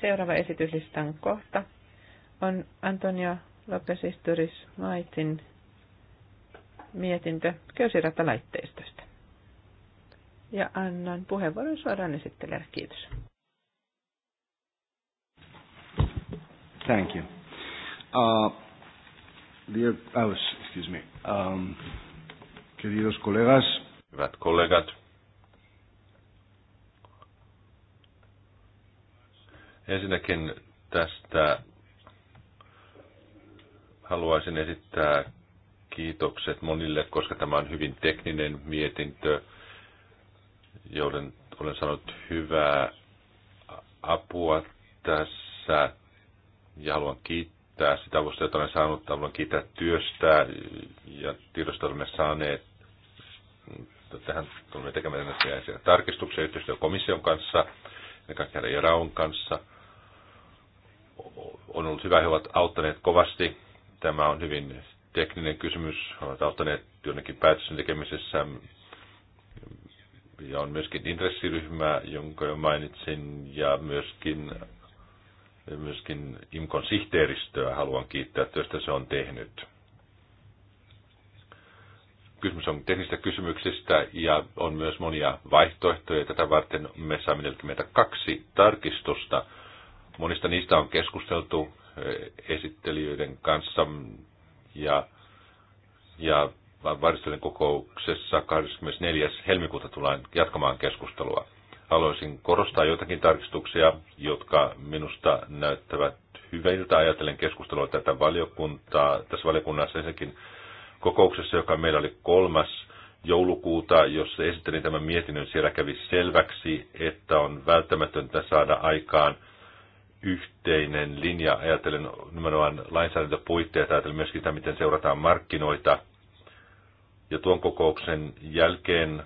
B: Seuraava esityslistan kohta on Antonio Lopez Isturis Maitin mietintö köysiratalaitteistosta. Ja annan puheenvuoron suoraan esittelijälle. Kiitos.
D: Thank you. Uh, dear, oh, excuse me. Um, queridos colegas. Hyvät kollegat. Ensinnäkin tästä haluaisin esittää kiitokset monille, koska tämä on hyvin tekninen mietintö, joiden olen saanut hyvää apua tässä ja haluan kiittää sitä avusta, jota olen saanut. Haluan kiittää työstä ja tiedosta olemme saaneet. Tähän tulemme tekemään näitä tarkistuksia yhteistyökomission kanssa ja kaikkien Raun kanssa – on ollut hyvä, he ovat auttaneet kovasti. Tämä on hyvin tekninen kysymys, he ovat auttaneet jonnekin päätöksen tekemisessä. Ja on myöskin intressiryhmä, jonka jo mainitsin, ja myöskin, myöskin IMKon sihteeristöä haluan kiittää työstä se on tehnyt kysymys on teknisistä kysymyksistä ja on myös monia vaihtoehtoja. Tätä varten me saamme 42 tarkistusta. Monista niistä on keskusteltu eh, esittelijöiden kanssa ja, ja varsinainen kokouksessa 24. helmikuuta tullaan jatkamaan keskustelua. Haluaisin korostaa jotakin tarkistuksia, jotka minusta näyttävät hyviltä ajatellen keskustelua tätä valiokuntaa, tässä valiokunnassa ensinnäkin kokouksessa, joka meillä oli kolmas joulukuuta, jossa esittelin tämän mietinnön, siellä kävi selväksi, että on välttämätöntä saada aikaan – yhteinen linja, ajatellen nimenomaan lainsäädäntöpuitteita, ajatellen myöskin sitä, miten seurataan markkinoita. Ja tuon kokouksen jälkeen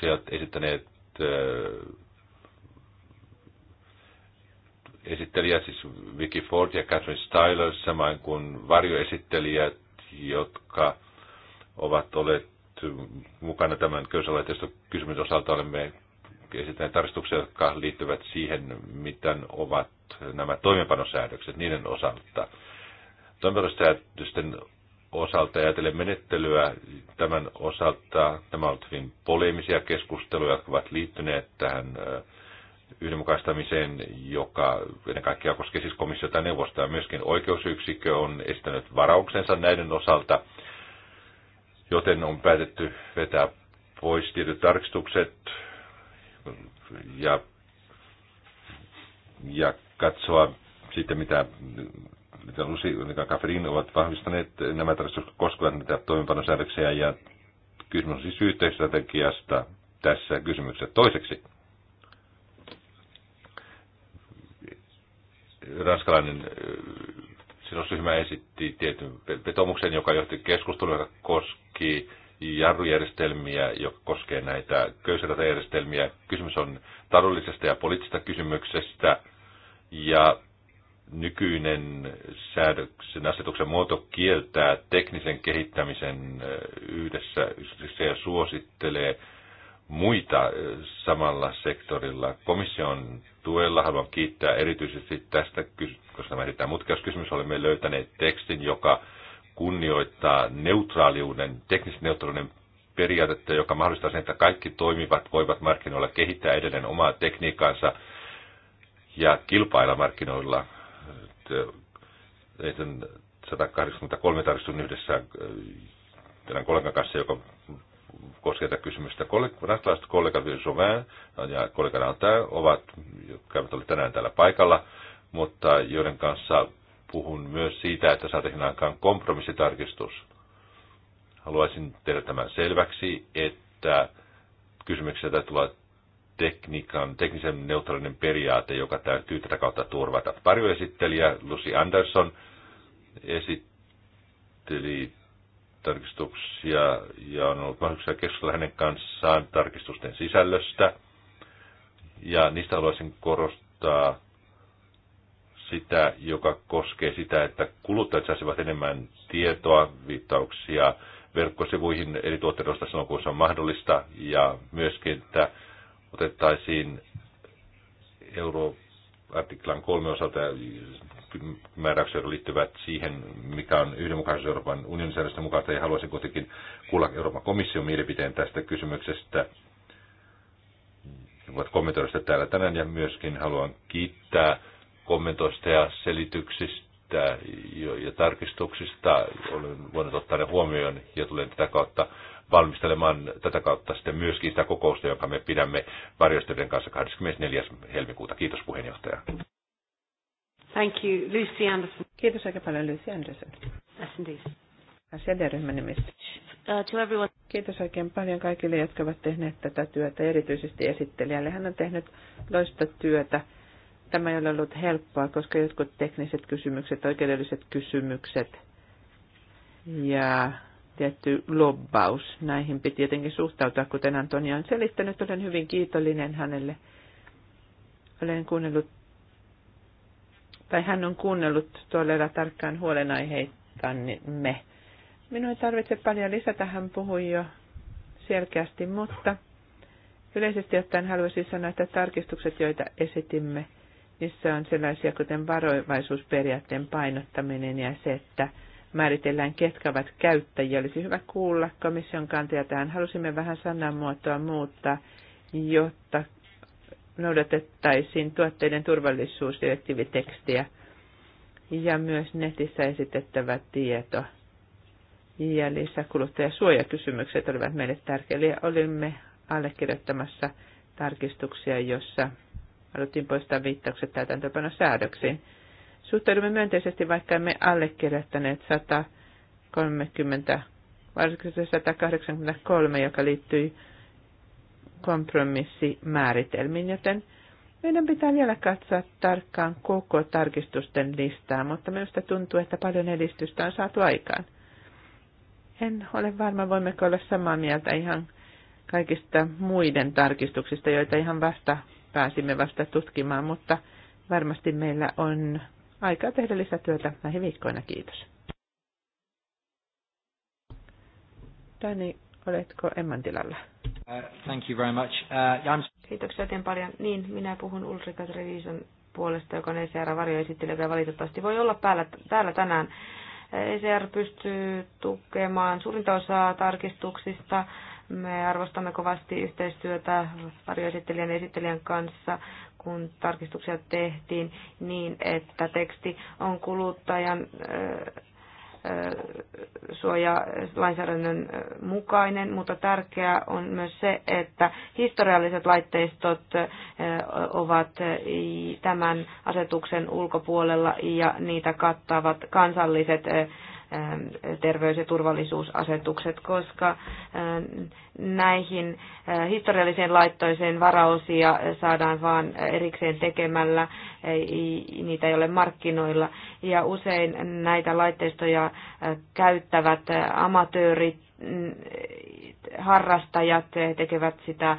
D: sieltä esittäneet äh, esittelijät, siis Vicky Ford ja Catherine Styler, samoin kuin varjoesittelijät, jotka ovat olleet mukana tämän köysalaitosta kysymys osalta olemme esitetään tarkistuksia, jotka liittyvät siihen, mitä ovat nämä toimenpanosäädökset niiden osalta. Toimenpanosäädösten osalta ajatellen menettelyä tämän osalta. Nämä ovat hyvin poleemisia keskusteluja, jotka ovat liittyneet tähän yhdenmukaistamiseen, joka ennen kaikkea koskee siis komissiota ja neuvostoa. Myöskin oikeusyksikkö on esittänyt varauksensa näiden osalta, joten on päätetty vetää pois tietyt tarkistukset, ja, ja katsoa sitten, mitä, mitä Lusi ja Kaferin ovat vahvistaneet nämä tarkastukset koskevat näitä toimenpanosäädöksiä ja kysymys on siis yhteistrategiasta tässä kysymyksessä toiseksi. Ranskalainen äh, sidosryhmä esitti tietyn vetomuksen, joka johti keskustelua, joka koski jarrujärjestelmiä, joka koskee näitä köysiratajärjestelmiä. Kysymys on taloudellisesta ja poliittisesta kysymyksestä. Ja nykyinen säädöksen asetuksen muoto kieltää teknisen kehittämisen yhdessä ja suosittelee muita samalla sektorilla. Komission tuella haluan kiittää erityisesti tästä, koska tämä erittäin mutkias kysymys, olemme löytäneet tekstin, joka kunnioittaa neutraaliuden, teknisen neutraalinen periaatetta, joka mahdollistaa sen, että kaikki toimivat voivat markkinoilla kehittää edelleen omaa tekniikkaansa ja kilpailla markkinoilla. 183 äh, tarkistun yhdessä äh, tämän kollegan kanssa, joka koskee tätä kysymystä. Ranskalaiset kollegat Chauvin ja kollega ovat, jotka olivat tänään täällä paikalla, mutta joiden kanssa puhun myös siitä, että saataisiin aikaan kompromissitarkistus. Haluaisin tehdä tämän selväksi, että kysymyksessä täytyy olla tekniikan, teknisen neutraalinen periaate, joka täytyy tätä kautta turvata. Parjoesittelijä Lucy Anderson esitteli tarkistuksia ja on ollut mahdollisuuksia keskustella hänen kanssaan tarkistusten sisällöstä. Ja niistä haluaisin korostaa sitä, joka koskee sitä, että kuluttajat saisivat enemmän tietoa, viittauksia verkkosivuihin eri tuotteista silloin, kun se on mahdollista, ja myöskin, että otettaisiin euroartiklan kolme osalta määräyksiä, jotka liittyvät siihen, mikä on yhdenmukaisuus Euroopan unionin säädösten mukaan, ja haluaisin kuitenkin kuulla Euroopan komission mielipiteen tästä kysymyksestä. Voit kommentoida sitä täällä tänään, ja myöskin haluan kiittää kommentoista ja selityksistä ja tarkistuksista. Olen voinut ottaa ne huomioon ja tulen tätä kautta valmistelemaan tätä kautta sitten myöskin sitä kokousta, jonka me pidämme varjostöiden kanssa 24. helmikuuta. Kiitos puheenjohtaja.
B: Thank you, Lucy Anderson. Kiitos aika paljon, Lucy Anderson. Yes, asianryhmän nimistä. Uh, Kiitos oikein paljon kaikille, jotka ovat tehneet tätä työtä, erityisesti esittelijälle. Hän on tehnyt loista työtä Tämä ei ole ollut helppoa, koska jotkut tekniset kysymykset, oikeudelliset kysymykset ja tietty lobbaus, näihin piti tietenkin suhtautua, kuten Antonia on selittänyt. Olen hyvin kiitollinen hänelle. Olen kuunnellut, tai hän on kuunnellut tuolla tarkkaan huolenaiheitamme. Minun ei tarvitse paljon lisätä, hän puhui jo selkeästi, mutta yleisesti ottaen haluaisin sanoa, että tarkistukset, joita esitimme, missä on sellaisia kuten varovaisuusperiaatteen painottaminen ja se, että määritellään, ketkä ovat käyttäjiä. Olisi hyvä kuulla komission kantaja tähän. Halusimme vähän sanamuotoa muuttaa, jotta noudatettaisiin tuotteiden turvallisuusdirektiivitekstiä ja myös netissä esitettävä tieto. Ja lisäkuluttajasuojakysymykset olivat meille tärkeitä. Olimme allekirjoittamassa tarkistuksia, jossa haluttiin poistaa viittaukset täytäntöpanosäädöksiin. Suhtaudumme myönteisesti, vaikka emme allekirjoittaneet 130, varsinkin 183, joka liittyi kompromissimääritelmiin, joten meidän pitää vielä katsoa tarkkaan koko tarkistusten listaa, mutta minusta tuntuu, että paljon edistystä on saatu aikaan. En ole varma, voimmeko olla samaa mieltä ihan kaikista muiden tarkistuksista, joita ihan vasta pääsimme vasta tutkimaan, mutta varmasti meillä on aikaa tehdä lisätyötä viikkoina. Kiitos. Dani, oletko Emman tilalla? Uh, thank you very much. Uh,
C: Kiitoksia oikein paljon. Niin, minä puhun Ulrika Trevisan puolesta, joka on ECR varjo joka valitettavasti voi olla päällä, täällä tänään. ECR pystyy tukemaan suurinta osaa tarkistuksista me arvostamme kovasti yhteistyötä varjoesittelijän ja esittelijän kanssa, kun tarkistuksia tehtiin niin, että teksti on kuluttajan suoja lainsäädännön mukainen, mutta tärkeää on myös se, että historialliset laitteistot ovat tämän asetuksen ulkopuolella ja niitä kattavat kansalliset Ähm, terveys- ja turvallisuusasetukset, koska ähm, näihin äh, historialliseen laittoiseen varaosia äh, saadaan vain erikseen tekemällä, niitä ei ole markkinoilla. Ja usein näitä laitteistoja äh, käyttävät amatöörit, mm, harrastajat tekevät sitä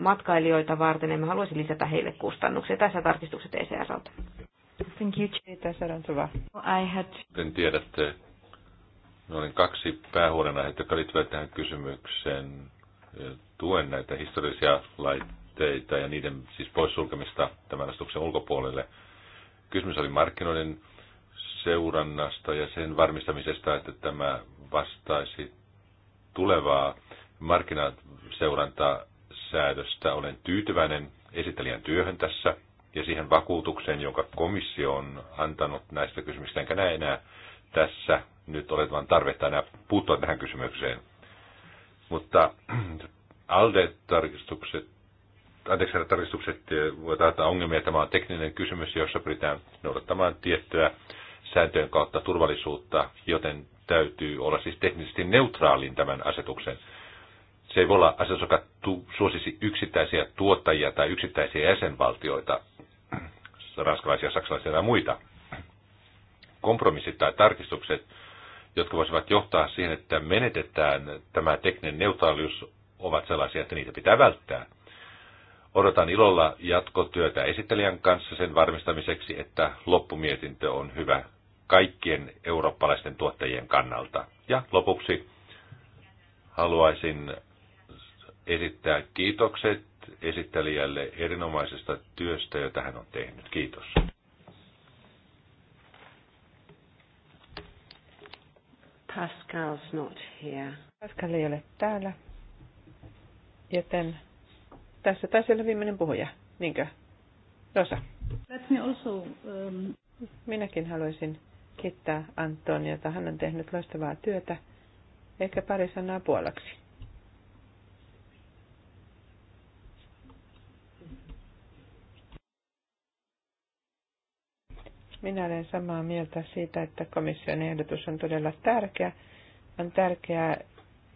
C: matkailijoita varten, emme haluaisin lisätä heille kustannuksia. Tässä tarkistukset ECRltä.
B: Thank you. Sarantova. I had...
D: Kuten tiedätte, olin kaksi päähuolenaihetta, jotka liittyvät tähän kysymykseen. Tuen näitä historiallisia laitteita ja niiden siis poissulkemista tämän astuksen ulkopuolelle. Kysymys oli markkinoiden seurannasta ja sen varmistamisesta, että tämä vastaisi tulevaa markkinaseurantasäädöstä. Olen tyytyväinen esittelijän työhön tässä ja siihen vakuutukseen, jonka komissio on antanut näistä kysymyksistä, enkä näe enää tässä nyt vain tarvetta enää puuttua tähän kysymykseen. Mutta ALDE-tarkistukset, anteeksi, tarkistukset eh, voi aiheuttaa ongelmia. Tämä on tekninen kysymys, jossa pyritään noudattamaan tiettyä sääntöjen kautta turvallisuutta, joten täytyy olla siis teknisesti neutraalin tämän asetuksen. Se ei voi olla asia, joka suosisi yksittäisiä tuottajia tai yksittäisiä jäsenvaltioita, ranskalaisia, saksalaisia ja muita. Kompromissit tai tarkistukset, jotka voisivat johtaa siihen, että menetetään tämä tekninen neutraalius, ovat sellaisia, että niitä pitää välttää. Odotan ilolla jatkotyötä esittelijän kanssa sen varmistamiseksi, että loppumietintö on hyvä kaikkien eurooppalaisten tuottajien kannalta. Ja lopuksi haluaisin esittää kiitokset esittelijälle erinomaisesta työstä, jota hän on tehnyt. Kiitos.
B: Pascal's not here. Pascal ei ole täällä, joten tässä taisi olla viimeinen puhuja, niinkö? Rosa.
A: Let me also, um...
B: Minäkin haluaisin kiittää Antoniota. Hän on tehnyt loistavaa työtä. Ehkä pari sanaa puolaksi. Minä olen samaa mieltä siitä, että komission ehdotus on todella tärkeä. On tärkeää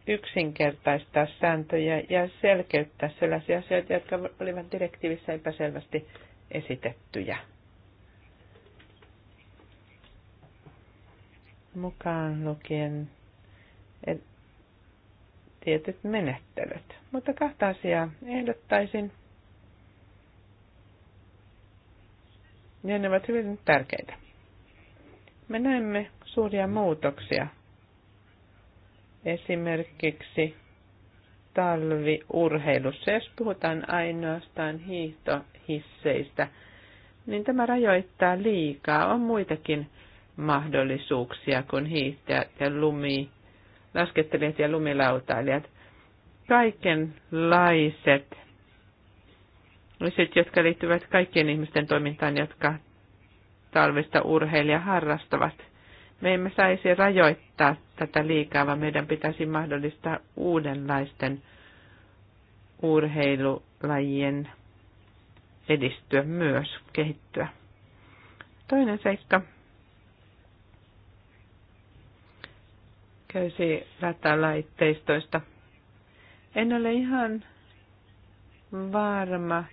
B: yksinkertaistaa sääntöjä ja selkeyttää sellaisia asioita, jotka olivat direktiivissä epäselvästi esitettyjä. Mukaan lukien tietyt menettelyt. Mutta kahta asiaa ehdottaisin. Ja ne ovat hyvin tärkeitä. Me näemme suuria muutoksia. Esimerkiksi talviurheilussa, jos puhutaan ainoastaan hiihtohisseistä, niin tämä rajoittaa liikaa. On muitakin mahdollisuuksia kuin hiihtäjät ja lumi, laskettelijat ja lumilautailijat. Kaikenlaiset sitten jotka liittyvät kaikkien ihmisten toimintaan, jotka talvista urheilija harrastavat. Me emme saisi rajoittaa tätä liikaa, vaan meidän pitäisi mahdollistaa uudenlaisten urheilulajien edistyä myös, kehittyä. Toinen seikka. Käysi ratalaitteistoista. En ole ihan varma,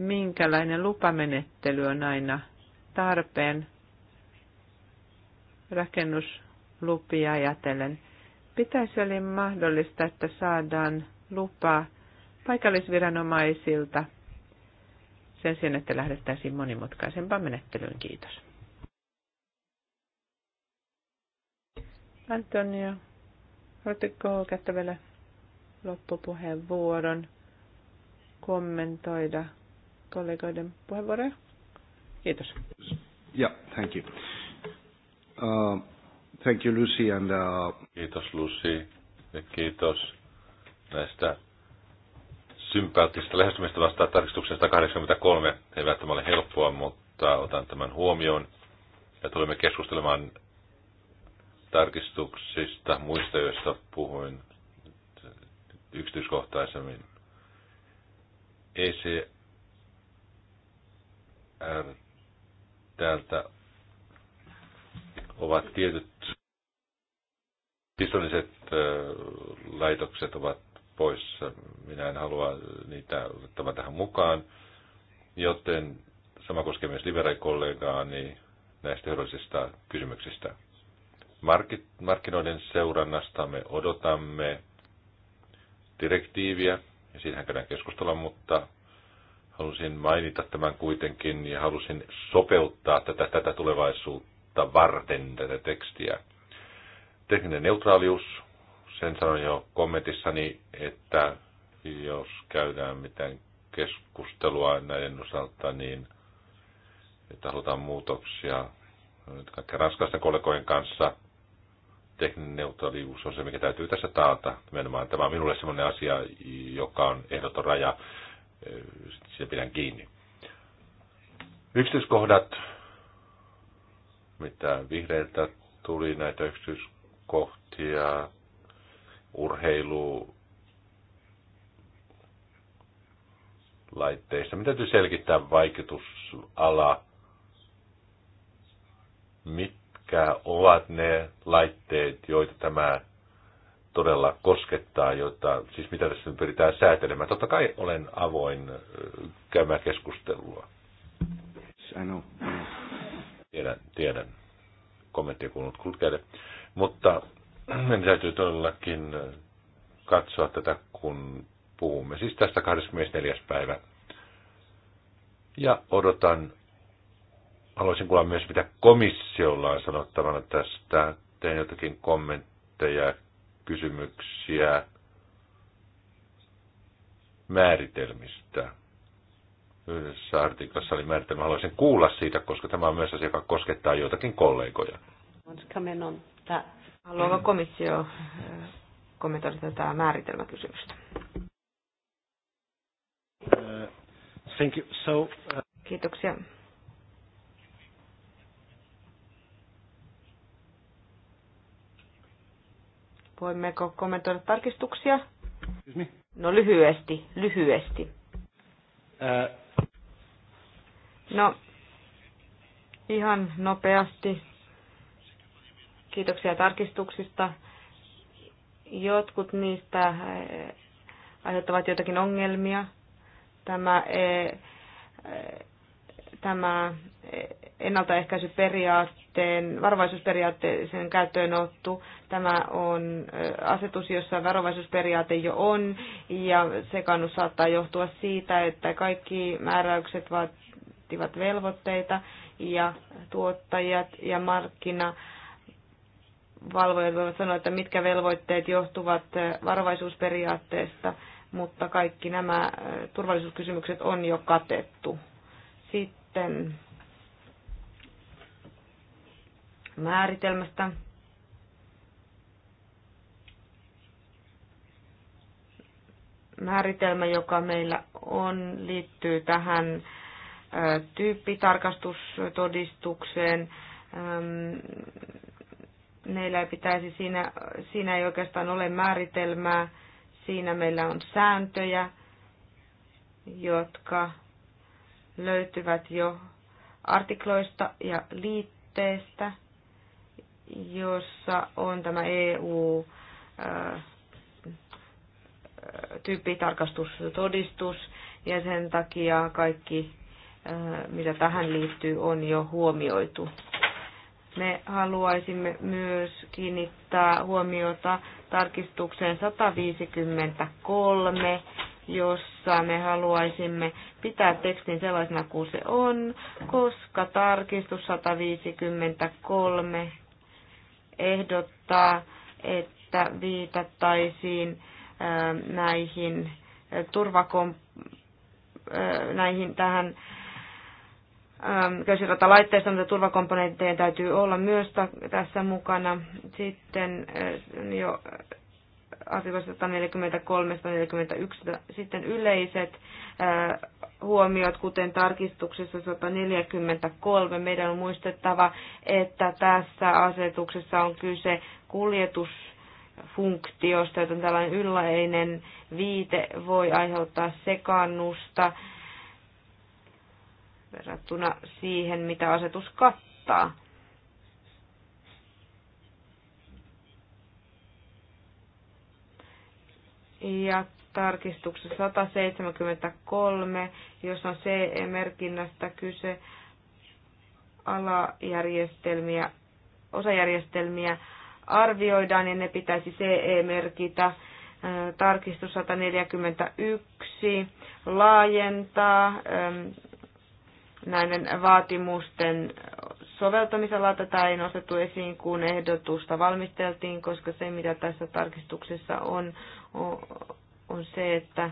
B: minkälainen lupamenettely on aina tarpeen rakennuslupia ajatellen. Pitäisi olla mahdollista, että saadaan lupa paikallisviranomaisilta sen sijaan, että lähdettäisiin monimutkaisempaan menettelyyn. Kiitos. Antonio, haluatteko käyttää vielä loppupuheenvuoron kommentoida kollegoiden puheenvuoroja. Kiitos.
D: Yeah, thank you. Uh, thank you, Lucy. And, uh... Kiitos, Lucy. Ja kiitos näistä lähestymistä lähestymistavasta tarkistuksen 183. Ei välttämättä ole helppoa, mutta otan tämän huomioon. Ja tulemme keskustelemaan tarkistuksista, muista, joista puhuin yksityiskohtaisemmin. se täältä ovat tietyt pistolliset laitokset ovat poissa. Minä en halua niitä ottaa tähän mukaan, joten sama koskee myös liberaalikollegaani näistä hyödyllisistä kysymyksistä. markkinoiden seurannasta me odotamme direktiiviä, ja siitähän käydään keskustella, mutta Halusin mainita tämän kuitenkin ja halusin sopeuttaa tätä, tätä tulevaisuutta varten tätä tekstiä. Tekninen neutraalius, sen sanoin jo kommentissani, että jos käydään mitään keskustelua näiden osalta, niin että halutaan muutoksia nyt kaikki ranskalaisten kollegojen kanssa. Tekninen neutraalius on se, mikä täytyy tässä taata. tämä on minulle sellainen asia, joka on ehdoton raja se pidän kiinni. Yksityiskohdat, mitä vihreiltä tuli näitä yksityiskohtia, urheilu, laitteista. Mitä täytyy selkittää vaikutusala? Mitkä ovat ne laitteet, joita tämä todella koskettaa, jota, siis mitä tässä nyt pyritään säätelemään. Totta kai olen avoin käymään keskustelua. Sano. Tiedän, tiedän. Kommentti kuulunut kulkeille. Mutta meidän täytyy todellakin katsoa tätä, kun puhumme. Siis tästä 24. päivä. Ja odotan, haluaisin kuulla myös, mitä komissiolla on sanottavana tästä. tein jotakin kommentteja kysymyksiä määritelmistä. Yhdessä artiklassa oli määritelmä, haluaisin kuulla siitä, koska tämä on myös asia, joka koskettaa joitakin kollegoja.
A: Haluaako
C: komissio äh, kommentoida tätä määritelmäkysymystä? Uh, thank you. So, uh... Kiitoksia. Voimmeko kommentoida tarkistuksia? No lyhyesti, lyhyesti. Äh. No, ihan nopeasti. Kiitoksia tarkistuksista. Jotkut niistä äh, aiheuttavat jotakin ongelmia. Tämä, e, äh, tämä ennaltaehkäisyperiaatteen, varovaisuusperiaatteen käyttöönotto. Tämä on asetus, jossa varovaisuusperiaate jo on, ja sekannus saattaa johtua siitä, että kaikki määräykset vaativat velvoitteita, ja tuottajat ja markkina valvojat voivat sanoa, että mitkä velvoitteet johtuvat varovaisuusperiaatteesta, mutta kaikki nämä turvallisuuskysymykset on jo katettu. Sitten määritelmästä. Määritelmä, joka meillä on, liittyy tähän tyyppitarkastustodistukseen. Meillä ei pitäisi siinä, siinä ei oikeastaan ole määritelmää. Siinä meillä on sääntöjä, jotka löytyvät jo artikloista ja liitteestä jossa on tämä EU äh, tyyppitarkastustodistus ja sen takia kaikki, äh, mitä tähän liittyy, on jo huomioitu. Me haluaisimme myös kiinnittää huomiota tarkistukseen 153, jossa me haluaisimme pitää tekstin sellaisena kuin se on, koska tarkistus 153 ehdottaa, että viitattaisiin äh, näihin äh, turvakom, äh, näihin tähän ähm, köysiratalaitteistoon, mutta turvakomponentteja täytyy olla myös tässä mukana. Sitten jo asiakohdasta 143-141. Sitten yleiset äh, huomiot, kuten tarkistuksessa 143. Meidän on muistettava, että tässä asetuksessa on kyse kuljetusfunktiosta, joten tällainen ylläinen viite voi aiheuttaa sekannusta verrattuna siihen, mitä asetus kattaa. Ja tarkistuksessa 173, jos on CE-merkinnästä kyse, alajärjestelmiä, osajärjestelmiä arvioidaan ja ne pitäisi CE-merkitä. Tarkistus 141 laajentaa näiden vaatimusten soveltamisala tätä ei nostettu esiin, kun ehdotusta valmisteltiin, koska se, mitä tässä tarkistuksessa on, on se, että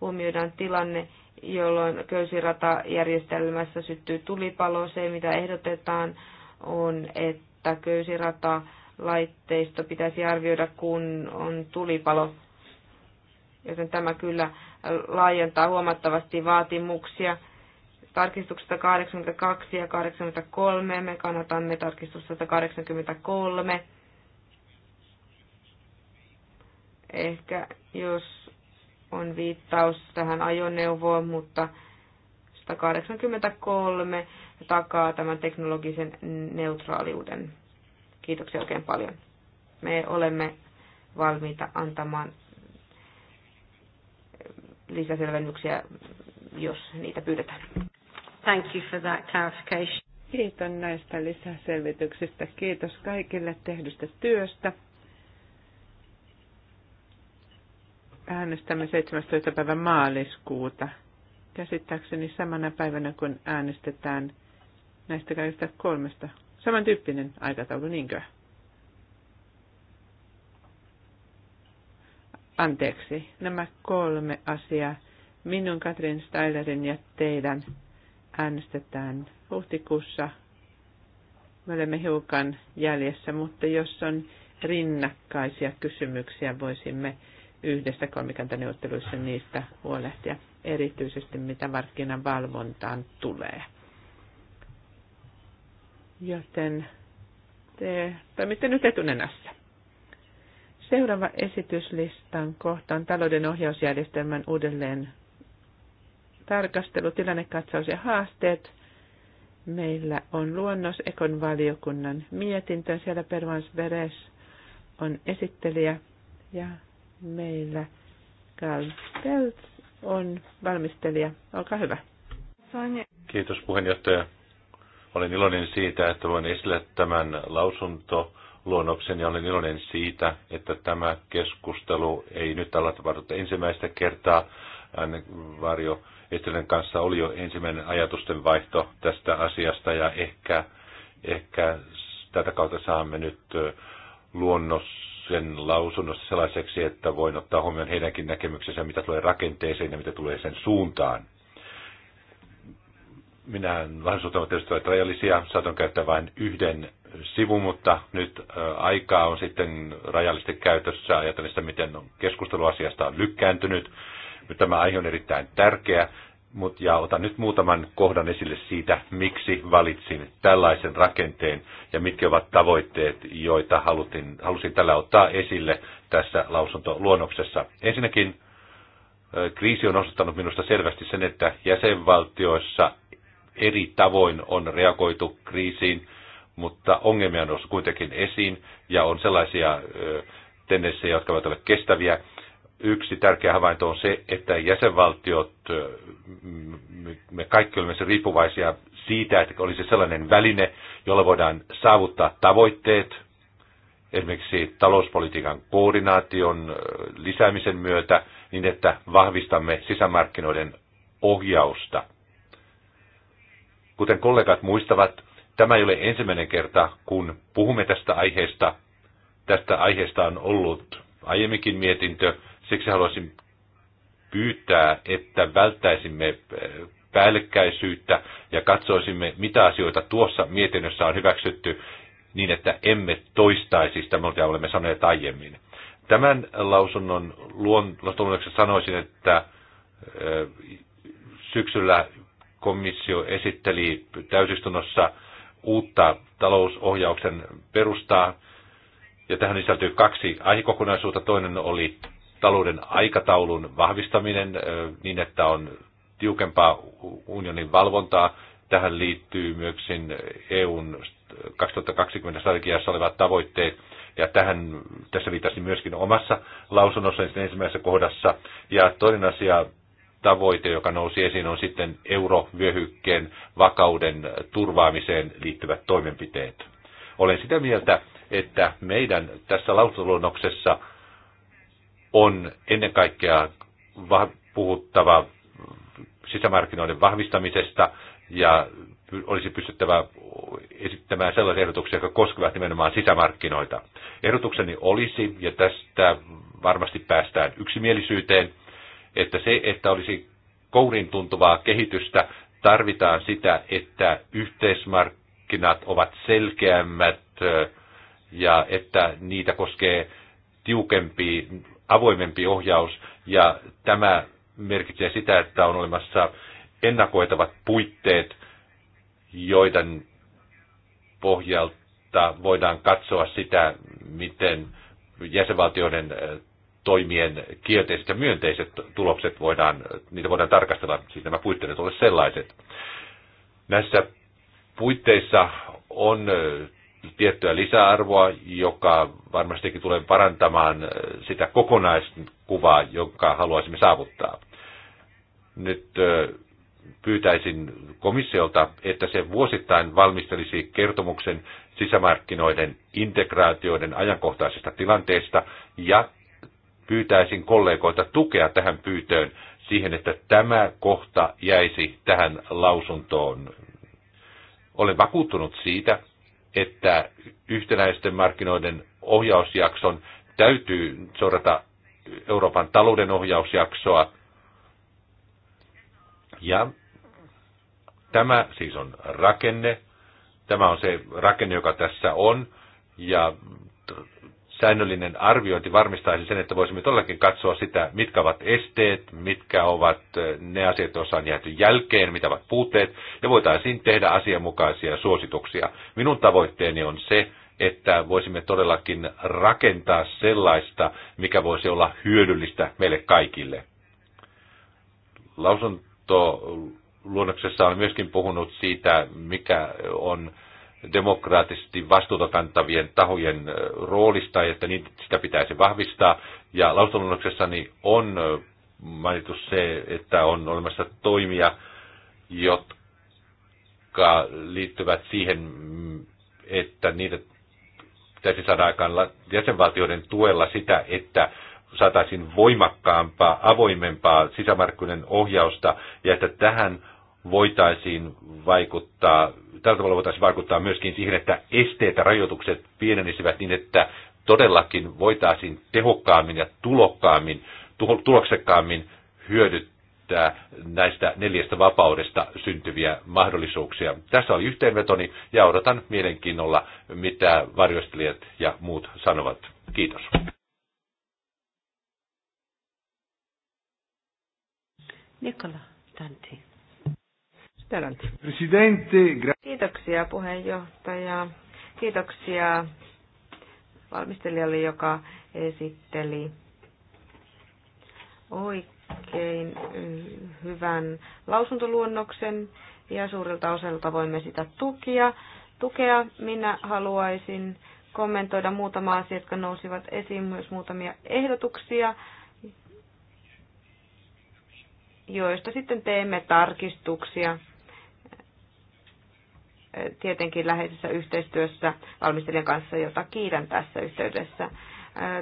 C: huomioidaan tilanne, jolloin köysiratajärjestelmässä syttyy tulipalo. Se, mitä ehdotetaan, on, että köysirata laitteisto pitäisi arvioida, kun on tulipalo. Joten tämä kyllä laajentaa huomattavasti vaatimuksia tarkistuksesta 82 ja 83. Me kannatamme tarkistusta 183. Ehkä jos on viittaus tähän ajoneuvoon, mutta 183 takaa tämän teknologisen neutraaliuden. Kiitoksia oikein paljon. Me olemme valmiita antamaan
B: lisäselvennyksiä, jos niitä pyydetään. Thank you for that clarification. Kiitos näistä lisäselvityksistä. Kiitos kaikille tehdystä työstä. Äänestämme 17. päivä maaliskuuta. Käsittääkseni samana päivänä, kun äänestetään näistä kaikista kolmesta. Samantyyppinen aikataulu, niinkö? Anteeksi, nämä kolme asiaa minun, Katrin Steilerin ja teidän äänestetään huhtikuussa. Me olemme hiukan jäljessä, mutta jos on rinnakkaisia kysymyksiä, voisimme yhdessä kolmikantaneuvotteluissa niistä huolehtia, erityisesti mitä markkinan valvontaan tulee. Joten te toimitte nyt etunenässä. Seuraava esityslistan kohta on talouden ohjausjärjestelmän uudelleen tarkastelu, tilannekatsaus ja haasteet. Meillä on luonnos Ekon valiokunnan mietintö. Siellä Pervans Veres on esittelijä ja meillä Karl Peltz on valmistelija. Olkaa hyvä.
D: Kiitos puheenjohtaja. Olen iloinen siitä, että voin esille tämän lausunto luonnoksen ja olen iloinen siitä, että tämä keskustelu ei nyt tällä tapahtunut ensimmäistä kertaa, Anne Varjo Estelen kanssa oli jo ensimmäinen ajatusten vaihto tästä asiasta ja ehkä, ehkä tätä kautta saamme nyt luonnos sen lausunnossa sellaiseksi, että voin ottaa huomioon heidänkin näkemyksensä, mitä tulee rakenteeseen ja mitä tulee sen suuntaan. Minä lausunnot tietysti ovat rajallisia, saatan käyttää vain yhden sivun, mutta nyt aikaa on sitten rajallisesti käytössä. Ajatellen sitä, miten keskustelu asiasta on lykkääntynyt. Tämä aihe on erittäin tärkeä, mutta ja otan nyt muutaman kohdan esille siitä, miksi valitsin tällaisen rakenteen ja mitkä ovat tavoitteet, joita halutin, halusin tällä ottaa esille tässä lausuntoluonnoksessa. Ensinnäkin kriisi on osoittanut minusta selvästi sen, että jäsenvaltioissa eri tavoin on reagoitu kriisiin, mutta ongelmia on noussut kuitenkin esiin ja on sellaisia tendenssejä, jotka ovat olleet kestäviä Yksi tärkeä havainto on se, että jäsenvaltiot, me kaikki olemme se riippuvaisia siitä, että se sellainen väline, jolla voidaan saavuttaa tavoitteet, esimerkiksi talouspolitiikan koordinaation lisäämisen myötä, niin että vahvistamme sisämarkkinoiden ohjausta. Kuten kollegat muistavat, tämä ei ole ensimmäinen kerta, kun puhumme tästä aiheesta. Tästä aiheesta on ollut aiemminkin mietintö, Siksi haluaisin pyytää, että välttäisimme eh, päällekkäisyyttä ja katsoisimme, mitä asioita tuossa mietinnössä on hyväksytty niin, että emme toistaisi sitä, mitä olemme sanoneet aiemmin. Tämän lausunnon luonnoksessa sanoisin, että eh, syksyllä komissio esitteli täysistunnossa uutta talousohjauksen perustaa, ja tähän sisältyy kaksi aihekokonaisuutta. Toinen oli talouden aikataulun vahvistaminen niin, että on tiukempaa unionin valvontaa. Tähän liittyy myöskin EUn 2020 strategiassa olevat tavoitteet. Ja tähän tässä viittasin myöskin omassa lausunnossa ensimmäisessä kohdassa. Ja toinen asia, tavoite, joka nousi esiin, on sitten eurovyöhykkeen vakauden turvaamiseen liittyvät toimenpiteet. Olen sitä mieltä, että meidän tässä lausunnossa on ennen kaikkea puhuttava sisämarkkinoiden vahvistamisesta ja olisi pystyttävä esittämään sellaisia ehdotuksia, jotka koskevat nimenomaan sisämarkkinoita. Ehdotukseni olisi, ja tästä varmasti päästään yksimielisyyteen, että se, että olisi kourin tuntuvaa kehitystä, tarvitaan sitä, että yhteismarkkinat ovat selkeämmät ja että niitä koskee tiukempi avoimempi ohjaus ja tämä merkitsee sitä, että on olemassa ennakoitavat puitteet, joiden pohjalta voidaan katsoa sitä, miten jäsenvaltioiden toimien kielteiset ja myönteiset tulokset voidaan, niitä voidaan tarkastella, siis nämä puitteet ole sellaiset. Näissä puitteissa on tiettyä lisäarvoa, joka varmastikin tulee parantamaan äh, sitä kokonaiskuvaa, jonka haluaisimme saavuttaa. Nyt äh, pyytäisin komissiolta, että se vuosittain valmistelisi kertomuksen sisämarkkinoiden integraatioiden ajankohtaisesta tilanteesta ja pyytäisin kollegoita tukea tähän pyytöön siihen, että tämä kohta jäisi tähän lausuntoon. Olen vakuuttunut siitä, että yhtenäisten markkinoiden ohjausjakson täytyy seurata Euroopan talouden ohjausjaksoa. Ja tämä siis on rakenne. Tämä on se rakenne, joka tässä on. Ja säännöllinen arviointi varmistaisi sen, että voisimme todellakin katsoa sitä, mitkä ovat esteet, mitkä ovat ne asiat, joissa on jääty jälkeen, mitä ovat puutteet, ja voitaisiin tehdä asianmukaisia suosituksia. Minun tavoitteeni on se, että voisimme todellakin rakentaa sellaista, mikä voisi olla hyödyllistä meille kaikille. Lausuntoluonnoksessa on myöskin puhunut siitä, mikä on demokraattisesti vastuuta kantavien tahojen roolista, että niitä, sitä pitäisi vahvistaa. Ja lausunnonnoksessani on mainittu se, että on olemassa toimia, jotka liittyvät siihen, mm, että niitä pitäisi saada aikaan jäsenvaltioiden tuella sitä, että saataisiin voimakkaampaa, avoimempaa sisämarkkinoiden ohjausta ja että tähän voitaisiin vaikuttaa, tällä tavalla voitaisiin vaikuttaa myöskin siihen, että esteet ja rajoitukset pienenisivät niin, että todellakin voitaisiin tehokkaammin ja tulokkaammin, tuloksekkaammin hyödyttää näistä neljästä vapaudesta syntyviä mahdollisuuksia. Tässä oli yhteenvetoni ja odotan mielenkiinnolla, mitä varjostelijat ja muut sanovat. Kiitos.
B: Nikola Tanti. Tarant. Presidente, Kiitoksia
C: puheenjohtaja. Kiitoksia valmistelijalle, joka esitteli oikein hyvän lausuntoluonnoksen ja suurilta osalta voimme sitä tukia. tukea. Minä haluaisin kommentoida muutama asia, jotka nousivat esiin, myös muutamia ehdotuksia, joista sitten teemme tarkistuksia tietenkin läheisessä yhteistyössä valmistelijan kanssa, jota kiitän tässä yhteydessä.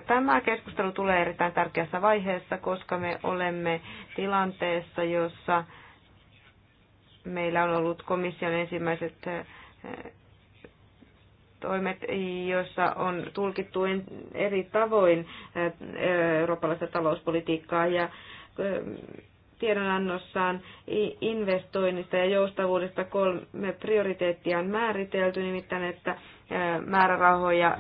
C: Tämä keskustelu tulee erittäin tärkeässä vaiheessa, koska me olemme tilanteessa, jossa meillä on ollut komission ensimmäiset toimet, joissa on tulkittu eri tavoin eurooppalaista talouspolitiikkaa ja tiedonannossaan investoinnista ja joustavuudesta kolme prioriteettia on määritelty, nimittäin että määrärahoja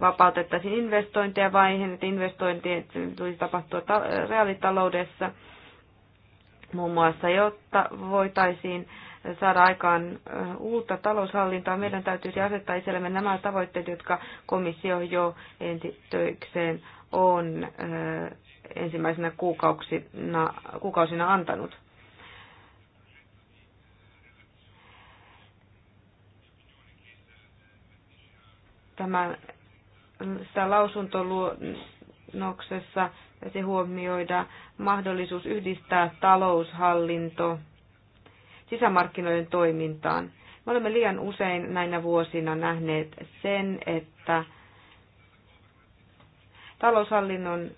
C: vapautettaisiin investointeja vaiheen, että investointien tulisi tapahtua reaalitaloudessa muun muassa, jotta voitaisiin saada aikaan uutta taloushallintoa. Meidän täytyisi asettaa itsellemme nämä tavoitteet, jotka komissio jo ensi on ensimmäisenä kuukausina, kuukausina antanut. Tämä sitä lausuntoluonnoksessa se huomioida mahdollisuus yhdistää taloushallinto sisämarkkinoiden toimintaan. Me olemme liian usein näinä vuosina nähneet sen, että taloushallinnon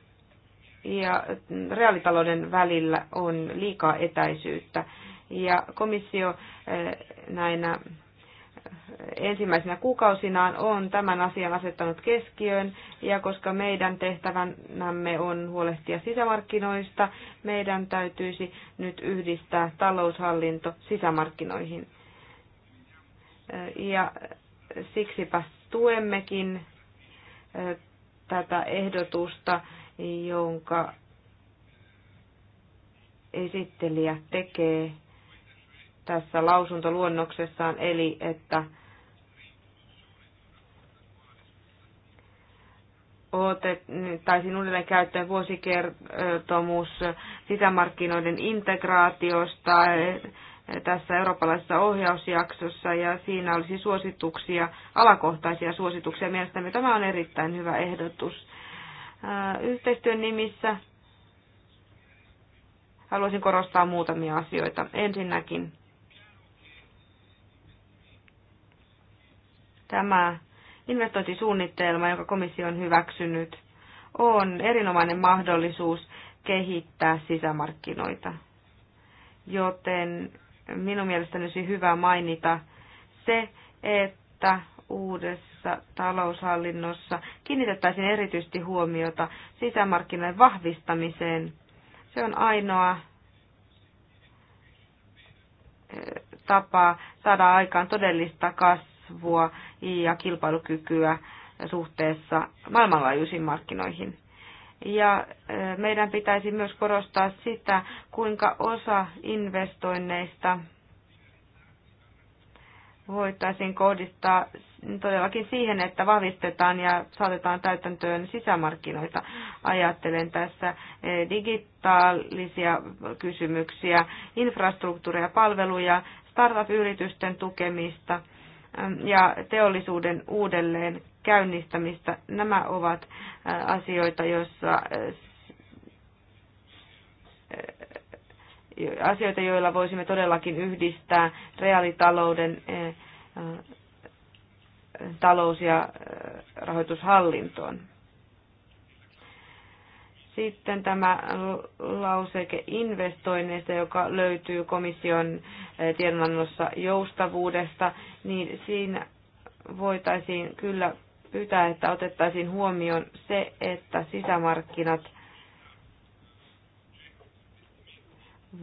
C: ja reaalitalouden välillä on liikaa etäisyyttä. Ja komissio eh, näinä eh, ensimmäisenä kuukausinaan on tämän asian asettanut keskiöön, ja koska meidän tehtävänämme on huolehtia sisämarkkinoista, meidän täytyisi nyt yhdistää taloushallinto sisämarkkinoihin. Eh, ja siksipä tuemmekin tätä ehdotusta jonka esittelijä tekee tässä lausuntoluonnoksessaan, eli että otettaisiin uudelleen käyttöön vuosikertomus sisämarkkinoiden integraatiosta tässä eurooppalaisessa ohjausjaksossa ja siinä olisi suosituksia, alakohtaisia suosituksia. Mielestäni tämä on erittäin hyvä ehdotus. Äh, yhteistyön nimissä haluaisin korostaa muutamia asioita. Ensinnäkin tämä investointisuunnitelma, jonka komissio on hyväksynyt, on erinomainen mahdollisuus kehittää sisämarkkinoita. Joten minun mielestäni olisi hyvä mainita se, että uudessa julkisessa taloushallinnossa kiinnitettäisiin erityisesti huomiota sisämarkkinoiden vahvistamiseen. Se on ainoa eh, tapa saada aikaan todellista kasvua ja kilpailukykyä suhteessa maailmanlaajuisiin markkinoihin. Ja eh, meidän pitäisi myös korostaa sitä, kuinka osa investoinneista voitaisiin kohdistaa todellakin siihen, että vahvistetaan ja saatetaan täytäntöön sisämarkkinoita. Ajattelen tässä eh, digitaalisia kysymyksiä, infrastruktuuria, palveluja, startup-yritysten tukemista mm, ja teollisuuden uudelleen käynnistämistä. Nämä ovat eh, asioita, joissa eh, asioita, joilla voisimme todellakin yhdistää reaalitalouden eh, eh, talous- ja eh, rahoitushallintoon. Sitten tämä lauseke investoinneista, joka löytyy komission tiedonannossa joustavuudesta, niin siinä voitaisiin kyllä pyytää, että otettaisiin huomioon se, että sisämarkkinat –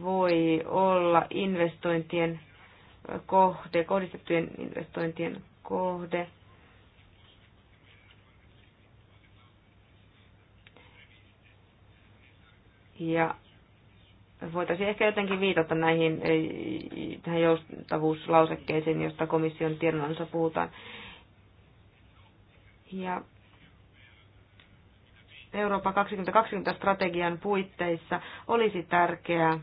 C: voi olla investointien kohde, kohdistettujen investointien kohde. Ja voitaisiin ehkä jotenkin viitata näihin tähän joustavuuslausekkeisiin, josta komission tiedonannossa puhutaan. Ja Eurooppa 2020 strategian puitteissa olisi tärkeää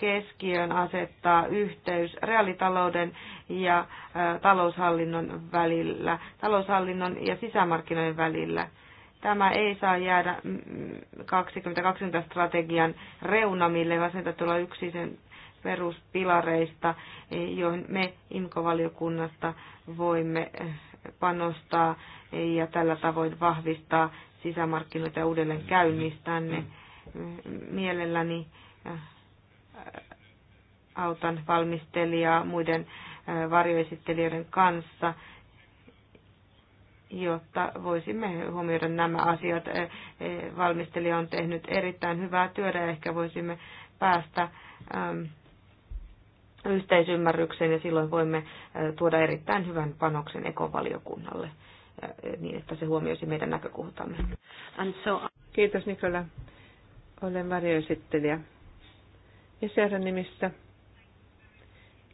C: keskiöön asettaa yhteys reaalitalouden ja taloushallinnon välillä, taloushallinnon ja sisämarkkinoiden välillä. Tämä ei saa jäädä 2020-strategian mm, mm, reunamille, vaan sen olla yksi sen peruspilareista, joihin me IMKO-valiokunnasta voimme panostaa ja tällä tavoin vahvistaa sisämarkkinoita ja uudelleen käynnistää ne mm, mielelläni autan valmistelijaa muiden varjoesittelijöiden kanssa, jotta voisimme huomioida nämä asiat. Valmistelija on tehnyt erittäin hyvää työtä ja ehkä voisimme päästä yhteisymmärrykseen ja silloin voimme tuoda erittäin hyvän panoksen ekovaliokunnalle niin, että se huomioisi meidän näkökohtamme.
B: So... Kiitos Nikola. Olen varjoesittelijä ja nimissä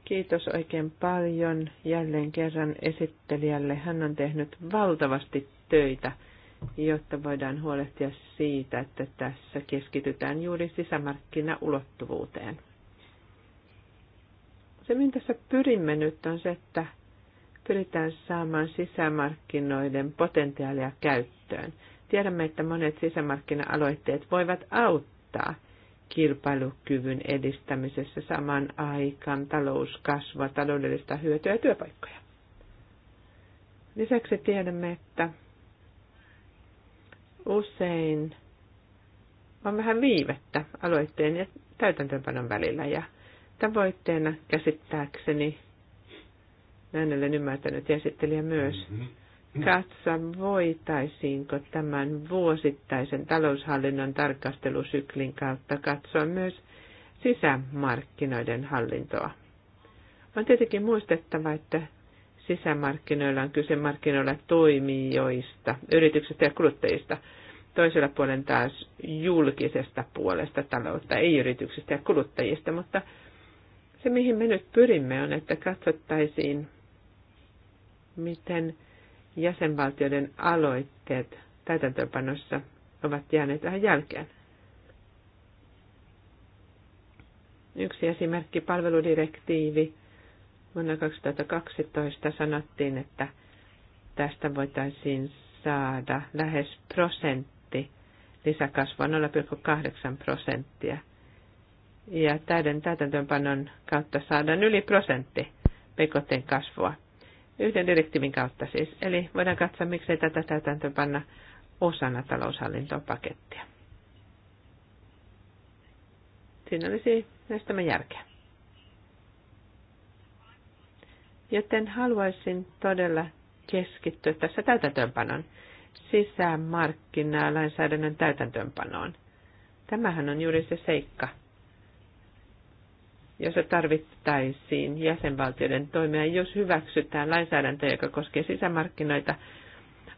B: kiitos oikein paljon jälleen kerran esittelijälle. Hän on tehnyt valtavasti töitä, jotta voidaan huolehtia siitä, että tässä keskitytään juuri sisämarkkinaulottuvuuteen. Se, mihin tässä pyrimme nyt, on se, että pyritään saamaan sisämarkkinoiden potentiaalia käyttöön. Tiedämme, että monet sisämarkkina-aloitteet voivat auttaa – kilpailukyvyn edistämisessä saman aikaan talouskasvua, taloudellista hyötyä ja työpaikkoja. Lisäksi tiedämme, että usein on vähän viivettä aloitteen ja täytäntöönpanon välillä ja tavoitteena käsittääkseni, näin olen ymmärtänyt ja esittelijä myös, mm-hmm katsoa, voitaisiinko tämän vuosittaisen taloushallinnon tarkastelusyklin kautta katsoa myös sisämarkkinoiden hallintoa. On tietenkin muistettava, että sisämarkkinoilla on kyse markkinoilla toimijoista, yrityksistä ja kuluttajista. Toisella puolen taas julkisesta puolesta taloutta, ei yrityksistä ja kuluttajista, mutta se mihin me nyt pyrimme on, että katsottaisiin, miten jäsenvaltioiden aloitteet täytäntöönpanossa ovat jääneet vähän jälkeen. Yksi esimerkki, palveludirektiivi. Vuonna 2012 sanottiin, että tästä voitaisiin saada lähes prosentti lisäkasvua, 0,8 prosenttia. Ja täyden täytäntöönpanon kautta saadaan yli prosentti pekoten kasvua. Yhden direktiivin kautta siis. Eli voidaan katsoa, miksei tätä täytäntöönpanna osana taloushallintopakettia. Siinä olisi tämä järkeä. Joten haluaisin todella keskittyä tässä täytäntöönpanon sisämarkkinalainsäädännön täytäntöönpanoon. Tämähän on juuri se seikka, se tarvittaisiin jäsenvaltioiden toimia. Jos hyväksytään lainsäädäntö, joka koskee sisämarkkinoita,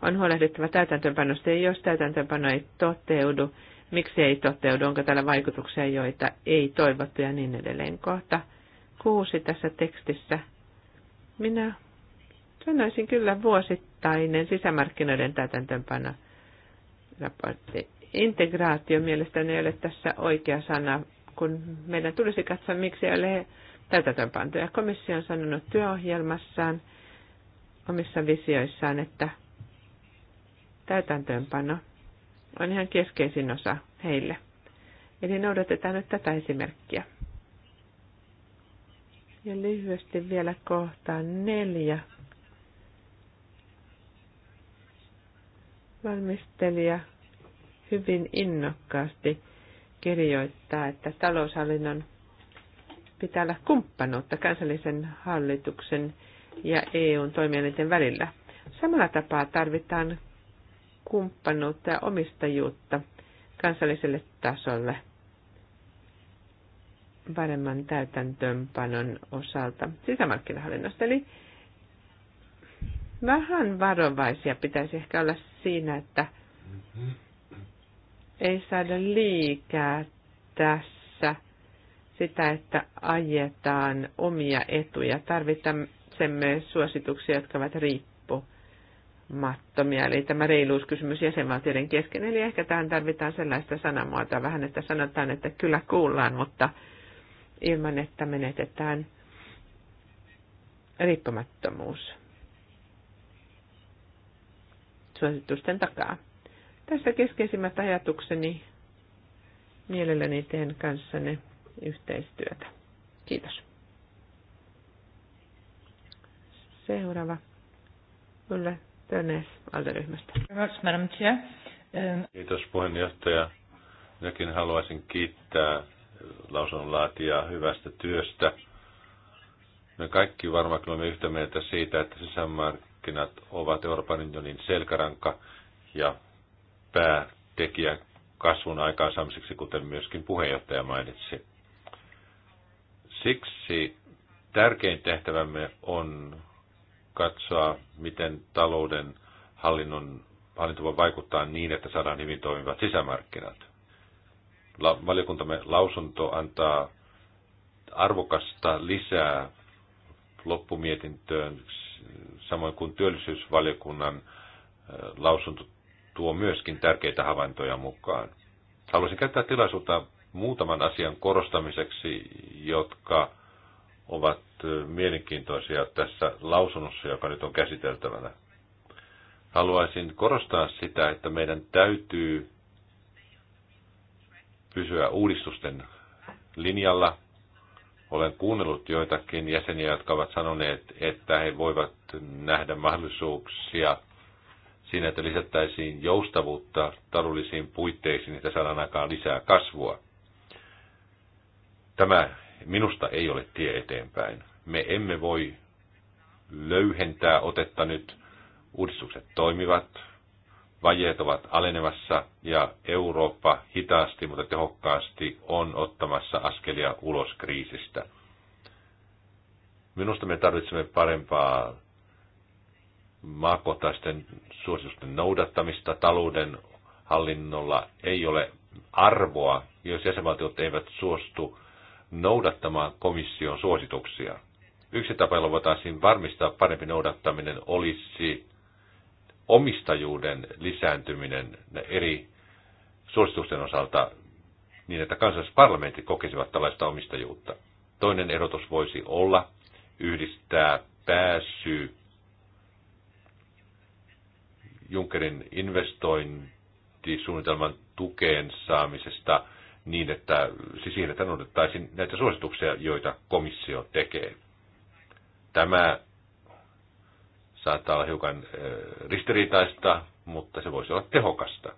B: on huolehdittava täytäntöönpanosta, ja jos täytäntöönpano ei toteudu, miksi ei toteudu, onko täällä vaikutuksia, joita ei toivottu ja niin edelleen. Kohta kuusi tässä tekstissä. Minä sanoisin kyllä vuosittainen sisämarkkinoiden täytäntöönpano raportti. Integraatio mielestäni ei ole tässä oikea sana, kun meidän tulisi katsoa, miksi ei ole täytäntöönpantoja. Komissio on sanonut työohjelmassaan omissa visioissaan, että täytäntöönpano on ihan keskeisin osa heille. Eli noudatetaan nyt tätä esimerkkiä. Ja lyhyesti vielä kohtaan neljä. Valmistelija hyvin innokkaasti kirjoittaa, että taloushallinnon pitää olla kumppanuutta kansallisen hallituksen ja EUn toimielinten välillä. Samalla tapaa tarvitaan kumppanuutta ja omistajuutta kansalliselle tasolle paremman täytäntöönpanon osalta sisämarkkinahallinnosta. Eli vähän varovaisia pitäisi ehkä olla siinä, että mm-hmm ei saada liikaa tässä sitä, että ajetaan omia etuja. Tarvitsemme suosituksia, jotka ovat riippumattomia, eli tämä reiluuskysymys jäsenvaltioiden kesken. Eli ehkä tähän tarvitaan sellaista sanamuotoa vähän, että sanotaan, että kyllä kuullaan, mutta ilman, että menetetään riippumattomuus suositusten takaa. Tässä keskeisimmät ajatukseni. Mielelläni teen kanssanne yhteistyötä. Kiitos. Seuraava. Ulla Tönes Alderyhmästä. Um,
D: Kiitos puheenjohtaja. Minäkin haluaisin kiittää lausunnonlaatijaa hyvästä työstä. Me kaikki varmaan olemme yhtä mieltä siitä, että sisämarkkinat ovat Euroopan unionin selkäranka ja päätekijä kasvun aikaansaamiseksi, kuten myöskin puheenjohtaja mainitsi. Siksi tärkein tehtävämme on katsoa, miten talouden hallinnon, hallinto voi vaikuttaa niin, että saadaan hyvin toimivat sisämarkkinat. La, valiokuntamme lausunto antaa arvokasta lisää loppumietintöön, samoin kuin työllisyysvaliokunnan äh, lausunto tuo myöskin tärkeitä havaintoja mukaan. Haluaisin käyttää tilaisuutta muutaman asian korostamiseksi, jotka ovat mielenkiintoisia tässä lausunnossa, joka nyt on käsiteltävänä. Haluaisin korostaa sitä, että meidän täytyy pysyä uudistusten linjalla. Olen kuunnellut joitakin jäseniä, jotka ovat sanoneet, että he voivat nähdä mahdollisuuksia siinä, että lisättäisiin joustavuutta taloudellisiin puitteisiin, että saadaan aikaan lisää kasvua. Tämä minusta ei ole tie eteenpäin. Me emme voi löyhentää otetta nyt. Uudistukset toimivat, vajeet ovat alenemassa ja Eurooppa hitaasti, mutta tehokkaasti on ottamassa askelia ulos kriisistä. Minusta me tarvitsemme parempaa maakohtaisten suositusten noudattamista. Talouden hallinnolla ei ole arvoa, jos jäsenvaltiot eivät suostu noudattamaan komission suosituksia. Yksi tapa, jolla voitaisiin varmistaa parempi noudattaminen, olisi omistajuuden lisääntyminen eri suositusten osalta niin, että kansalliset parlamentit kokisivat tällaista omistajuutta. Toinen erotus voisi olla yhdistää pääsy Junckerin investointisuunnitelman tukeen saamisesta niin, että siis siihen, että noudattaisiin näitä suosituksia, joita komissio tekee. Tämä saattaa olla hiukan ristiriitaista, mutta se voisi olla tehokasta.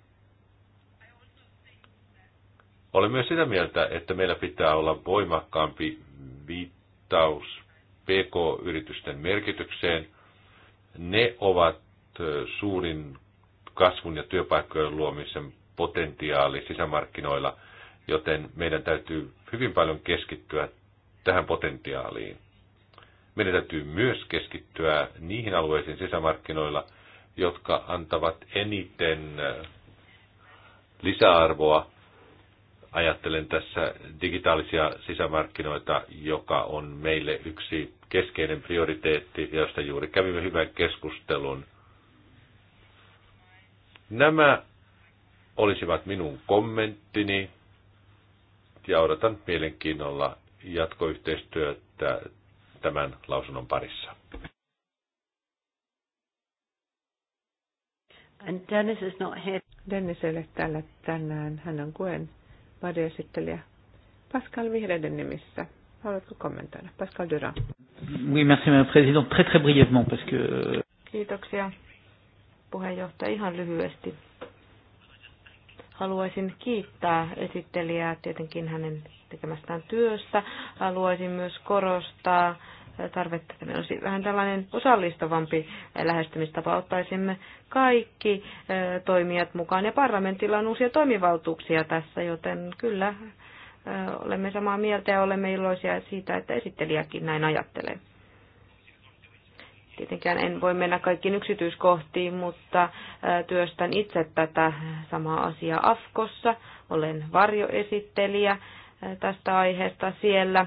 D: Olen myös sitä mieltä, että meillä pitää olla voimakkaampi viittaus PK-yritysten merkitykseen. Ne ovat suurin kasvun ja työpaikkojen luomisen potentiaali sisämarkkinoilla, joten meidän täytyy hyvin paljon keskittyä tähän potentiaaliin. Meidän täytyy myös keskittyä niihin alueisiin sisämarkkinoilla, jotka antavat eniten lisäarvoa. Ajattelen tässä digitaalisia sisämarkkinoita, joka on meille yksi keskeinen prioriteetti, josta juuri kävimme hyvän keskustelun Nämä olisivat minun kommenttini ja odotan mielenkiinnolla jatkoyhteistyötä tämän lausunnon parissa.
B: And Dennis is not here. Dennis ei ole täällä tänään. Hän on kuen varjoesittelijä. Pascal Vihreiden nimissä. Haluatko kommentoida? Pascal Durand.
A: Oui, merci, madame Très, très brièvement, parce que...
B: Kiitoksia
C: puheenjohtaja, ihan lyhyesti. Haluaisin kiittää esittelijää tietenkin hänen tekemästään työstä. Haluaisin myös korostaa tarvetta, että meillä olisi vähän tällainen osallistavampi lähestymistapa. Ottaisimme kaikki toimijat mukaan ja parlamentilla on uusia toimivaltuuksia tässä, joten kyllä olemme samaa mieltä ja olemme iloisia siitä, että esittelijäkin näin ajattelee. Tietenkään en voi mennä kaikkiin yksityiskohtiin, mutta työstän itse tätä samaa asiaa Afkossa. Olen varjoesittelijä tästä aiheesta siellä.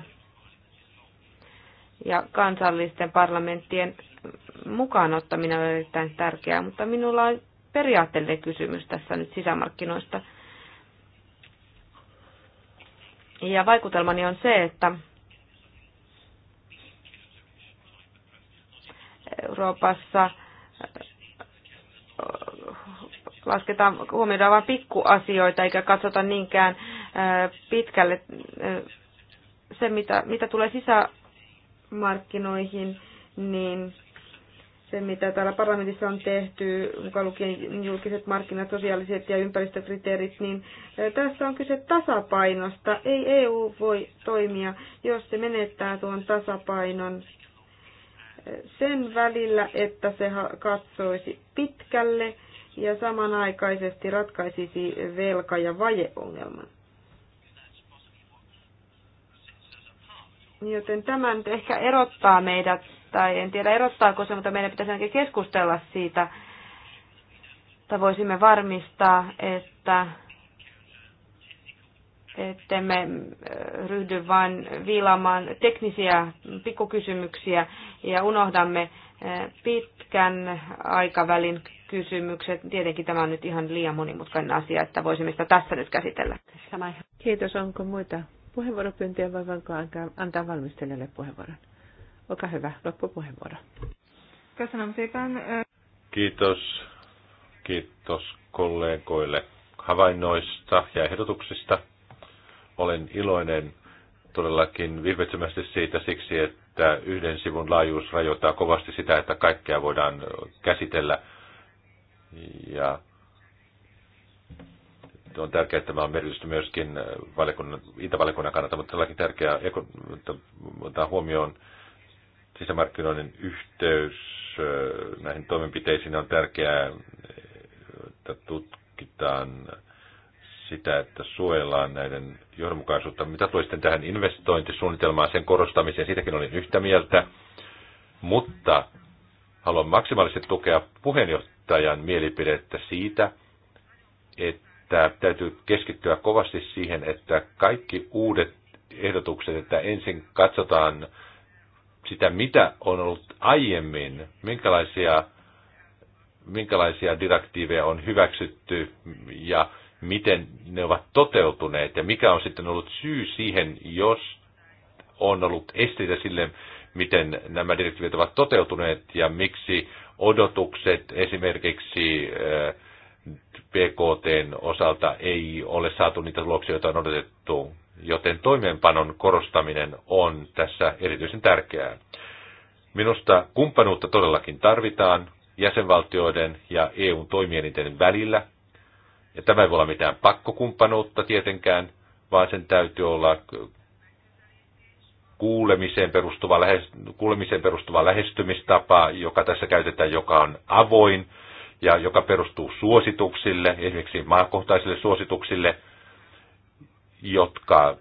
C: Ja kansallisten parlamenttien mukaanottaminen on erittäin tärkeää, mutta minulla on periaatteellinen kysymys tässä nyt sisämarkkinoista. Ja vaikutelmani on se, että Euroopassa äh, lasketaan, huomioidaan vain pikkuasioita eikä katsota niinkään äh, pitkälle äh, se, mitä, mitä tulee sisämarkkinoihin, niin se, mitä täällä parlamentissa on tehty, mukaan lukien julkiset markkinat, sosiaaliset ja ympäristökriteerit, niin tässä on kyse tasapainosta. Ei EU voi toimia, jos se menettää tuon tasapainon sen välillä, että se katsoisi pitkälle ja samanaikaisesti ratkaisisi velka- ja vajeongelman. Joten tämä nyt ehkä erottaa meidät, tai en tiedä erottaako se, mutta meidän pitäisi ainakin keskustella siitä, että voisimme varmistaa, että me äh, ryhdy vain viilaamaan teknisiä pikkukysymyksiä ja unohdamme äh, pitkän aikavälin kysymykset. Tietenkin tämä on nyt ihan liian monimutkainen asia, että voisimme sitä tässä nyt käsitellä.
B: Kiitos. Onko muita puheenvuoropyyntöjä vai voinko antaa valmistelijalle puheenvuoron? Olkaa hyvä, loppupuheenvuoro.
D: Kiitos. Kiitos kollegoille havainnoista ja ehdotuksista. Olen iloinen todellakin vilpittömästi siitä siksi, että yhden sivun laajuus rajoittaa kovasti sitä, että kaikkea voidaan käsitellä. Ja on tärkeää, että tämä on merkitystä myöskin valiokunnan, itävaliokunnan kannalta, mutta tälläkin tärkeää ottaa huomioon sisämarkkinoiden yhteys näihin toimenpiteisiin on tärkeää, että tutkitaan sitä, että suojellaan näiden johdonmukaisuutta. Mitä tuli sitten tähän investointisuunnitelmaan, sen korostamiseen, siitäkin olin yhtä mieltä, mutta haluan maksimaalisesti tukea puheenjohtajan mielipidettä siitä, että täytyy keskittyä kovasti siihen, että kaikki uudet ehdotukset, että ensin katsotaan sitä, mitä on ollut aiemmin, minkälaisia minkälaisia direktiivejä on hyväksytty ja miten ne ovat toteutuneet ja mikä on sitten ollut syy siihen, jos on ollut esteitä sille, miten nämä direktiivit ovat toteutuneet ja miksi odotukset esimerkiksi PKTn eh, osalta ei ole saatu niitä tuloksia, joita on odotettu, joten toimeenpanon korostaminen on tässä erityisen tärkeää. Minusta kumppanuutta todellakin tarvitaan jäsenvaltioiden ja EUn toimielinten välillä, ja tämä ei voi olla mitään pakkokumppanuutta tietenkään, vaan sen täytyy olla kuulemiseen perustuva, lähes, kuulemiseen perustuva lähestymistapa, joka tässä käytetään, joka on avoin ja joka perustuu suosituksille, esimerkiksi maakohtaisille suosituksille, jotka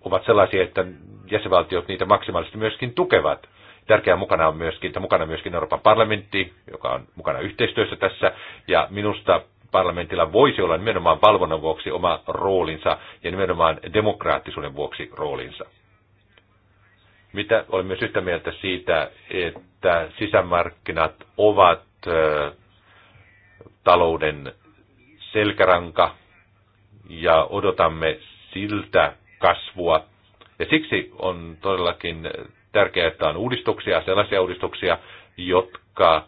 D: ovat sellaisia, että jäsenvaltiot niitä maksimaalisesti myöskin tukevat. Tärkeää mukana on myöskin, että mukana on myöskin Euroopan parlamentti, joka on mukana yhteistyössä tässä, ja minusta parlamentilla voisi olla nimenomaan valvonnan vuoksi oma roolinsa ja nimenomaan demokraattisuuden vuoksi roolinsa. Mitä olen myös yhtä mieltä siitä, että sisämarkkinat ovat talouden selkäranka ja odotamme siltä kasvua. Ja siksi on todellakin tärkeää, että on uudistuksia, sellaisia uudistuksia, jotka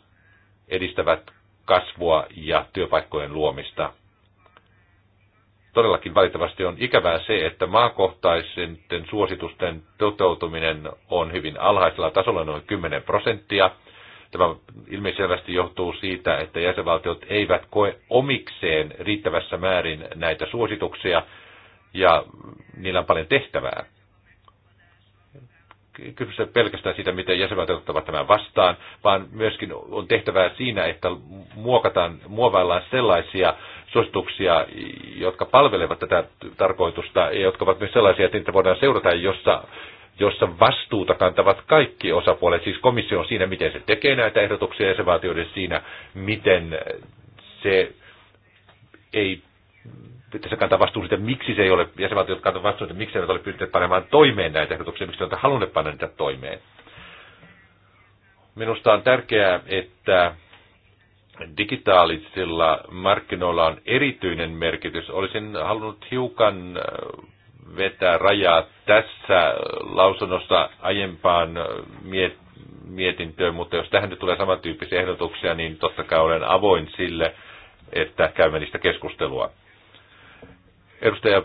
D: edistävät kasvua ja työpaikkojen luomista. Todellakin valitettavasti on ikävää se, että maakohtaisten suositusten toteutuminen on hyvin alhaisella tasolla, noin 10 prosenttia. Tämä ilmiselvästi johtuu siitä, että jäsenvaltiot eivät koe omikseen riittävässä määrin näitä suosituksia ja niillä on paljon tehtävää kysymys pelkästään siitä, miten jäsenvaltiot ottavat tämän vastaan, vaan myöskin on tehtävää siinä, että muokataan, muovaillaan sellaisia suosituksia, jotka palvelevat tätä tarkoitusta, ja jotka ovat myös sellaisia, että niitä voidaan seurata, jossa jossa vastuuta kantavat kaikki osapuolet, siis komissio on siinä, miten se tekee näitä ehdotuksia, ja jäsenvaltioiden siinä, miten se ei tässä kantaa vastuun siitä, miksi se ei ole, jäsenvaltiot kantaa vastuun siitä, miksi se ei ole pystynyt panemaan toimeen näitä ehdotuksia, miksi se on halunneet panna niitä toimeen. Minusta on tärkeää, että digitaalisilla markkinoilla on erityinen merkitys. Olisin halunnut hiukan äh, vetää rajaa tässä lausunnossa aiempaan äh, miet- mietintöön, mutta jos tähän nyt tulee samantyyppisiä ehdotuksia, niin totta kai olen avoin sille, että käymme niistä keskustelua. Edustaja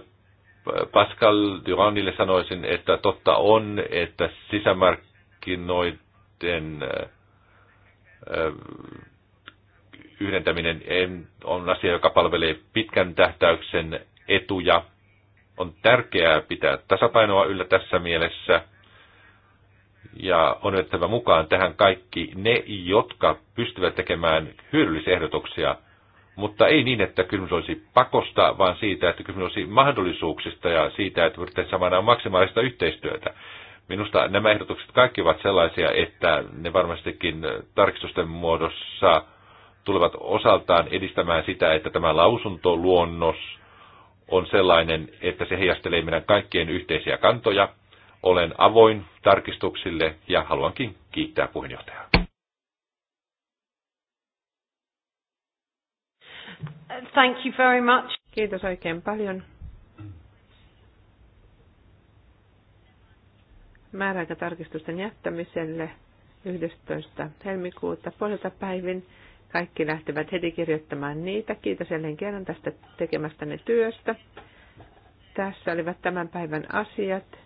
D: Pascal Duranille sanoisin, että totta on, että sisämarkkinoiden äh, yhdentäminen on asia, joka palvelee pitkän tähtäyksen etuja. On tärkeää pitää tasapainoa yllä tässä mielessä ja on otettava mukaan tähän kaikki ne, jotka pystyvät tekemään hyödyllisiä ehdotuksia mutta ei niin, että kysymys olisi pakosta, vaan siitä, että kysymys olisi mahdollisuuksista ja siitä, että pyritään samana maksimaalista yhteistyötä. Minusta nämä ehdotukset kaikki ovat sellaisia, että ne varmastikin tarkistusten muodossa tulevat osaltaan edistämään sitä, että tämä lausuntoluonnos on sellainen, että se heijastelee meidän kaikkien yhteisiä kantoja. Olen avoin tarkistuksille ja haluankin kiittää puheenjohtajaa.
B: Thank you very much. Kiitos oikein paljon. Määräaikatarkistusten jättämiselle 11. helmikuuta puolelta päivin. Kaikki lähtevät heti kirjoittamaan niitä. Kiitos jälleen kerran tästä tekemästänne työstä. Tässä olivat tämän päivän asiat.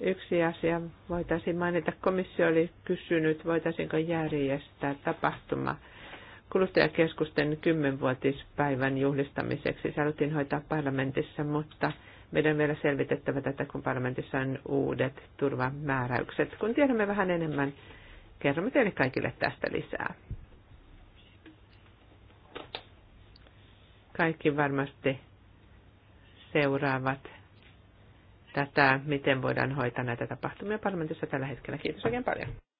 B: Yksi asia voitaisiin mainita. Komissio oli kysynyt, voitaisiinko järjestää tapahtuma kuluttajakeskusten kymmenvuotispäivän juhlistamiseksi. Se haluttiin hoitaa parlamentissa, mutta meidän on vielä selvitettävä tätä, kun parlamentissa on uudet turvamääräykset. Kun tiedämme vähän enemmän, kerromme teille kaikille tästä lisää. Kaikki varmasti seuraavat tätä, miten voidaan hoitaa näitä tapahtumia parlamentissa tällä hetkellä. Kiitos oikein paljon.